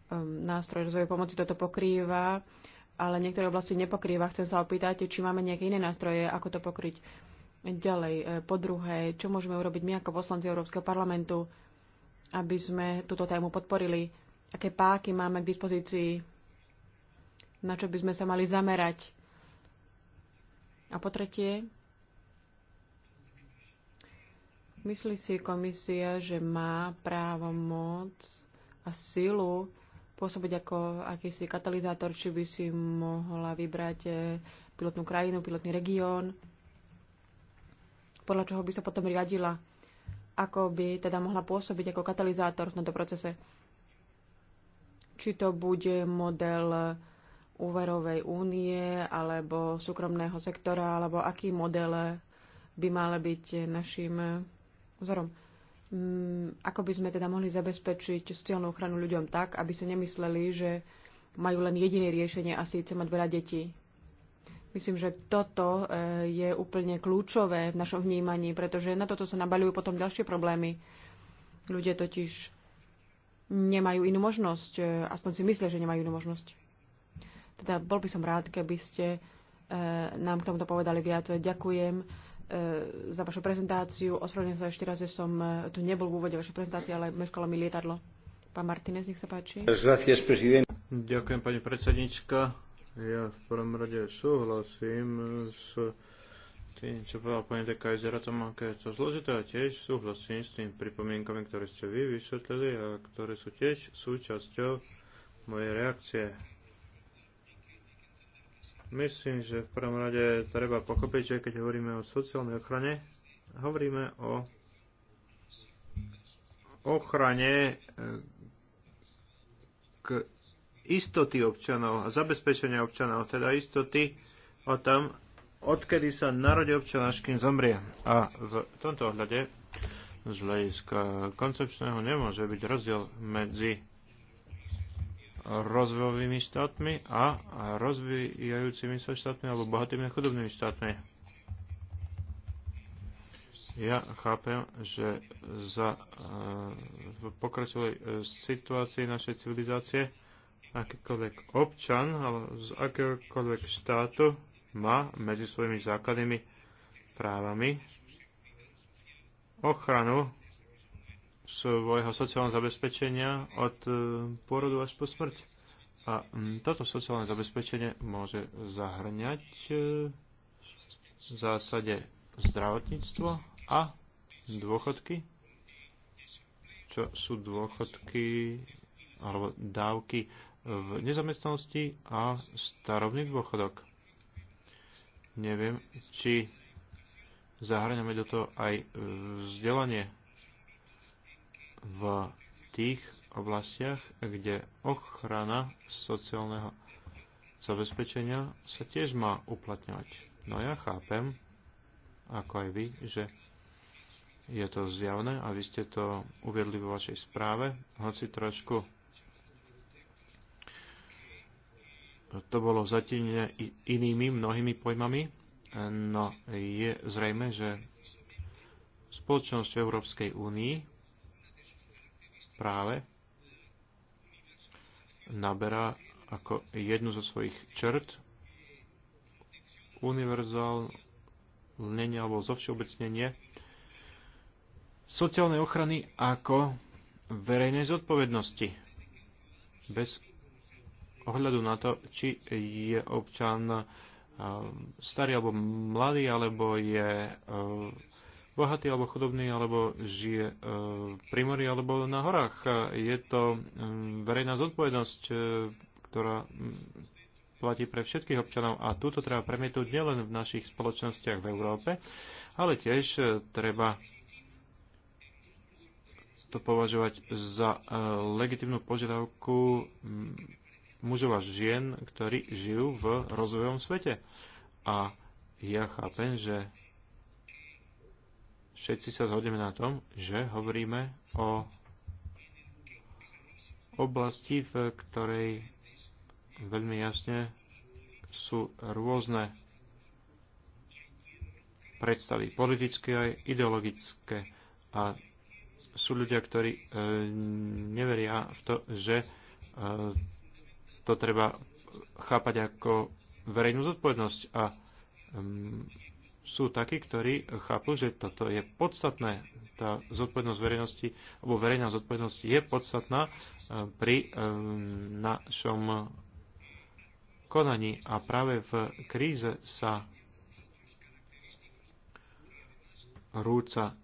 ehm, nástroj rozvoju pomoci toto pokrýva ale niektoré oblasti nepokrýva. Chcem sa opýtať, či máme nejaké iné nástroje, ako to pokryť. Ďalej, e, po druhé, čo môžeme urobiť my ako poslanci Európskeho parlamentu, aby sme túto tému podporili? Aké páky máme k dispozícii? Na čo by sme sa mali zamerať? A po tretie, myslí si komisia, že má právo moc a silu pôsobiť ako akýsi katalizátor, či by si mohla vybrať eh, pilotnú krajinu, pilotný región, podľa čoho by sa potom riadila, ako by teda mohla pôsobiť ako katalizátor v tomto procese. Či to bude model úverovej únie, alebo súkromného sektora, alebo aký model by mal byť našim vzorom. Mm, ako by sme teda mohli zabezpečiť sociálnu ochranu ľuďom tak, aby si nemysleli, že majú len jediné riešenie a síce mať veľa detí. Myslím, že toto e, je úplne kľúčové v našom vnímaní, pretože na toto sa nabaľujú potom ďalšie problémy. Ľudia totiž nemajú inú možnosť, e, aspoň si myslia, že nemajú inú možnosť. Teda bol by som rád, keby ste e, nám k tomuto povedali viac. Ďakujem E, za vašu prezentáciu. Ospravedlňujem sa ešte raz, že som e, tu nebol v úvode vašej prezentácie, ale meškalo mi lietadlo. Pán Martinez, nech sa páči. Ďakujem, pani predsednička. Ja v prvom rade súhlasím s tým, čo povedal pani de Kajzera, to má to zložité a tiež súhlasím s tým pripomienkami, ktoré ste vy vysvetlili a ktoré sú tiež súčasťou mojej reakcie. Myslím, že v prvom rade treba pochopiť, že keď hovoríme o sociálnej ochrane, hovoríme o ochrane e, k istoty občanov a zabezpečenia občanov, teda istoty o tom, odkedy sa narodí občan, až kým zomrie. A v tomto ohľade z hľadiska koncepčného nemôže byť rozdiel medzi rozvojovými štátmi a rozvíjajúcimi sa štátmi alebo bohatými a chudobnými štátmi. Ja chápem, že za, eh, v pokračovej eh, situácii našej civilizácie akýkoľvek občan alebo z akéhokoľvek štátu má medzi svojimi základnými právami ochranu svojho sociálneho zabezpečenia od e, pôrodu až po smrť. A toto sociálne zabezpečenie môže zahrňať e, v zásade zdravotníctvo a dôchodky, čo sú dôchodky alebo dávky v nezamestnanosti a starobný dôchodok. Neviem, či zahrňame do toho aj vzdelanie v tých oblastiach, kde ochrana sociálneho zabezpečenia sa tiež má uplatňovať. No ja chápem, ako aj vy, že je to zjavné a vy ste to uviedli vo vašej správe, hoci trošku to bolo zatienené inými, mnohými pojmami, no je zrejme, že spoločnosť v Európskej únii správe naberá ako jednu zo svojich črt univerzálnenie alebo zovšeobecnenie sociálnej ochrany ako verejnej zodpovednosti. Bez ohľadu na to, či je občan um, starý alebo mladý, alebo je um, bohatý alebo chudobný, alebo žije e, v primori alebo na horách. Je to e, verejná zodpovednosť, e, ktorá platí pre všetkých občanov a túto treba premietuť nielen v našich spoločnostiach v Európe, ale tiež treba to považovať za legitimnú požiadavku mužov a žien, ktorí žijú v rozvojovom svete. A ja chápem, že všetci sa zhodneme na tom, že hovoríme o oblasti, v ktorej veľmi jasne sú rôzne predstavy, politické aj ideologické. A sú ľudia, ktorí e, neveria v to, že e, to treba chápať ako verejnú zodpovednosť. A sú takí, ktorí chápu, že toto je podstatné. Tá zodpovednosť verejnosti, alebo verejná zodpovednosť je podstatná e, pri e, našom konaní. A práve v kríze sa rúca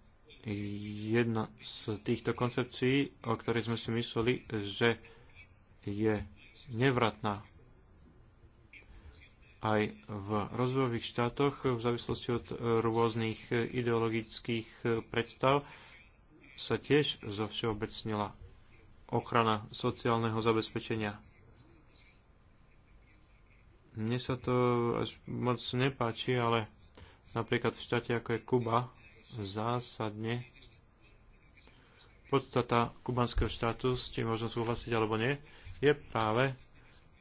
jedna z týchto koncepcií, o ktorej sme si mysleli, že je nevratná aj v rozvojových štátoch v závislosti od rôznych ideologických predstav sa tiež zovšeobecnila ochrana sociálneho zabezpečenia. Mne sa to až moc nepáči, ale napríklad v štáte ako je Kuba zásadne podstata kubanského štátu, s tým možno súhlasiť alebo nie, je práve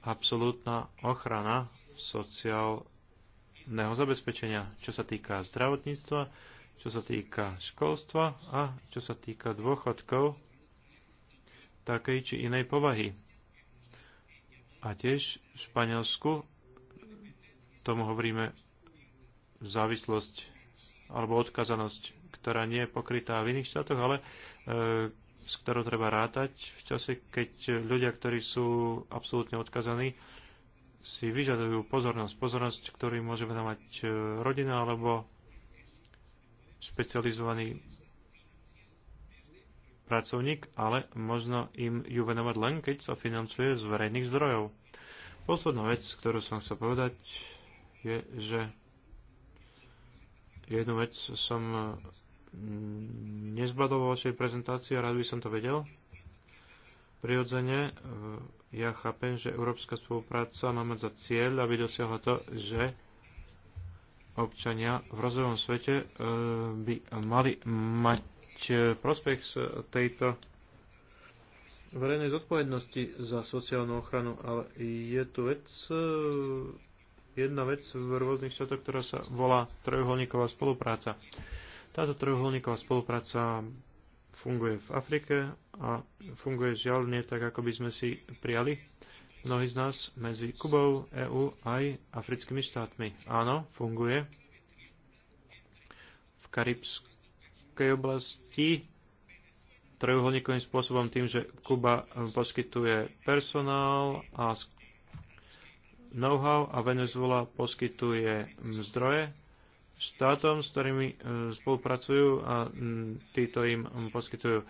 absolútna ochrana sociálneho zabezpečenia, čo sa týka zdravotníctva, čo sa týka školstva a čo sa týka dôchodkov takej či inej povahy. A tiež v Španielsku tomu hovoríme závislosť alebo odkazanosť, ktorá nie je pokrytá v iných štátoch, ale e, s ktorou treba rátať v čase, keď ľudia, ktorí sú absolútne odkazaní, si vyžadujú pozornosť. Pozornosť, ktorú môže venovať e, rodina alebo špecializovaný pracovník, ale možno im ju venovať len, keď sa financuje z verejných zdrojov. Posledná vec, ktorú som chcel povedať, je, že jednu vec som e, nezbadol vo vašej prezentácii a rád by som to vedel. Prirodzene e, ja chápem, že európska spolupráca má mať za cieľ, aby dosiahla to, že občania v rozvojovom svete e, by mali mať e, prospech z tejto verejnej zodpovednosti za sociálnu ochranu, ale je tu vec, e, jedna vec v rôznych štátoch, ktorá sa volá trojuholníková spolupráca. Táto trojuholníková spolupráca funguje v Afrike a funguje žiaľ nie tak, ako by sme si prijali. Mnohí z nás medzi Kubou, EÚ aj africkými štátmi. Áno, funguje. V karibskej oblasti trojuholníkovým spôsobom tým, že Kuba poskytuje personál a know-how a Venezuela poskytuje zdroje štátom, s ktorými e, spolupracujú a títo im poskytujú e,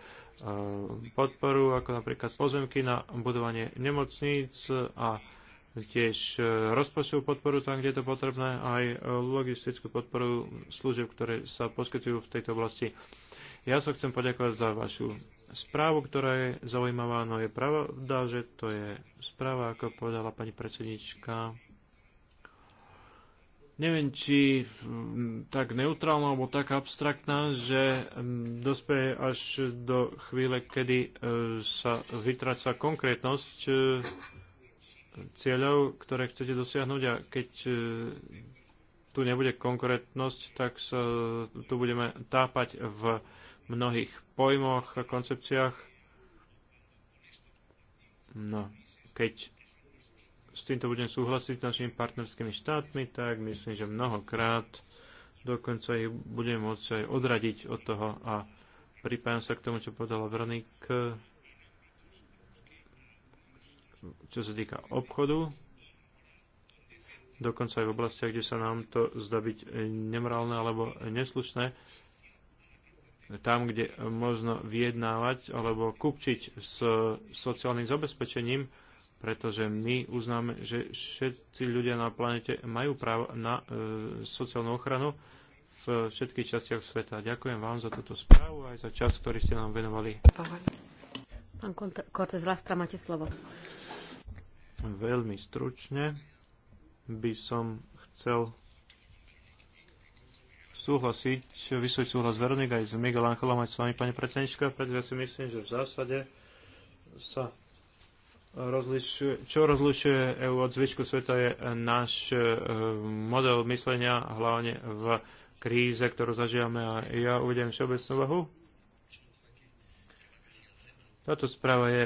podporu, ako napríklad pozemky na budovanie nemocníc a tiež e, rozpočtovú podporu tam, kde je to potrebné, aj logistickú podporu služieb, ktoré sa poskytujú v tejto oblasti. Ja sa chcem poďakovať za vašu správu, ktorá je zaujímavá, no je pravda, že to je správa, ako povedala pani predsednička neviem, či mm, tak neutrálna alebo tak abstraktná, že mm, dospeje až do chvíle, kedy e, sa vytráca konkrétnosť e, cieľov, ktoré chcete dosiahnuť a keď e, tu nebude konkrétnosť, tak sa tu budeme tápať v mnohých pojmoch a koncepciách. No, keď s týmto budem súhlasiť s našimi partnerskými štátmi, tak myslím, že mnohokrát dokonca ich budem môcť aj odradiť od toho a pripájam sa k tomu, čo povedala Veronik, čo sa týka obchodu, dokonca aj v oblastiach, kde sa nám to zdá byť nemorálne alebo neslušné, tam, kde možno vyjednávať alebo kupčiť s sociálnym zabezpečením, pretože my uznáme, že všetci ľudia na planete majú právo na e, sociálnu ochranu v všetkých častiach sveta. Ďakujem vám za túto správu aj za čas, ktorý ste nám venovali. Pán Cortez Lastra, máte slovo. Veľmi stručne by som chcel súhlasiť, vysloviť súhlas Veronika aj s Miguel Angelom aj s vami, pani predsednička, pretože ja si myslím, že v zásade sa rozlišuje, čo rozlišuje EU od zvyšku sveta je náš e, model myslenia, hlavne v kríze, ktorú zažívame. A ja uvidím všeobecnú vahu. Táto správa je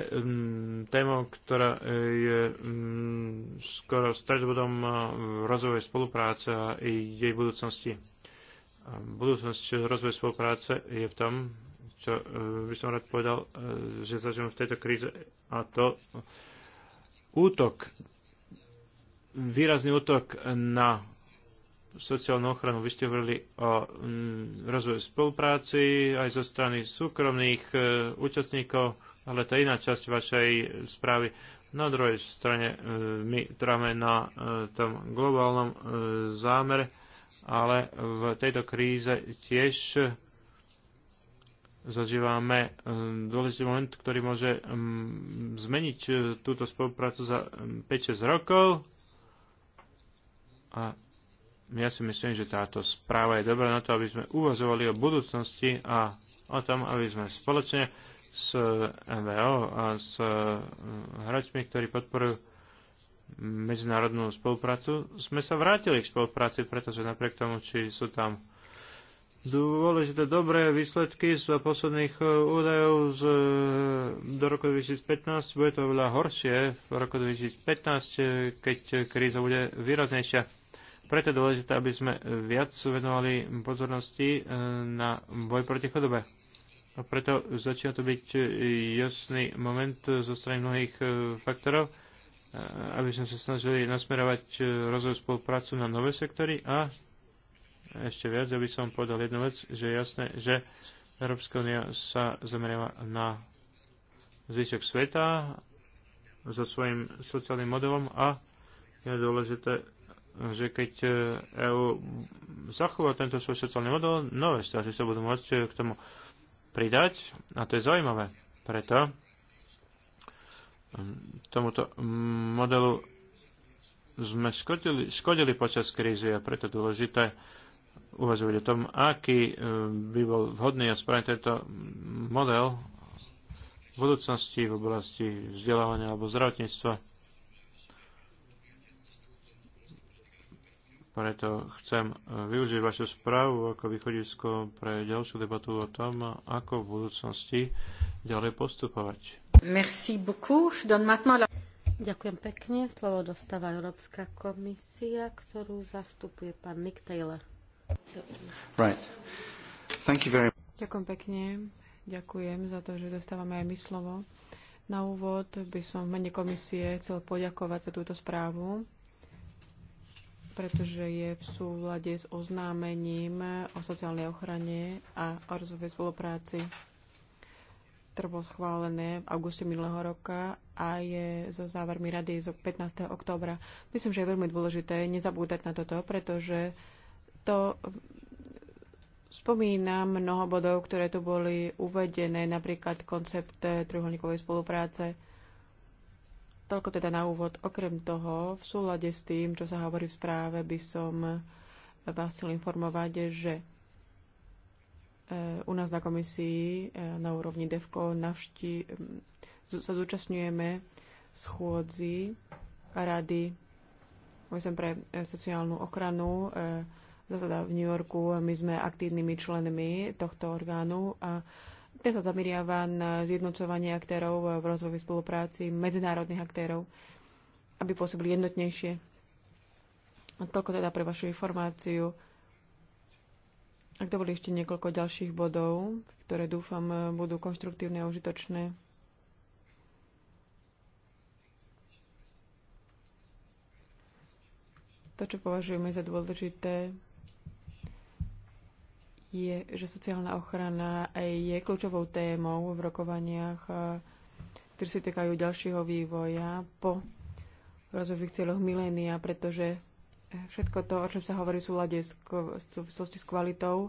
téma, ktorá e, je skoro stredobodom e, rozvoje spolupráce a jej budúcnosti. Budúcnosť rozvoja spolupráce je v tom, čo e, by som rád povedal, e, že zažijeme v tejto kríze a to útok, výrazný útok na sociálnu ochranu. Vy ste hovorili o rozvoju spolupráci aj zo strany súkromných e, účastníkov, ale to je iná časť vašej správy. Na druhej strane my tráme na tom globálnom zámere, ale v tejto kríze tiež zažívame eh, dôležitý moment, ktorý môže mm, zmeniť eh, túto spoluprácu za 5-6 mm, rokov. A ja si myslím, že táto správa je dobrá na to, aby sme uvažovali o budúcnosti a o tom, aby sme spoločne s MVO eh, a s hračmi, ktorí podporujú medzinárodnú spoluprácu, sme sa vrátili k spolupráci, pretože napriek tomu, či sú tam dôležité dobré výsledky z posledných e, údajov z, e, do roku 2015. Bude to veľa horšie v roku 2015, e, keď kríza bude výraznejšia. Preto je dôležité, aby sme viac venovali pozornosti na boj proti chodobe. A preto začína to byť jasný moment zo strany mnohých faktorov, aby sme sa snažili nasmerovať rozvoj spoluprácu na nové sektory a ešte viac, aby som povedal jednu vec, že je jasné, že Európska únia sa zameriava na zvyšok sveta so svojím sociálnym modelom a je dôležité, že keď EU e zachová tento svoj sociálny model, nové štáty sa budú môcť e, k tomu pridať a to je zaujímavé. Preto tomuto modelu sme škodili, škodili počas krízy a preto dôležité uvažovať o tom, aký e, by bol vhodný a správny tento model v budúcnosti v oblasti vzdelávania alebo zdravotníctva. Preto chcem e, využiť vašu správu ako východisko pre ďalšiu debatu o tom, ako v budúcnosti ďalej postupovať. Merci beaucoup. Je donne maintenant la... Ďakujem pekne. Slovo dostáva Európska komisia, ktorú zastupuje pán Nick Taylor. Right. Thank you very... Ďakujem pekne. Ďakujem za to, že dostávame aj my slovo. Na úvod by som v mene komisie chcel poďakovať za túto správu, pretože je v súlade s oznámením o sociálnej ochrane a o rozvojovej spolupráci ktoré bolo schválené v auguste minulého roka a je so závermi rady z 15. októbra. Myslím, že je veľmi dôležité nezabúdať na toto, pretože to um, spomína mnoho bodov, ktoré tu boli uvedené, napríklad koncept eh, trojuholníkovej spolupráce. Toľko teda na úvod. Okrem toho, v súlade s tým, čo sa hovorí v správe, by som eh, vás chcel informovať, že eh, u nás na komisii na úrovni DEVKO navští, mm, sa zúčastňujeme schôdzi Rady pre sociálnu ochranu zasada v New Yorku. My sme aktívnymi členmi tohto orgánu a ten sa zameriava na zjednocovanie aktérov v rozvoji spolupráci medzinárodných aktérov, aby pôsobili jednotnejšie. A toľko teda pre vašu informáciu. Ak to boli ešte niekoľko ďalších bodov, ktoré dúfam budú konštruktívne a užitočné. To, čo považujeme za dôležité, je, že sociálna ochrana je kľúčovou témou v rokovaniach, eh, ktoré si týkajú ďalšieho vývoja po rozvojových cieľoch milénia, pretože eh, všetko to, o čom sa hovorí v súlade s, s, s kvalitou,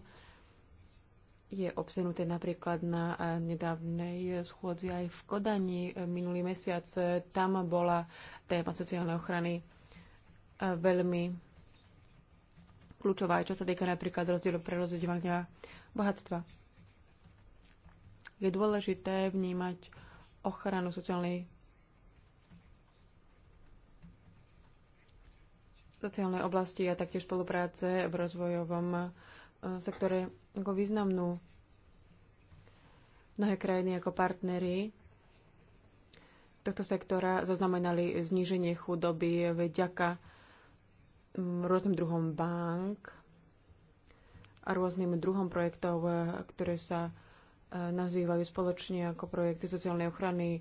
je obsenuté napríklad na eh, nedávnej schôdzi aj v Kodani minulý mesiac. Tam bola téma sociálnej ochrany veľmi kľúčová aj čo sa týka napríklad rozdielu pre rozhodovania bohatstva. Je dôležité vnímať ochranu sociálnej sociálnej oblasti a taktiež spolupráce v rozvojovom e, sektore ako významnú. Mnohé krajiny ako partnery tohto sektora zaznamenali zníženie chudoby vďaka rôznym druhom bank a rôznym druhom projektov, e, ktoré sa e, nazývajú spoločne ako projekty sociálnej ochrany. E,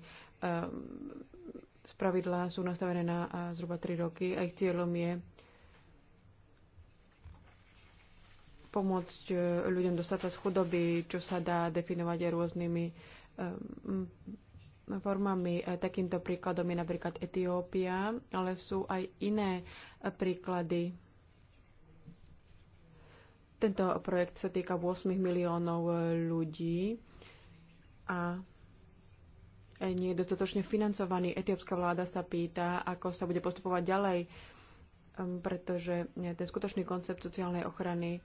spravidlá sú nastavené na zhruba 3 roky a ich cieľom je pomôcť ľuďom dostať sa z chudoby, čo sa dá definovať aj rôznymi formami. E, takýmto príkladom je napríklad Etiópia, ale sú aj iné e, príklady. Tento projekt sa týka 8 miliónov e, ľudí a nie je dostatočne financovaný. Etiópska vláda sa pýta, ako sa bude postupovať ďalej, pretože ten skutočný koncept sociálnej ochrany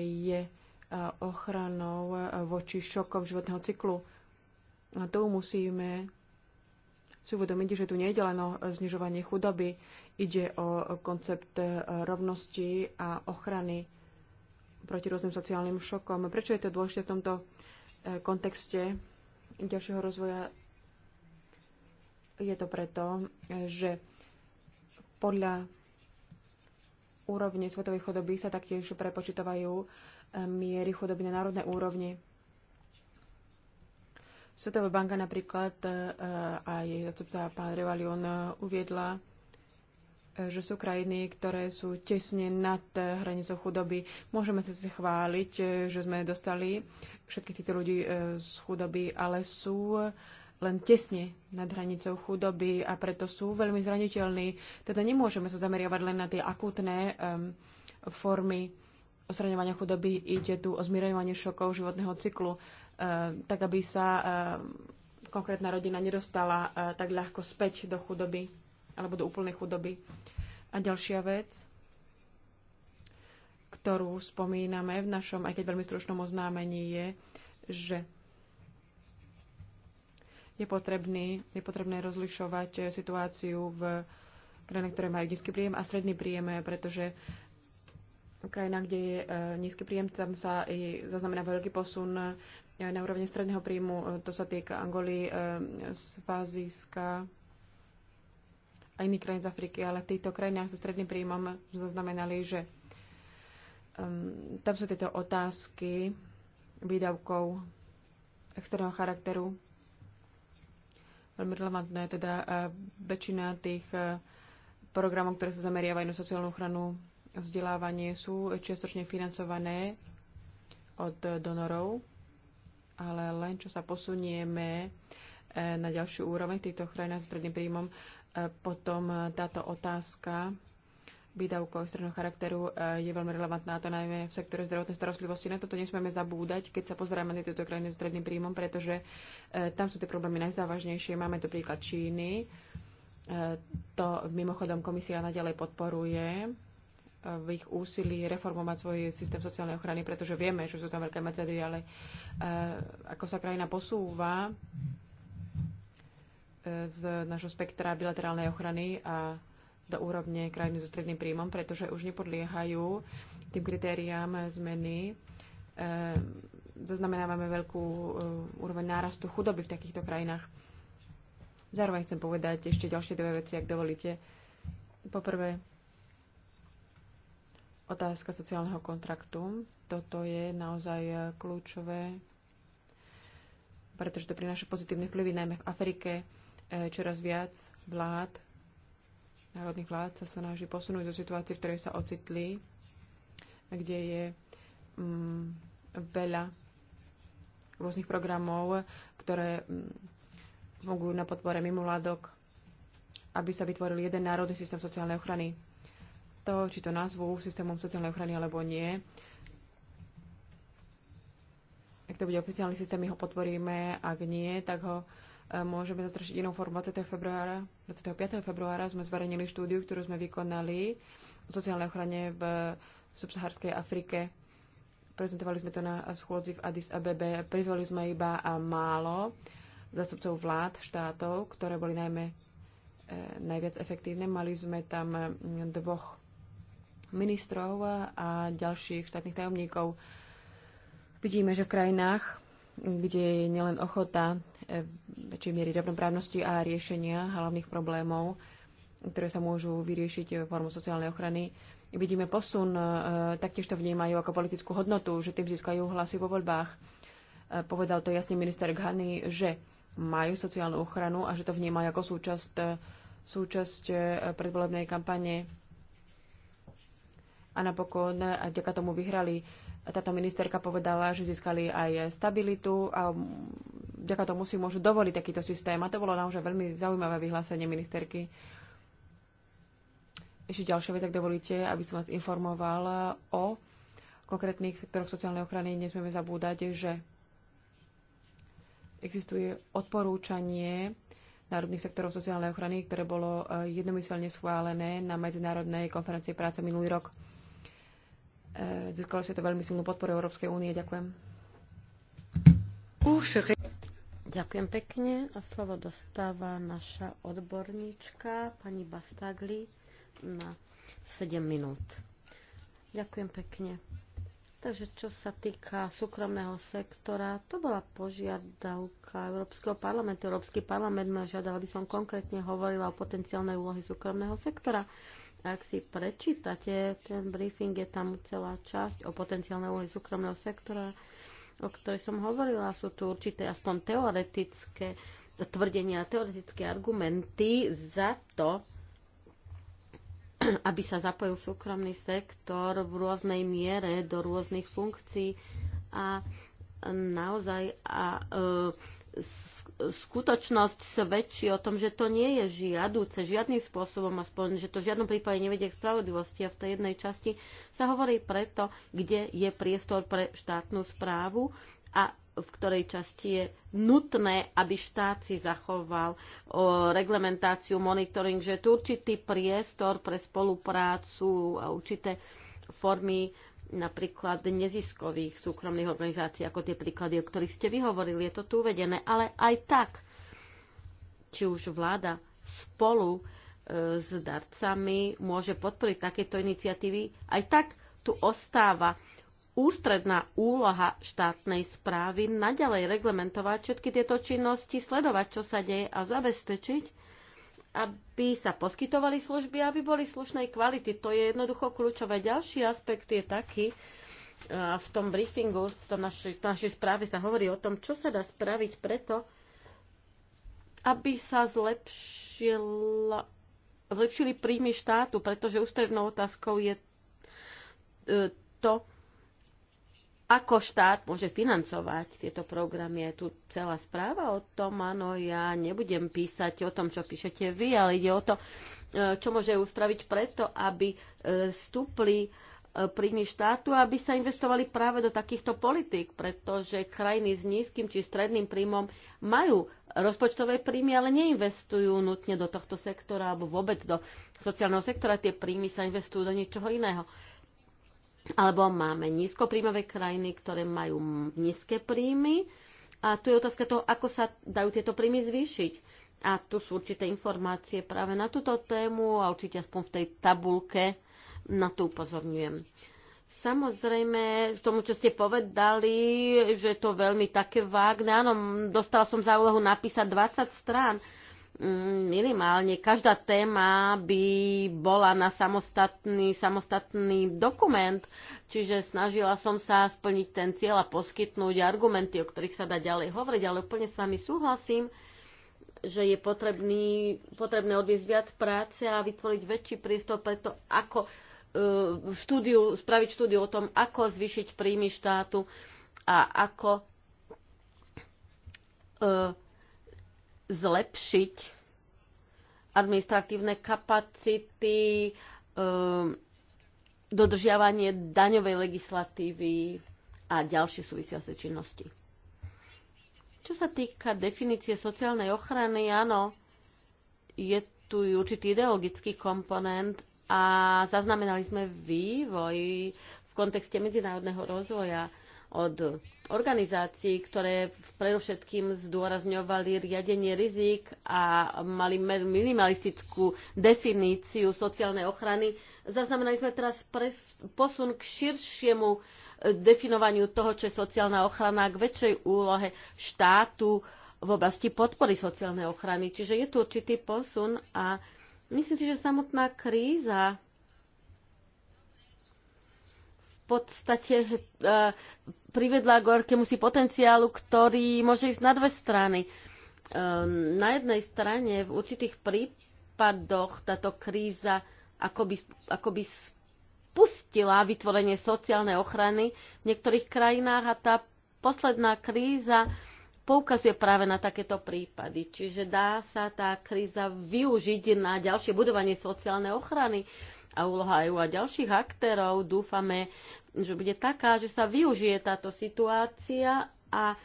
je ochranou voči šokom životného cyklu a tu musíme si uvedomiť, že tu nejde len o znižovanie chudoby, ide o koncept rovnosti a ochrany proti rôznym sociálnym šokom. Prečo je to dôležité v tomto eh, kontexte ďalšieho rozvoja? Je to preto, že podľa úrovne svetovej chudoby sa taktiež prepočítavajú eh, miery chudoby na národnej úrovni. Svetová banka napríklad e, e, a jej zastupca pán Revalion e, uviedla, že sú krajiny, ktoré sú tesne nad hranicou chudoby. Môžeme sa si chváliť, že sme dostali všetkých týchto ľudí z chudoby, ale sú len tesne nad hranicou chudoby a preto sú veľmi zraniteľní. Teda nemôžeme sa zameriavať len na tie akutné um, formy osraňovania chudoby. Ide tu o zmierenie šokov životného cyklu. E, tak aby sa e, konkrétna rodina nedostala e, tak ľahko späť do chudoby alebo do úplnej chudoby. A ďalšia vec, ktorú spomíname v našom, aj keď veľmi stručnom oznámení, je, že je, potrebný, je potrebné rozlišovať situáciu v krajinách, ktoré majú nízky príjem a stredný príjem, pretože krajina, kde je nízky príjem, tam sa i zaznamená veľký posun na úrovni stredného príjmu. E, to sa týka Angoly, Svazíska e, a iných krajín z Afriky, ale v týchto krajinách so stredným príjmom zaznamenali, že tam sú tieto otázky výdavkov externého charakteru veľmi relevantné. Teda e, väčšina tých programov, ktoré sa zameriavajú na sociálnu ochranu, vzdelávanie, sú čiastočne financované od donorov ale len čo sa posunieme e, na ďalšiu úroveň týchto krajinách s stredným príjmom, e, potom e, táto otázka výdavkov stredného charakteru je veľmi relevantná, a to najmä v sektore zdravotnej starostlivosti. Na toto nesmieme zabúdať, keď sa pozeráme na tieto krajiny s stredným príjmom, pretože tam sú tie problémy najzávažnejšie. Máme tu príklad Číny. To mimochodom komisia naďalej podporuje v ich úsilí reformovať svoj systém sociálnej ochrany, pretože vieme, že sú tam veľké medzery, ale e, ako sa krajina posúva e, z nášho spektra bilaterálnej ochrany a do úrovne krajiny so stredným príjmom, pretože už nepodliehajú tým kritériám zmeny. E, zaznamenávame veľkú úroveň nárastu chudoby v takýchto krajinách. Zároveň chcem povedať ešte ďalšie dve veci, ak dovolíte. Poprvé, Otázka sociálneho kontraktu. Toto je naozaj eh, kľúčové, pretože to prináša pozitívne vplyvy, najmä v Afrike. Eh, čoraz viac vlád, národných vlád sa snaží posunúť do situácie, v ktorej sa ocitli, kde je mm, veľa rôznych programov, ktoré fungujú mm, na podpore mimovládok, aby sa vytvoril jeden národný systém sociálnej ochrany to, či to nazvú systémom sociálnej ochrany alebo nie. Ak to bude oficiálny systém, my ho podporíme, ak nie, tak ho e, môžeme zastrašiť inou formou. 20. februára, 25. februára sme zverejnili štúdiu, ktorú sme vykonali o sociálnej ochrane v subsaharskej Afrike. Prezentovali sme to na schôdzi v Addis Abebe. Prizvali sme iba málo zastupcov vlád, štátov, ktoré boli najmä e, najviac efektívne. Mali sme tam dvoch ministrov a ďalších štátnych tajomníkov. Vidíme, že v krajinách, kde je nielen ochota e, väčšej miery rovnoprávnosti a riešenia hlavných problémov, ktoré sa môžu vyriešiť formou sociálnej ochrany, vidíme posun, e, taktiež to vnímajú ako politickú hodnotu, že tým získajú hlasy vo voľbách. E, povedal to jasne minister Ghani, že majú sociálnu ochranu a že to vnímajú ako súčasť, súčasť predvolebnej kampane a napokon a vďaka tomu vyhrali. Táto ministerka povedala, že získali aj stabilitu a vďaka tomu si môžu dovoliť takýto systém. A to bolo naozaj veľmi zaujímavé vyhlásenie ministerky. Ešte ďalšia vec, ak dovolíte, aby som vás informovala o konkrétnych sektoroch sociálnej ochrany. Nesmieme zabúdať, že existuje odporúčanie národných sektorov sociálnej ochrany, ktoré bolo e, jednomyselne schválené na Medzinárodnej konferencii práce minulý rok. E, získalo si to veľmi silnú podporu Európskej únie. Ďakujem. Ďakujem pekne a slovo dostáva naša odborníčka pani Bastagli na 7 minút. Ďakujem pekne. Takže čo sa týka súkromného sektora, to bola požiadavka Európskeho parlamentu. Európsky parlament ma žiadal, aby som konkrétne hovorila o potenciálnej úlohe súkromného sektora. Ak si prečítate, ten briefing je tam celá časť o potenciálnej úlohe súkromného sektora, o ktorej som hovorila. Sú tu určité aspoň teoretické tvrdenia, teoretické argumenty za to, aby sa zapojil súkromný sektor v rôznej miere do rôznych funkcií a naozaj a, e, skutočnosť svedčí o tom, že to nie je žiaduce žiadnym spôsobom, aspoň, že to v žiadnom prípade nevedie k spravodlivosti. A v tej jednej časti sa hovorí preto, kde je priestor pre štátnu správu a v ktorej časti je nutné, aby štát si zachoval o reglementáciu, monitoring, že je tu určitý priestor pre spoluprácu a určité formy napríklad neziskových súkromných organizácií, ako tie príklady, o ktorých ste vyhovorili. Je to tu uvedené, ale aj tak, či už vláda spolu e, s darcami môže podporiť takéto iniciatívy, aj tak tu ostáva ústredná úloha štátnej správy naďalej reglementovať všetky tieto činnosti, sledovať, čo sa deje a zabezpečiť, aby sa poskytovali služby, aby boli slušnej kvality. To je jednoducho kľúčové. Ďalší aspekt je taký, a v tom briefingu, v tom našej, v našej správe sa hovorí o tom, čo sa dá spraviť preto, aby sa zlepšila, zlepšili príjmy štátu, pretože ústrednou otázkou je e, to, ako štát môže financovať tieto programy? Je tu celá správa o tom, áno, ja nebudem písať o tom, čo píšete vy, ale ide o to, e, čo môže uspraviť preto, aby e, stúpli e, príjmy štátu, aby sa investovali práve do takýchto politik, pretože krajiny s nízkym či stredným príjmom majú rozpočtové príjmy, ale neinvestujú nutne do tohto sektora alebo vôbec do sociálneho sektora. Tie príjmy sa investujú do niečoho iného. Alebo máme nízkopríjmové krajiny, ktoré majú nízke príjmy. A tu je otázka toho, ako sa dajú tieto príjmy zvýšiť. A tu sú určité informácie práve na túto tému a určite aspoň v tej tabulke na to upozorňujem. Samozrejme, v tomu, čo ste povedali, že je to veľmi také vágne. Áno, dostala som za úlohu napísať 20 strán Mm, minimálne každá téma by bola na samostatný, samostatný dokument, čiže snažila som sa splniť ten cieľ a poskytnúť argumenty, o ktorých sa dá ďalej hovoriť, ale úplne s vami súhlasím, že je potrebný, potrebné odviesť viac práce a vytvoriť väčší priestor preto, ako e, štúdiu, spraviť štúdiu o tom, ako zvyšiť príjmy štátu a ako e, zlepšiť administratívne kapacity, um, dodržiavanie daňovej legislatívy a ďalšie súvisiace činnosti. Čo sa týka definície sociálnej ochrany, áno, je tu určitý ideologický komponent a zaznamenali sme vývoj v kontexte medzinárodného rozvoja od organizácií, ktoré predovšetkým zdôrazňovali riadenie rizik a mali minimalistickú definíciu sociálnej ochrany. Zaznamenali sme teraz pres, posun k širšiemu eh, definovaniu toho, čo je sociálna ochrana, k väčšej úlohe štátu v oblasti podpory sociálnej ochrany. Čiže je tu určitý posun a myslím si, že samotná kríza podstate uh, privedla k si potenciálu, ktorý môže ísť na dve strany. E, na jednej strane v určitých prípadoch táto kríza akoby, akoby spustila vytvorenie sociálnej ochrany v niektorých krajinách a tá posledná kríza poukazuje práve na takéto prípady. Čiže dá sa tá kríza využiť na ďalšie budovanie sociálnej ochrany a úloha EU a ďalších aktérov, dúfame, že bude taká, že sa využije táto situácia a e,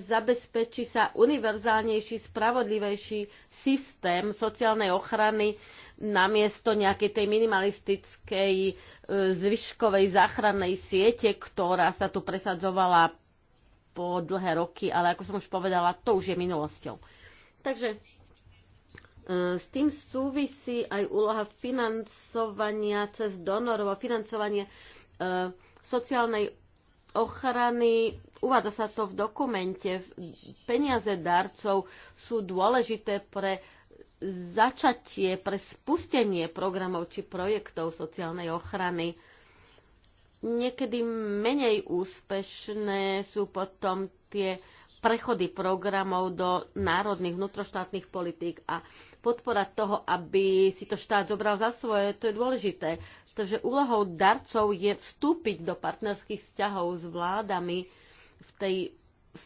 zabezpečí sa univerzálnejší, spravodlivejší systém sociálnej ochrany namiesto nejakej tej minimalistickej e, zvyškovej záchrannej siete, ktorá sa tu presadzovala po dlhé roky, ale ako som už povedala, to už je minulosťou. Takže e, s tým súvisí aj úloha financovania cez donorov a financovanie Eh, sociálnej ochrany, uvádza sa to v dokumente, peniaze darcov sú dôležité pre začatie, pre spustenie programov či projektov sociálnej ochrany. Niekedy menej úspešné sú potom tie prechody programov do národných vnútroštátnych politík a podpora toho, aby si to štát zobral za svoje, to je dôležité. Takže úlohou darcov je vstúpiť do partnerských vzťahov s vládami v tej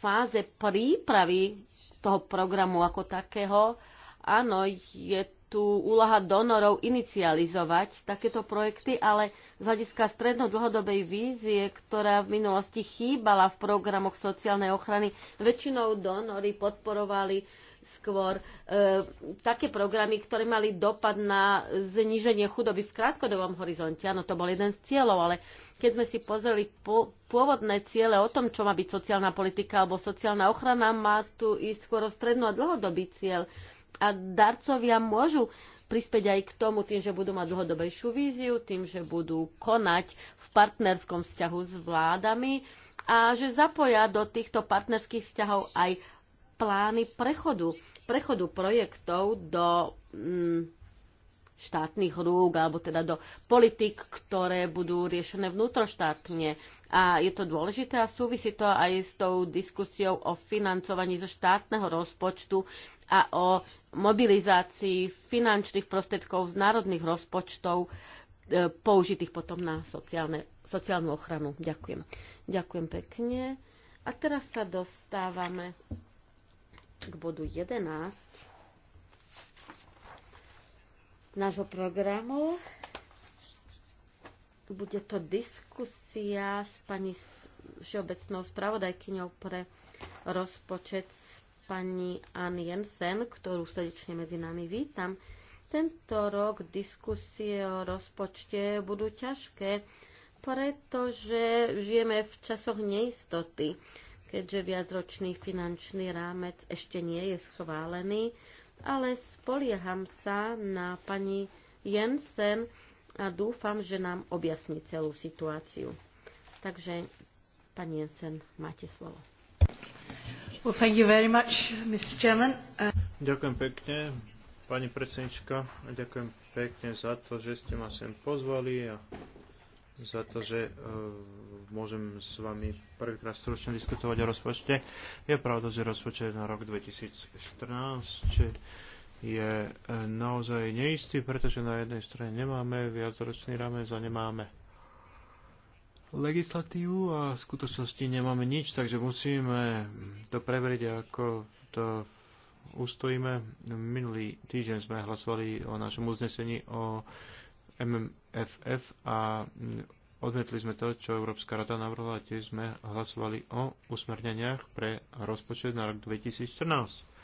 fáze prípravy toho programu ako takého. Áno, je tu úloha donorov inicializovať takéto projekty, ale z hľadiska stredno-dlhodobej vízie, ktorá v minulosti chýbala v programoch sociálnej ochrany, väčšinou donory podporovali skôr e, také programy, ktoré mali dopad na zníženie chudoby v krátkodobom horizonte. Áno, to bol jeden z cieľov, ale keď sme si pozreli po, pôvodné ciele o tom, čo má byť sociálna politika alebo sociálna ochrana, má tu ísť skôr o strednú a dlhodobý cieľ. A darcovia môžu prispäť aj k tomu tým, že budú mať dlhodobejšiu víziu, tým, že budú konať v partnerskom vzťahu s vládami a že zapoja do týchto partnerských vzťahov aj plány prechodu, prechodu projektov do mm, štátnych rúk, alebo teda do politik, ktoré budú riešené vnútroštátne. A je to dôležité a súvisí to aj s tou diskusiou o financovaní zo štátneho rozpočtu a o mobilizácii finančných prostriedkov z národných rozpočtov e, použitých potom na sociálne, sociálnu ochranu. Ďakujem. Ďakujem pekne. A teraz sa dostávame k bodu 11 nášho programu. Bude to diskusia s pani všeobecnou spravodajkyňou pre rozpočet s pani Ann Jensen, ktorú srdečne medzi nami vítam. Tento rok diskusie o rozpočte budú ťažké, pretože žijeme v časoch neistoty keďže viacročný finančný rámec ešte nie je schválený, ale spolieham sa na pani Jensen a dúfam, že nám objasní celú situáciu. Takže, pani Jensen, máte slovo. Well, thank you very much, Mr. Chairman. Uh, ďakujem pekne, pani predsednička. Ďakujem pekne za to, že ste ma sem pozvali a za to, že e, môžem s vami prvýkrát stručne diskutovať o rozpočte. Je pravda, že rozpočet na rok 2014 je e, naozaj neistý, pretože na jednej strane nemáme viacročný rámec a nemáme legislatívu a v skutočnosti nemáme nič, takže musíme to preveriť, ako to ustojíme. Minulý týždeň sme hlasovali o našom uznesení o MM FF a odmietli sme to, čo Európska rada navrhla, tiež sme hlasovali o usmerneniach pre rozpočet na rok 2014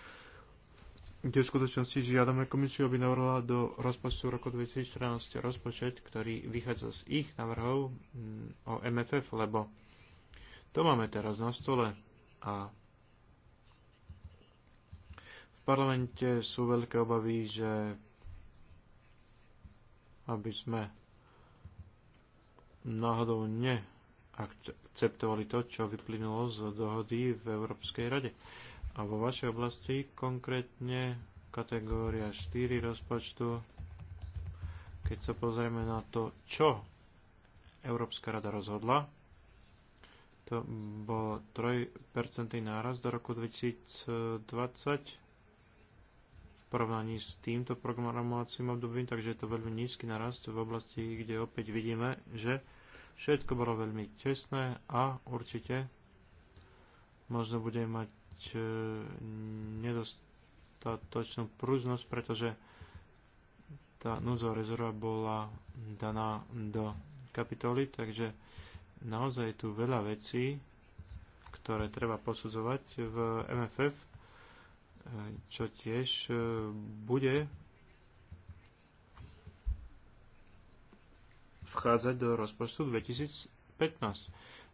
kde v skutočnosti žiadame komisiu, aby navrhla do rozpočtu roku 2014 rozpočet, ktorý vychádza z ich navrhov o MFF, lebo to máme teraz na stole a v parlamente sú veľké obavy, že aby sme náhodou neakceptovali to, čo vyplynulo z dohody v Európskej rade. A vo vašej oblasti konkrétne kategória 4 rozpočtu, keď sa pozrieme na to, čo Európska rada rozhodla, to bol 3% náraz do roku 2020 porovnaní s týmto programovacím obdobím, takže je to veľmi nízky narast v oblasti, kde opäť vidíme, že všetko bolo veľmi tesné a určite možno bude mať e, nedostatočnú pružnosť, pretože tá núdzová rezerva bola daná do kapitoly, takže naozaj je tu veľa vecí, ktoré treba posudzovať v MFF čo tiež e, bude vchádzať do rozpočtu 2015.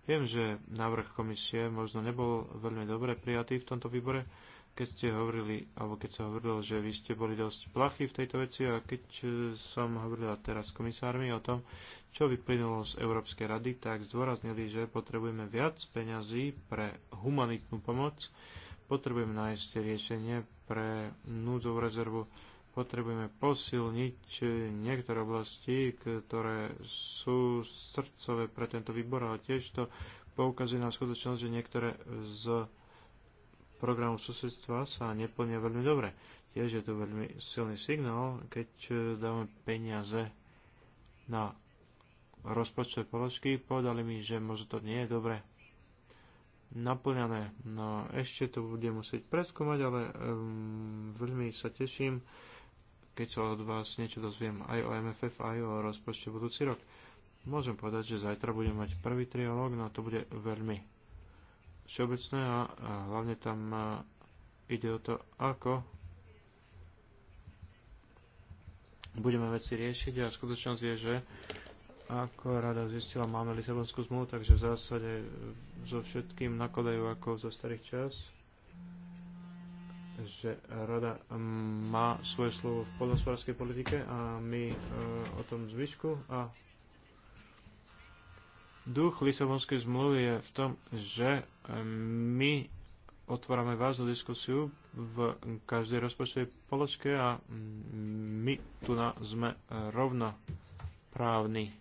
Viem, že návrh komisie možno nebol veľmi dobre prijatý v tomto výbore, keď ste hovorili, alebo keď sa hovorilo, že vy ste boli dosť plachí v tejto veci a keď e, som hovorila teraz s komisármi o tom, čo vyplynulo z Európskej rady, tak zdôraznili, že potrebujeme viac peňazí pre humanitnú pomoc, potrebujeme nájsť riešenie pre núdzovú rezervu, potrebujeme posilniť e, niektoré oblasti, ktoré sú srdcové pre tento výbor, ale tiež to poukazuje na skutočnosť, že niektoré z programu susedstva sa neplnia veľmi dobre. Tiež je to veľmi silný signál, keď e, dáme peniaze na rozpočtové položky, povedali mi, že možno to nie je dobre naplňané. No ešte to budem musieť preskúmať, ale um, veľmi sa teším, keď sa od vás niečo dozviem aj o MFF, aj o rozpočte budúci rok. Môžem povedať, že zajtra budem mať prvý triolog, no to bude veľmi všeobecné a, a hlavne tam e, ide o to, ako budeme veci riešiť a skutočnosť je, že ako rada zistila, máme Lisabonskú zmluvu, takže v zásade so všetkým nakladajú ako zo starých čas, že rada má svoje slovo v podnosvárskej politike a my e, o tom zvyšku a Duch Lisabonskej zmluvy je v tom, že ehm, my otvárame vás do diskusiu v každej rozpočtovej položke a mm, my tu na, sme rovnoprávni.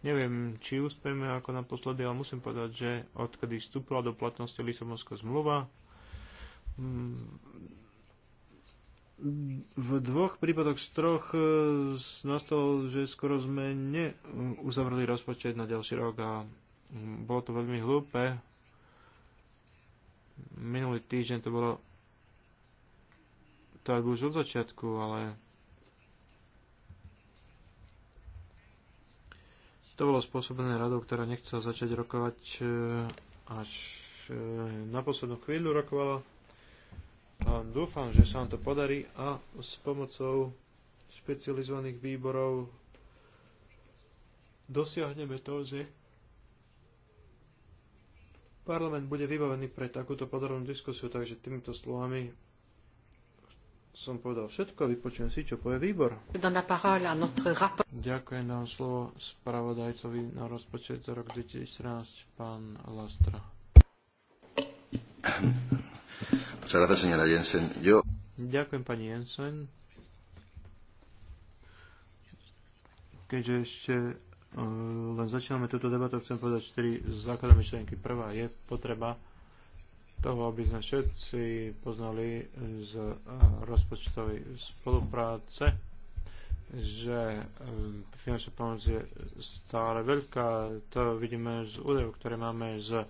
Neviem, či uspejeme ako naposledy, ale musím povedať, že odkedy vstúpila do platnosti Lisabonská zmluva, mm, v dvoch prípadoch z troch e, nastalo, že skoro sme neuzavreli rozpočet na ďalší rok a mm, bolo to veľmi hlúpe. Minulý týždeň to bolo tak už od začiatku, ale to bolo spôsobené radou, ktorá nechcela začať rokovať e, až e, na poslednú chvíľu rokovala a dúfam, že sa vám to podarí a s pomocou špecializovaných výborov dosiahneme to, že parlament bude vybavený pre takúto podrobnú diskusiu, takže týmito slovami som povedal všetko, vypočujem si, čo povie výbor. Ďakujem, dám slovo spravodajcovi na rozpočet za rok 2014, pán Lastra. Muchas gracias, señora Jensen. Yo... Ďakujem, pani Jensen. Keďže ešte e, len začíname túto debatu, chcem povedať čtyri základné myšlienky. Prvá je potreba toho, aby sme všetci poznali z e, rozpočtovej spolupráce, že e, finančná pomoc je stále veľká. To vidíme z údajov, ktoré máme z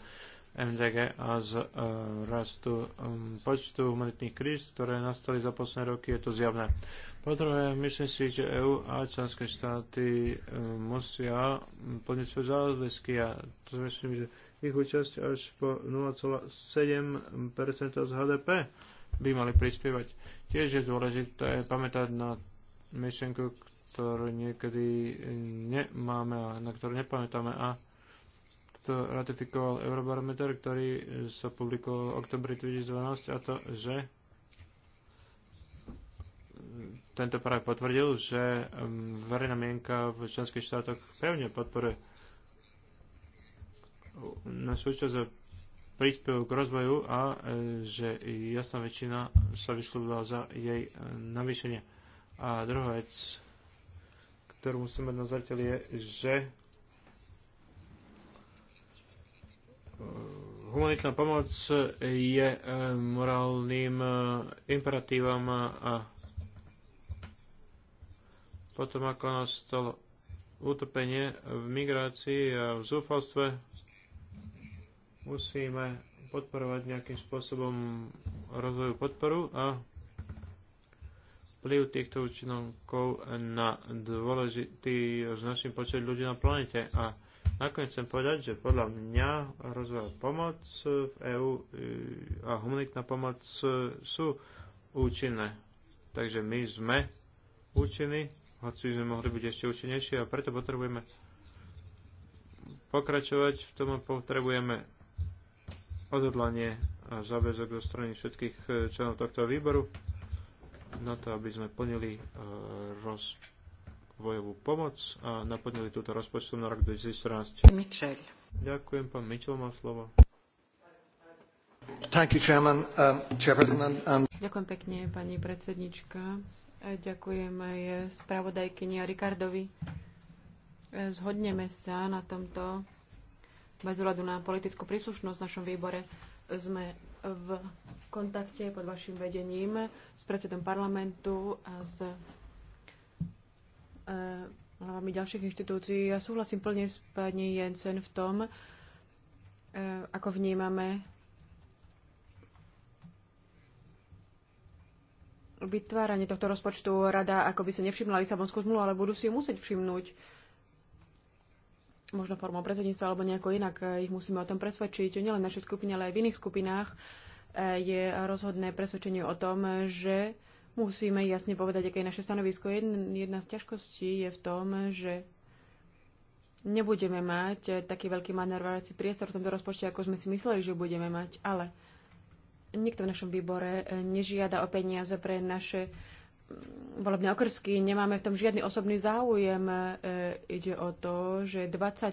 MDG a z e, rastu počtu humanitných kríz, ktoré nastali za posledné roky, je to zjavné. Po druhé, myslím si, že EÚ a členské štáty e, musia plniť svoje záväzky a to myslím, že ich účasť až po 0,7% z HDP by mali prispievať. Tiež je dôležité pamätať na myšlenku, ktorú niekedy e, nemáme a na ktorú nepamätáme a to ratifikoval Eurobarometer, ktorý e, sa publikoval v oktobri 2012 a to, že e, tento práve potvrdil, že verejná mienka v členských štátoch pevne podporuje na súčasť príspevok k rozvoju a e, že jasná väčšina sa vyslúbila za jej navýšenie. A druhá vec, ktorú musíme mať na zreteli je, že humanitná pomoc je eh, morálnym eh, imperatívom eh, a potom ako nastalo utrpenie v migrácii a v zúfalstve, musíme podporovať nejakým spôsobom rozvoju podporu a vplyv týchto účinnokov na dôležitý značný počet ľudí na planete. A Nakoniec chcem povedať, že podľa mňa rozvoj pomoc v EÚ e, a humanitná pomoc e, sú účinné. Takže my sme účinní, hoci sme mohli byť ešte účinnejší a preto potrebujeme pokračovať, v tom potrebujeme odhodlanie a záväzok zo strany všetkých e, členov tohto výboru na to, aby sme plnili rozpočet vojovú pomoc a naplnili túto rozpočtu na rok 2014. Mitchell. Ďakujem, pán Mitchell má slovo. You, chairman, um, and... Ďakujem pekne, pani predsednička. E, ďakujem aj spravodajkyni a Rikardovi. E, zhodneme sa na tomto bez ohľadu na politickú príslušnosť v našom výbore. Sme v kontakte pod vašim vedením s predsedom parlamentu a s Eh, hlavami ďalších inštitúcií. Ja súhlasím plne s pani Jensen v tom, eh, ako vnímame vytváranie tohto rozpočtu rada, ako by sa nevšimla Lisabonskú zmluvu, ale budú si ju musieť všimnúť. Možno formou predsedníctva alebo nejako inak. Eh, ich musíme o tom presvedčiť. Nielen v našej skupine, ale aj v iných skupinách je rozhodné presvedčenie o tom, že musíme jasne povedať, aké je naše stanovisko. Jedna z ťažkostí je v tom, že nebudeme mať eh, taký veľký manevrovací priestor v tomto rozpočte, ako sme si mysleli, že budeme mať, ale nikto v našom výbore eh, nežiada o peniaze pre naše mm, volebné okrsky. Nemáme v tom žiadny osobný záujem. E, ide o to, že 23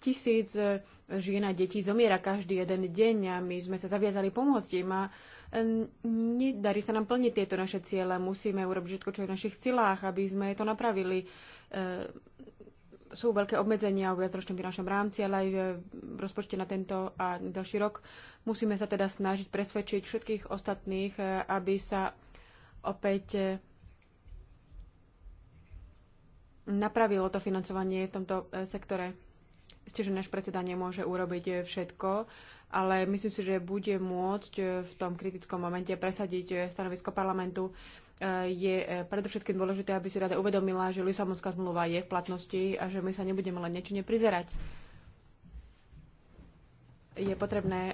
tisíc žien a detí zomiera každý jeden deň a my sme sa zaviazali pomôcť im a Nedarí sa nám plniť tieto naše ciele. Musíme urobiť všetko, čo je v našich silách, aby sme to napravili. E, sú veľké obmedzenia v viacročnom finančnom rámci, ale aj v rozpočte na tento a ďalší rok. Musíme sa teda snažiť presvedčiť všetkých ostatných, e, aby sa opäť e, napravilo to financovanie v tomto sektore. Ste, že náš predseda nemôže urobiť všetko, ale myslím si, že bude môcť e, v tom kritickom momente presadiť e, stanovisko parlamentu. E, je predovšetkým dôležité, aby si rada uvedomila, že Lisabonská zmluva je v platnosti a že my sa nebudeme len niečo neprizerať. Je potrebné,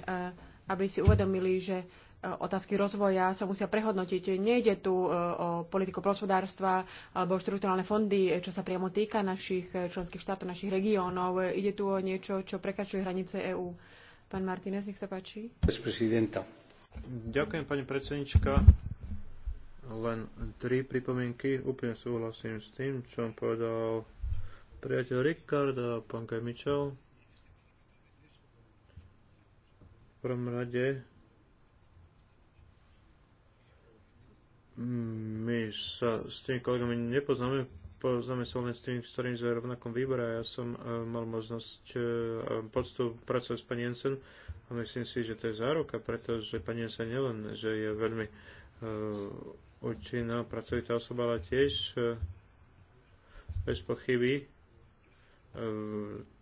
aby si uvedomili, že otázky rozvoja sa musia prehodnotiť. Nejde tu o politiku prospodárstva alebo štruktúrálne fondy, čo sa priamo týka našich členských štátov, našich regiónov. Ide tu o niečo, čo prekračuje hranice EÚ. Pán nech sa páči. Ďakujem, pani predsednička. Len tri pripomienky. Úplne súhlasím s tým, čo on povedal priateľ Rickard a pán Kaj V prvom rade mm, my sa s tými kolegami nepoznáme, poznáme sa s tým, s ktorým sme v rovnakom výbore. Ja som e, mal možnosť e, podstup pracovať s pani Jensen a myslím si, že to je záruka, pretože pani Jensen nielen, že je veľmi e, účinná pracovitá osoba, ale tiež bez pochyby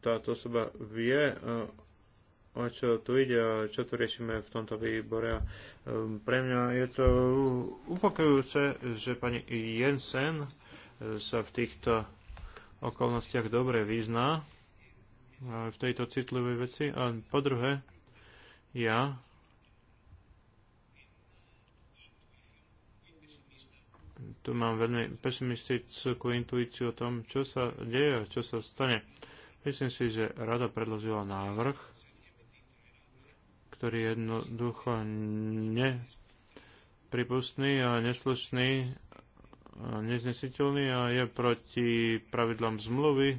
táto osoba vie o čo tu ide a čo tu riešime v tomto výbore. A pre mňa je to upokojujúce, že pani Jensen sa v týchto okolnostiach dobre vyzná v tejto citlivej veci. A po druhé, ja tu mám veľmi pesimistickú intuíciu o tom, čo sa deje a čo sa stane. Myslím si, že rada predložila návrh, ktorý je jednoducho nepripustný a neslušný neznesiteľný a je proti pravidlám zmluvy,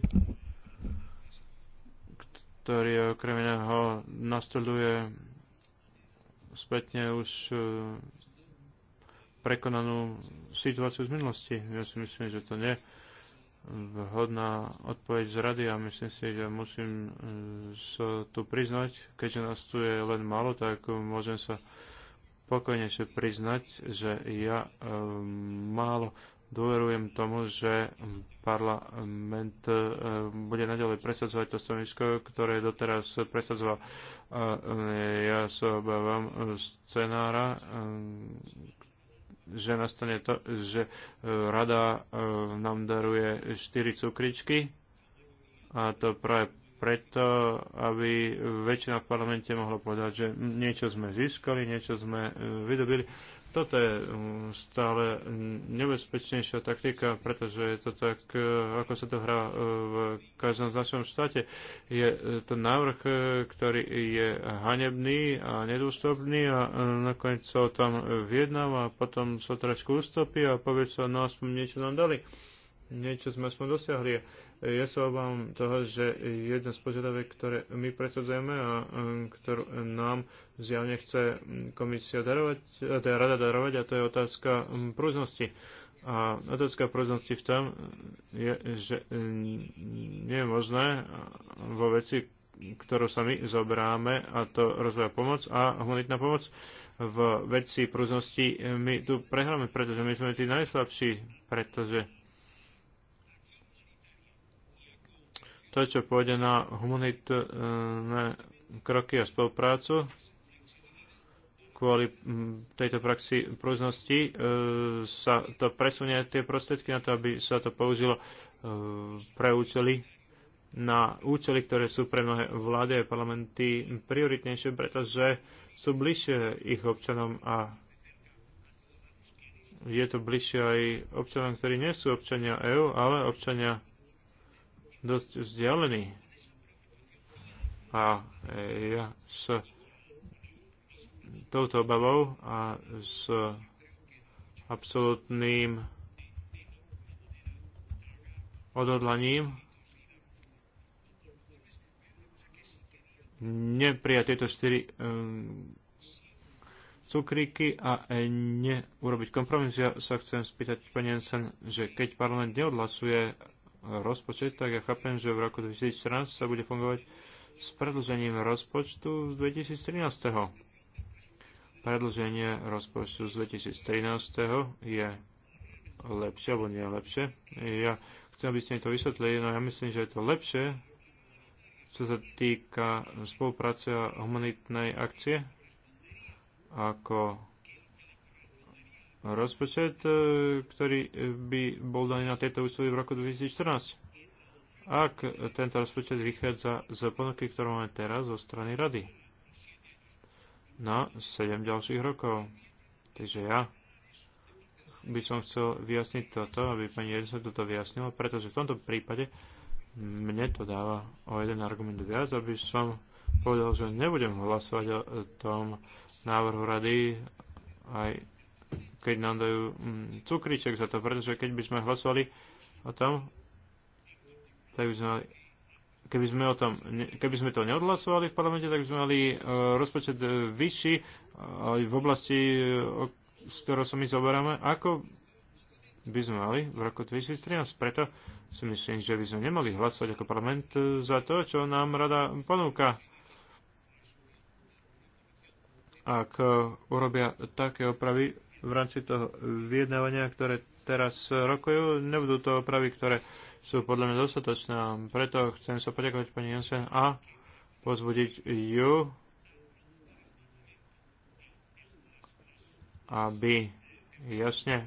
ktorý okrem iného nastoluje spätne už e, prekonanú situáciu z minulosti. Ja si myslím, že to nie vhodná odpoveď z rady a myslím si, že musím e, sa tu priznať, keďže nás tu je len málo, tak môžem sa pokojnejšie priznať, že ja e, málo dôverujem tomu, že parlament e, bude naďalej presadzovať to stanovisko, ktoré doteraz presadzoval. E, ja sa obávam scenára, že nastane to, že rada nám daruje 4 cukričky a to práve preto, aby väčšina v parlamente mohla povedať, že niečo sme získali, niečo sme e, vydobili. Toto je mm, stále nebezpečnejšia taktika, pretože je to tak, e, ako sa to hrá e, v každom z našom štáte. Je to návrh, ktorý je hanebný a nedôstupný a nakoniec sa tam vyjednáva a potom sa trošku ustopí a povie sa, no aspoň niečo nám dali. Niečo sme aspoň dosiahli ja sa obávam toho, že jeden z požiadaviek, ktoré my presadzujeme a um, ktorú nám zjavne chce komisia darovať, teda rada darovať, a to je otázka um, prúznosti. A otázka prúznosti v tom je, že um, nie je možné vo veci, ktorú sa my zobráme, a to rozvoja pomoc a humanitná pomoc, v veci prúznosti my tu prehráme, pretože my sme tí najslabší, pretože to, čo pôjde na humanitné kroky a spoluprácu kvôli mm, tejto praxi prúznosti e, sa to presunie tie prostriedky na to, aby sa to použilo e, pre účely na účely, ktoré sú pre mnohé vlády a parlamenty prioritnejšie, pretože sú bližšie ich občanom a je to bližšie aj občanom, ktorí nie sú občania EÚ, ale občania dosť vzdialený. A e, ja s touto obavou a s absolútnym odhodlaním neprijať tieto štyri cukríky a e, neurobiť kompromis. Ja sa chcem spýtať, pani Jensen, že keď parlament neodhlasuje rozpočet, tak ja chápem, že v roku 2014 sa bude fungovať s predlžením rozpočtu z 2013. Predlženie rozpočtu z 2013. je lepšie, alebo nie lepšie. Ja chcem, aby ste mi to vysvetlili, no ja myslím, že je to lepšie, čo sa týka spolupráce a humanitnej akcie, ako No, rozpočet, e, ktorý e, by bol daný na tieto účely v roku 2014. Ak tento rozpočet vychádza z ponuky, ktorú máme teraz zo strany rady na 7 ďalších rokov. Takže ja by som chcel vyjasniť toto, aby pani Edison toto vyjasnila, pretože v tomto prípade mne to dáva o jeden argument viac, aby som povedal, že nebudem hlasovať o tom návrhu rady aj keď nám dajú mm, cukriček za to, pretože keď by sme hlasovali o tom, tak by sme mali keby sme, o tom, keby sme to neodhlasovali v parlamente, tak by sme mali e, rozpočet e, vyšší e, aj v oblasti, s ktorou sa my zoberáme, ako by sme mali v roku 2013. Preto si myslím, že by sme nemali hlasovať ako parlament za to, čo nám rada ponúka. Ak urobia také opravy v rámci toho vyjednávania, ktoré teraz rokujú, nebudú to opravy, ktoré sú podľa mňa dostatočné. Preto chcem sa poďakovať pani Jensen a pozbudiť ju, aby jasne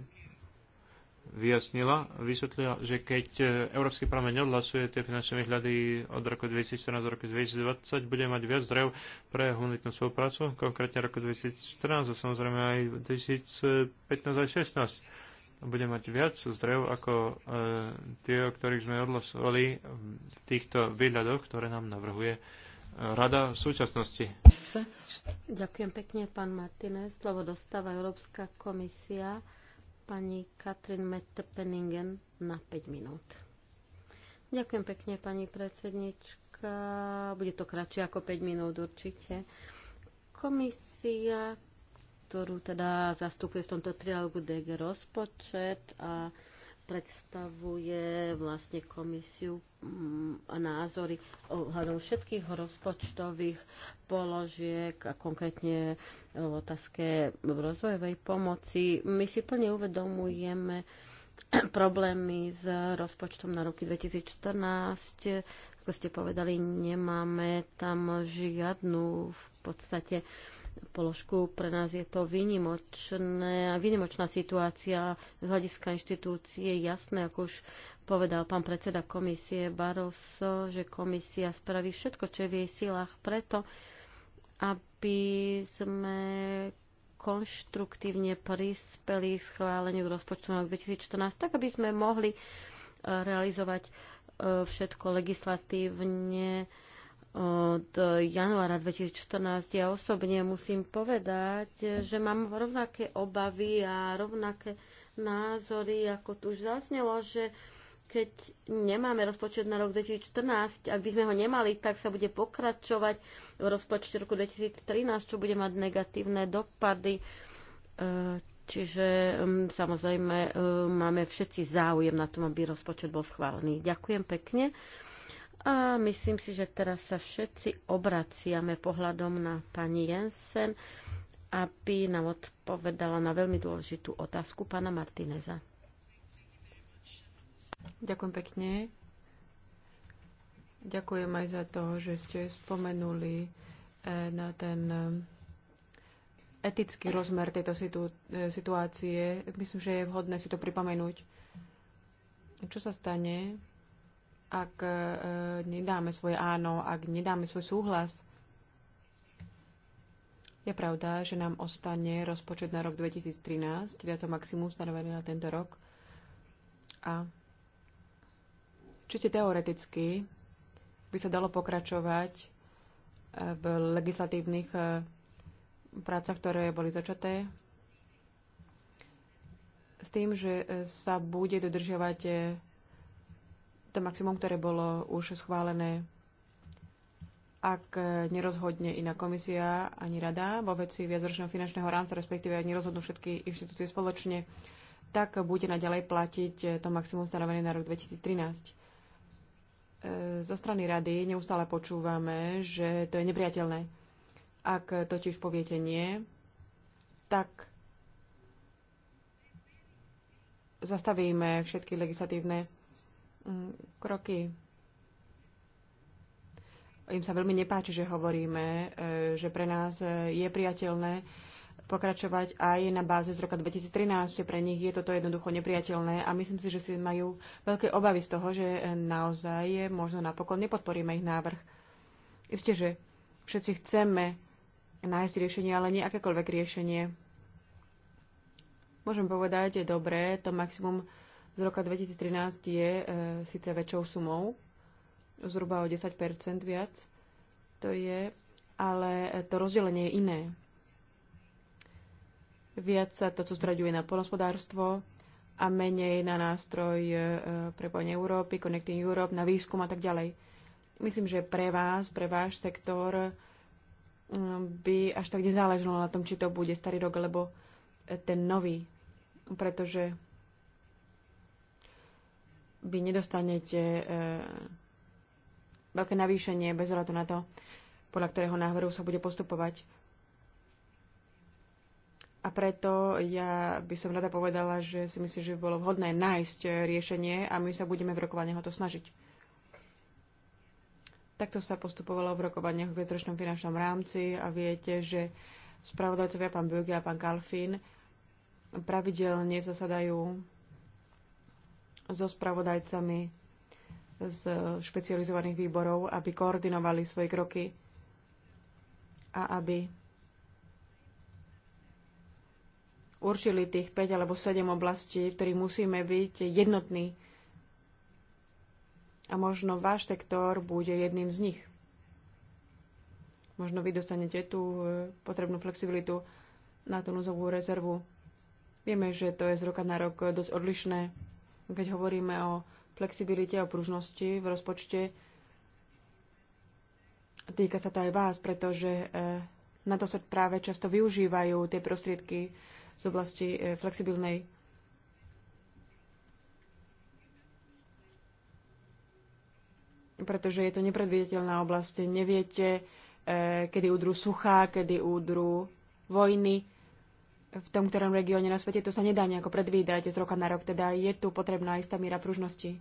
vyjasnila, vysvetlila, že keď e, Európsky parlament neodhlasuje tie finančné výhľady od roku 2014 do roku 2020, bude mať viac zdrojov pre humanitnú spoluprácu, konkrétne roku 2014 a samozrejme aj 2015 a 2016 bude mať viac zdrojov ako e, tie, o ktorých sme odhlasovali v týchto výhľadoch, ktoré nám navrhuje e, Rada v súčasnosti. Ďakujem pekne, pán Martinez. Slovo dostáva Európska komisia pani Katrin Mette-Penningen na 5 minút. Ďakujem pekne, pani predsednička. Bude to kratšie ako 5 minút určite. Komisia, ktorú teda zastupuje v tomto trialogu DG rozpočet a predstavuje vlastne komisiu a názory ohľadom všetkých rozpočtových položiek a konkrétne v otázke rozvojovej pomoci. My si plne uvedomujeme problémy s rozpočtom na roky 2014. Ako ste povedali, nemáme tam žiadnu v podstate položku. Pre nás je to výnimočné, výnimočná situácia z hľadiska inštitúcie. Jasné, ako už Povedal pán predseda komisie Barroso, že komisia spraví všetko, čo je v jej silách preto, aby sme konštruktívne prispeli k schváleniu rozpočtu na 2014, tak aby sme mohli e, realizovať e, všetko legislatívne od januára 2014. Ja osobne musím povedať, že mám rovnaké obavy a rovnaké názory, ako tu už zaznelo, že keď nemáme rozpočet na rok 2014, ak by sme ho nemali, tak sa bude pokračovať v rozpočte roku 2013, čo bude mať negatívne dopady. E, čiže samozrejme e, máme všetci záujem na tom, aby rozpočet bol schválený. Ďakujem pekne. A myslím si, že teraz sa všetci obraciame pohľadom na pani Jensen, aby nám odpovedala na veľmi dôležitú otázku pána Martineza. Ďakujem pekne. Ďakujem aj za to, že ste spomenuli e, na ten e, etický rozmer tejto situ- e, situácie. Myslím, že je vhodné si to pripomenúť. Čo sa stane, ak nedáme svoje áno, ak nedáme svoj súhlas? Je pravda, že nám ostane rozpočet na rok 2013, teda to maximum stanovené na tento rok. A Čiže teoreticky by sa dalo pokračovať eh, v legislatívnych eh, prácach, ktoré boli začaté, s tým, že eh, sa bude dodržiavať to maximum, ktoré bolo už schválené ak nerozhodne iná komisia ani rada vo veci viacročného finančného rámca, respektíve ak nerozhodnú všetky inštitúcie spoločne, tak bude naďalej platiť to maximum stanovené na rok 2013. E, zo strany rady neustále počúvame, že to je nepriateľné. Ak totiž poviete nie, tak zastavíme všetky legislatívne mm, kroky. Im sa veľmi nepáči, že hovoríme, e, že pre nás e, je priateľné pokračovať aj na báze z roka 2013, že pre nich je toto jednoducho nepriateľné a myslím si, že si majú veľké obavy z toho, že naozaj je, možno napokon nepodporíme ich návrh. Isté, že všetci chceme nájsť riešenie, ale nie akékoľvek riešenie. Môžem povedať, že dobre, to maximum z roka 2013 je e, síce väčšou sumou, zhruba o 10% viac, to je, ale to rozdelenie je iné. Viac sa to sústraďuje na polnospodárstvo a menej na nástroj e, prepojenia Európy, Connecting Europe, na výskum a tak ďalej. Myslím, že pre vás, pre váš sektor e, by až tak nezáležalo na tom, či to bude starý rok alebo ten nový, pretože vy nedostanete e, veľké navýšenie bez hľadu na to, podľa ktorého návrhu sa bude postupovať. A preto ja by som rada povedala, že si myslím, že by bolo vhodné nájsť eh, riešenie a my sa budeme v rokovaniach o to snažiť. Takto sa postupovalo v rokovaniach v viacročnom finančnom rámci a viete, že spravodajcovia pán Böge a pán Kalfin pravidelne zasadajú so spravodajcami z špecializovaných výborov, aby koordinovali svoje kroky a aby určili tých 5 alebo 7 oblastí, v ktorých musíme byť jednotní. A možno váš sektor bude jedným z nich. Možno vy dostanete tú e, potrebnú flexibilitu na tú núzovú rezervu. Vieme, že to je z roka na rok dosť odlišné. Keď hovoríme o flexibilite a pružnosti v rozpočte, týka sa to aj vás, pretože e, na to sa práve často využívajú tie prostriedky z oblasti e, flexibilnej pretože je to nepredvidateľná oblasť. Neviete, e, kedy udrú suchá, kedy udrú vojny v tom, ktorom regióne na svete. To sa nedá nejako predvídať z roka na rok. Teda je tu potrebná istá míra pružnosti.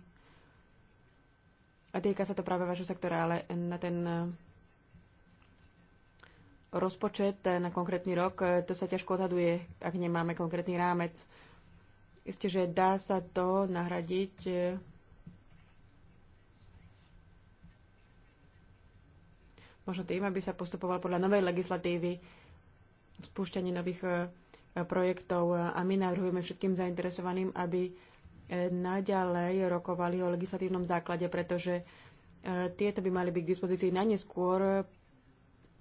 A týka sa to práve vašho sektora, ale na ten Rozpočet na konkrétny rok, e, to sa ťažko odhaduje, ak nemáme konkrétny rámec. Isté, že dá sa to nahradiť e, možno tým, aby sa postupoval podľa novej legislatívy v spúšťaní nových e, projektov a my navrhujeme všetkým zainteresovaným, aby naďalej rokovali o legislatívnom základe, pretože tieto by mali byť k dispozícii najneskôr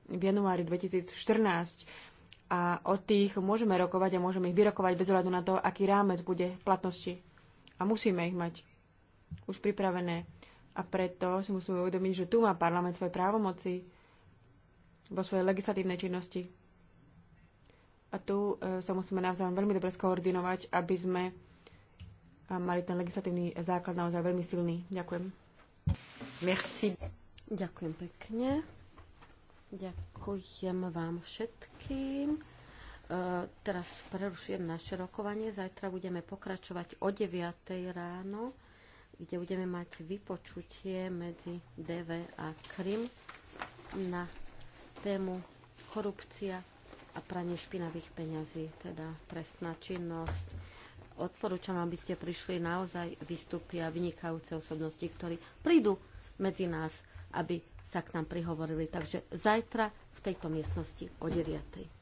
v januári 2014 a o tých môžeme rokovať a môžeme ich vyrokovať bez ohľadu na to, aký rámec bude v platnosti. A musíme ich mať už pripravené. A preto si musíme uvedomiť, že tu má parlament svoje právomoci vo svojej legislatívnej činnosti. A tu e, sa musíme navzájom veľmi dobre skoordinovať, aby sme e, mali ten legislatívny základ naozaj veľmi silný. Ďakujem. Merci. Ďakujem pekne. Ďakujem vám všetkým. E, teraz prerušujem naše rokovanie. Zajtra budeme pokračovať o 9. ráno, kde budeme mať vypočutie medzi DV a Krym na tému korupcia a pranie špinavých peňazí, teda trestná činnosť. Odporúčam, aby ste prišli naozaj vystúpia vynikajúce osobnosti, ktorí prídu medzi nás, aby sa k nám prihovorili. Takže zajtra v tejto miestnosti o 9.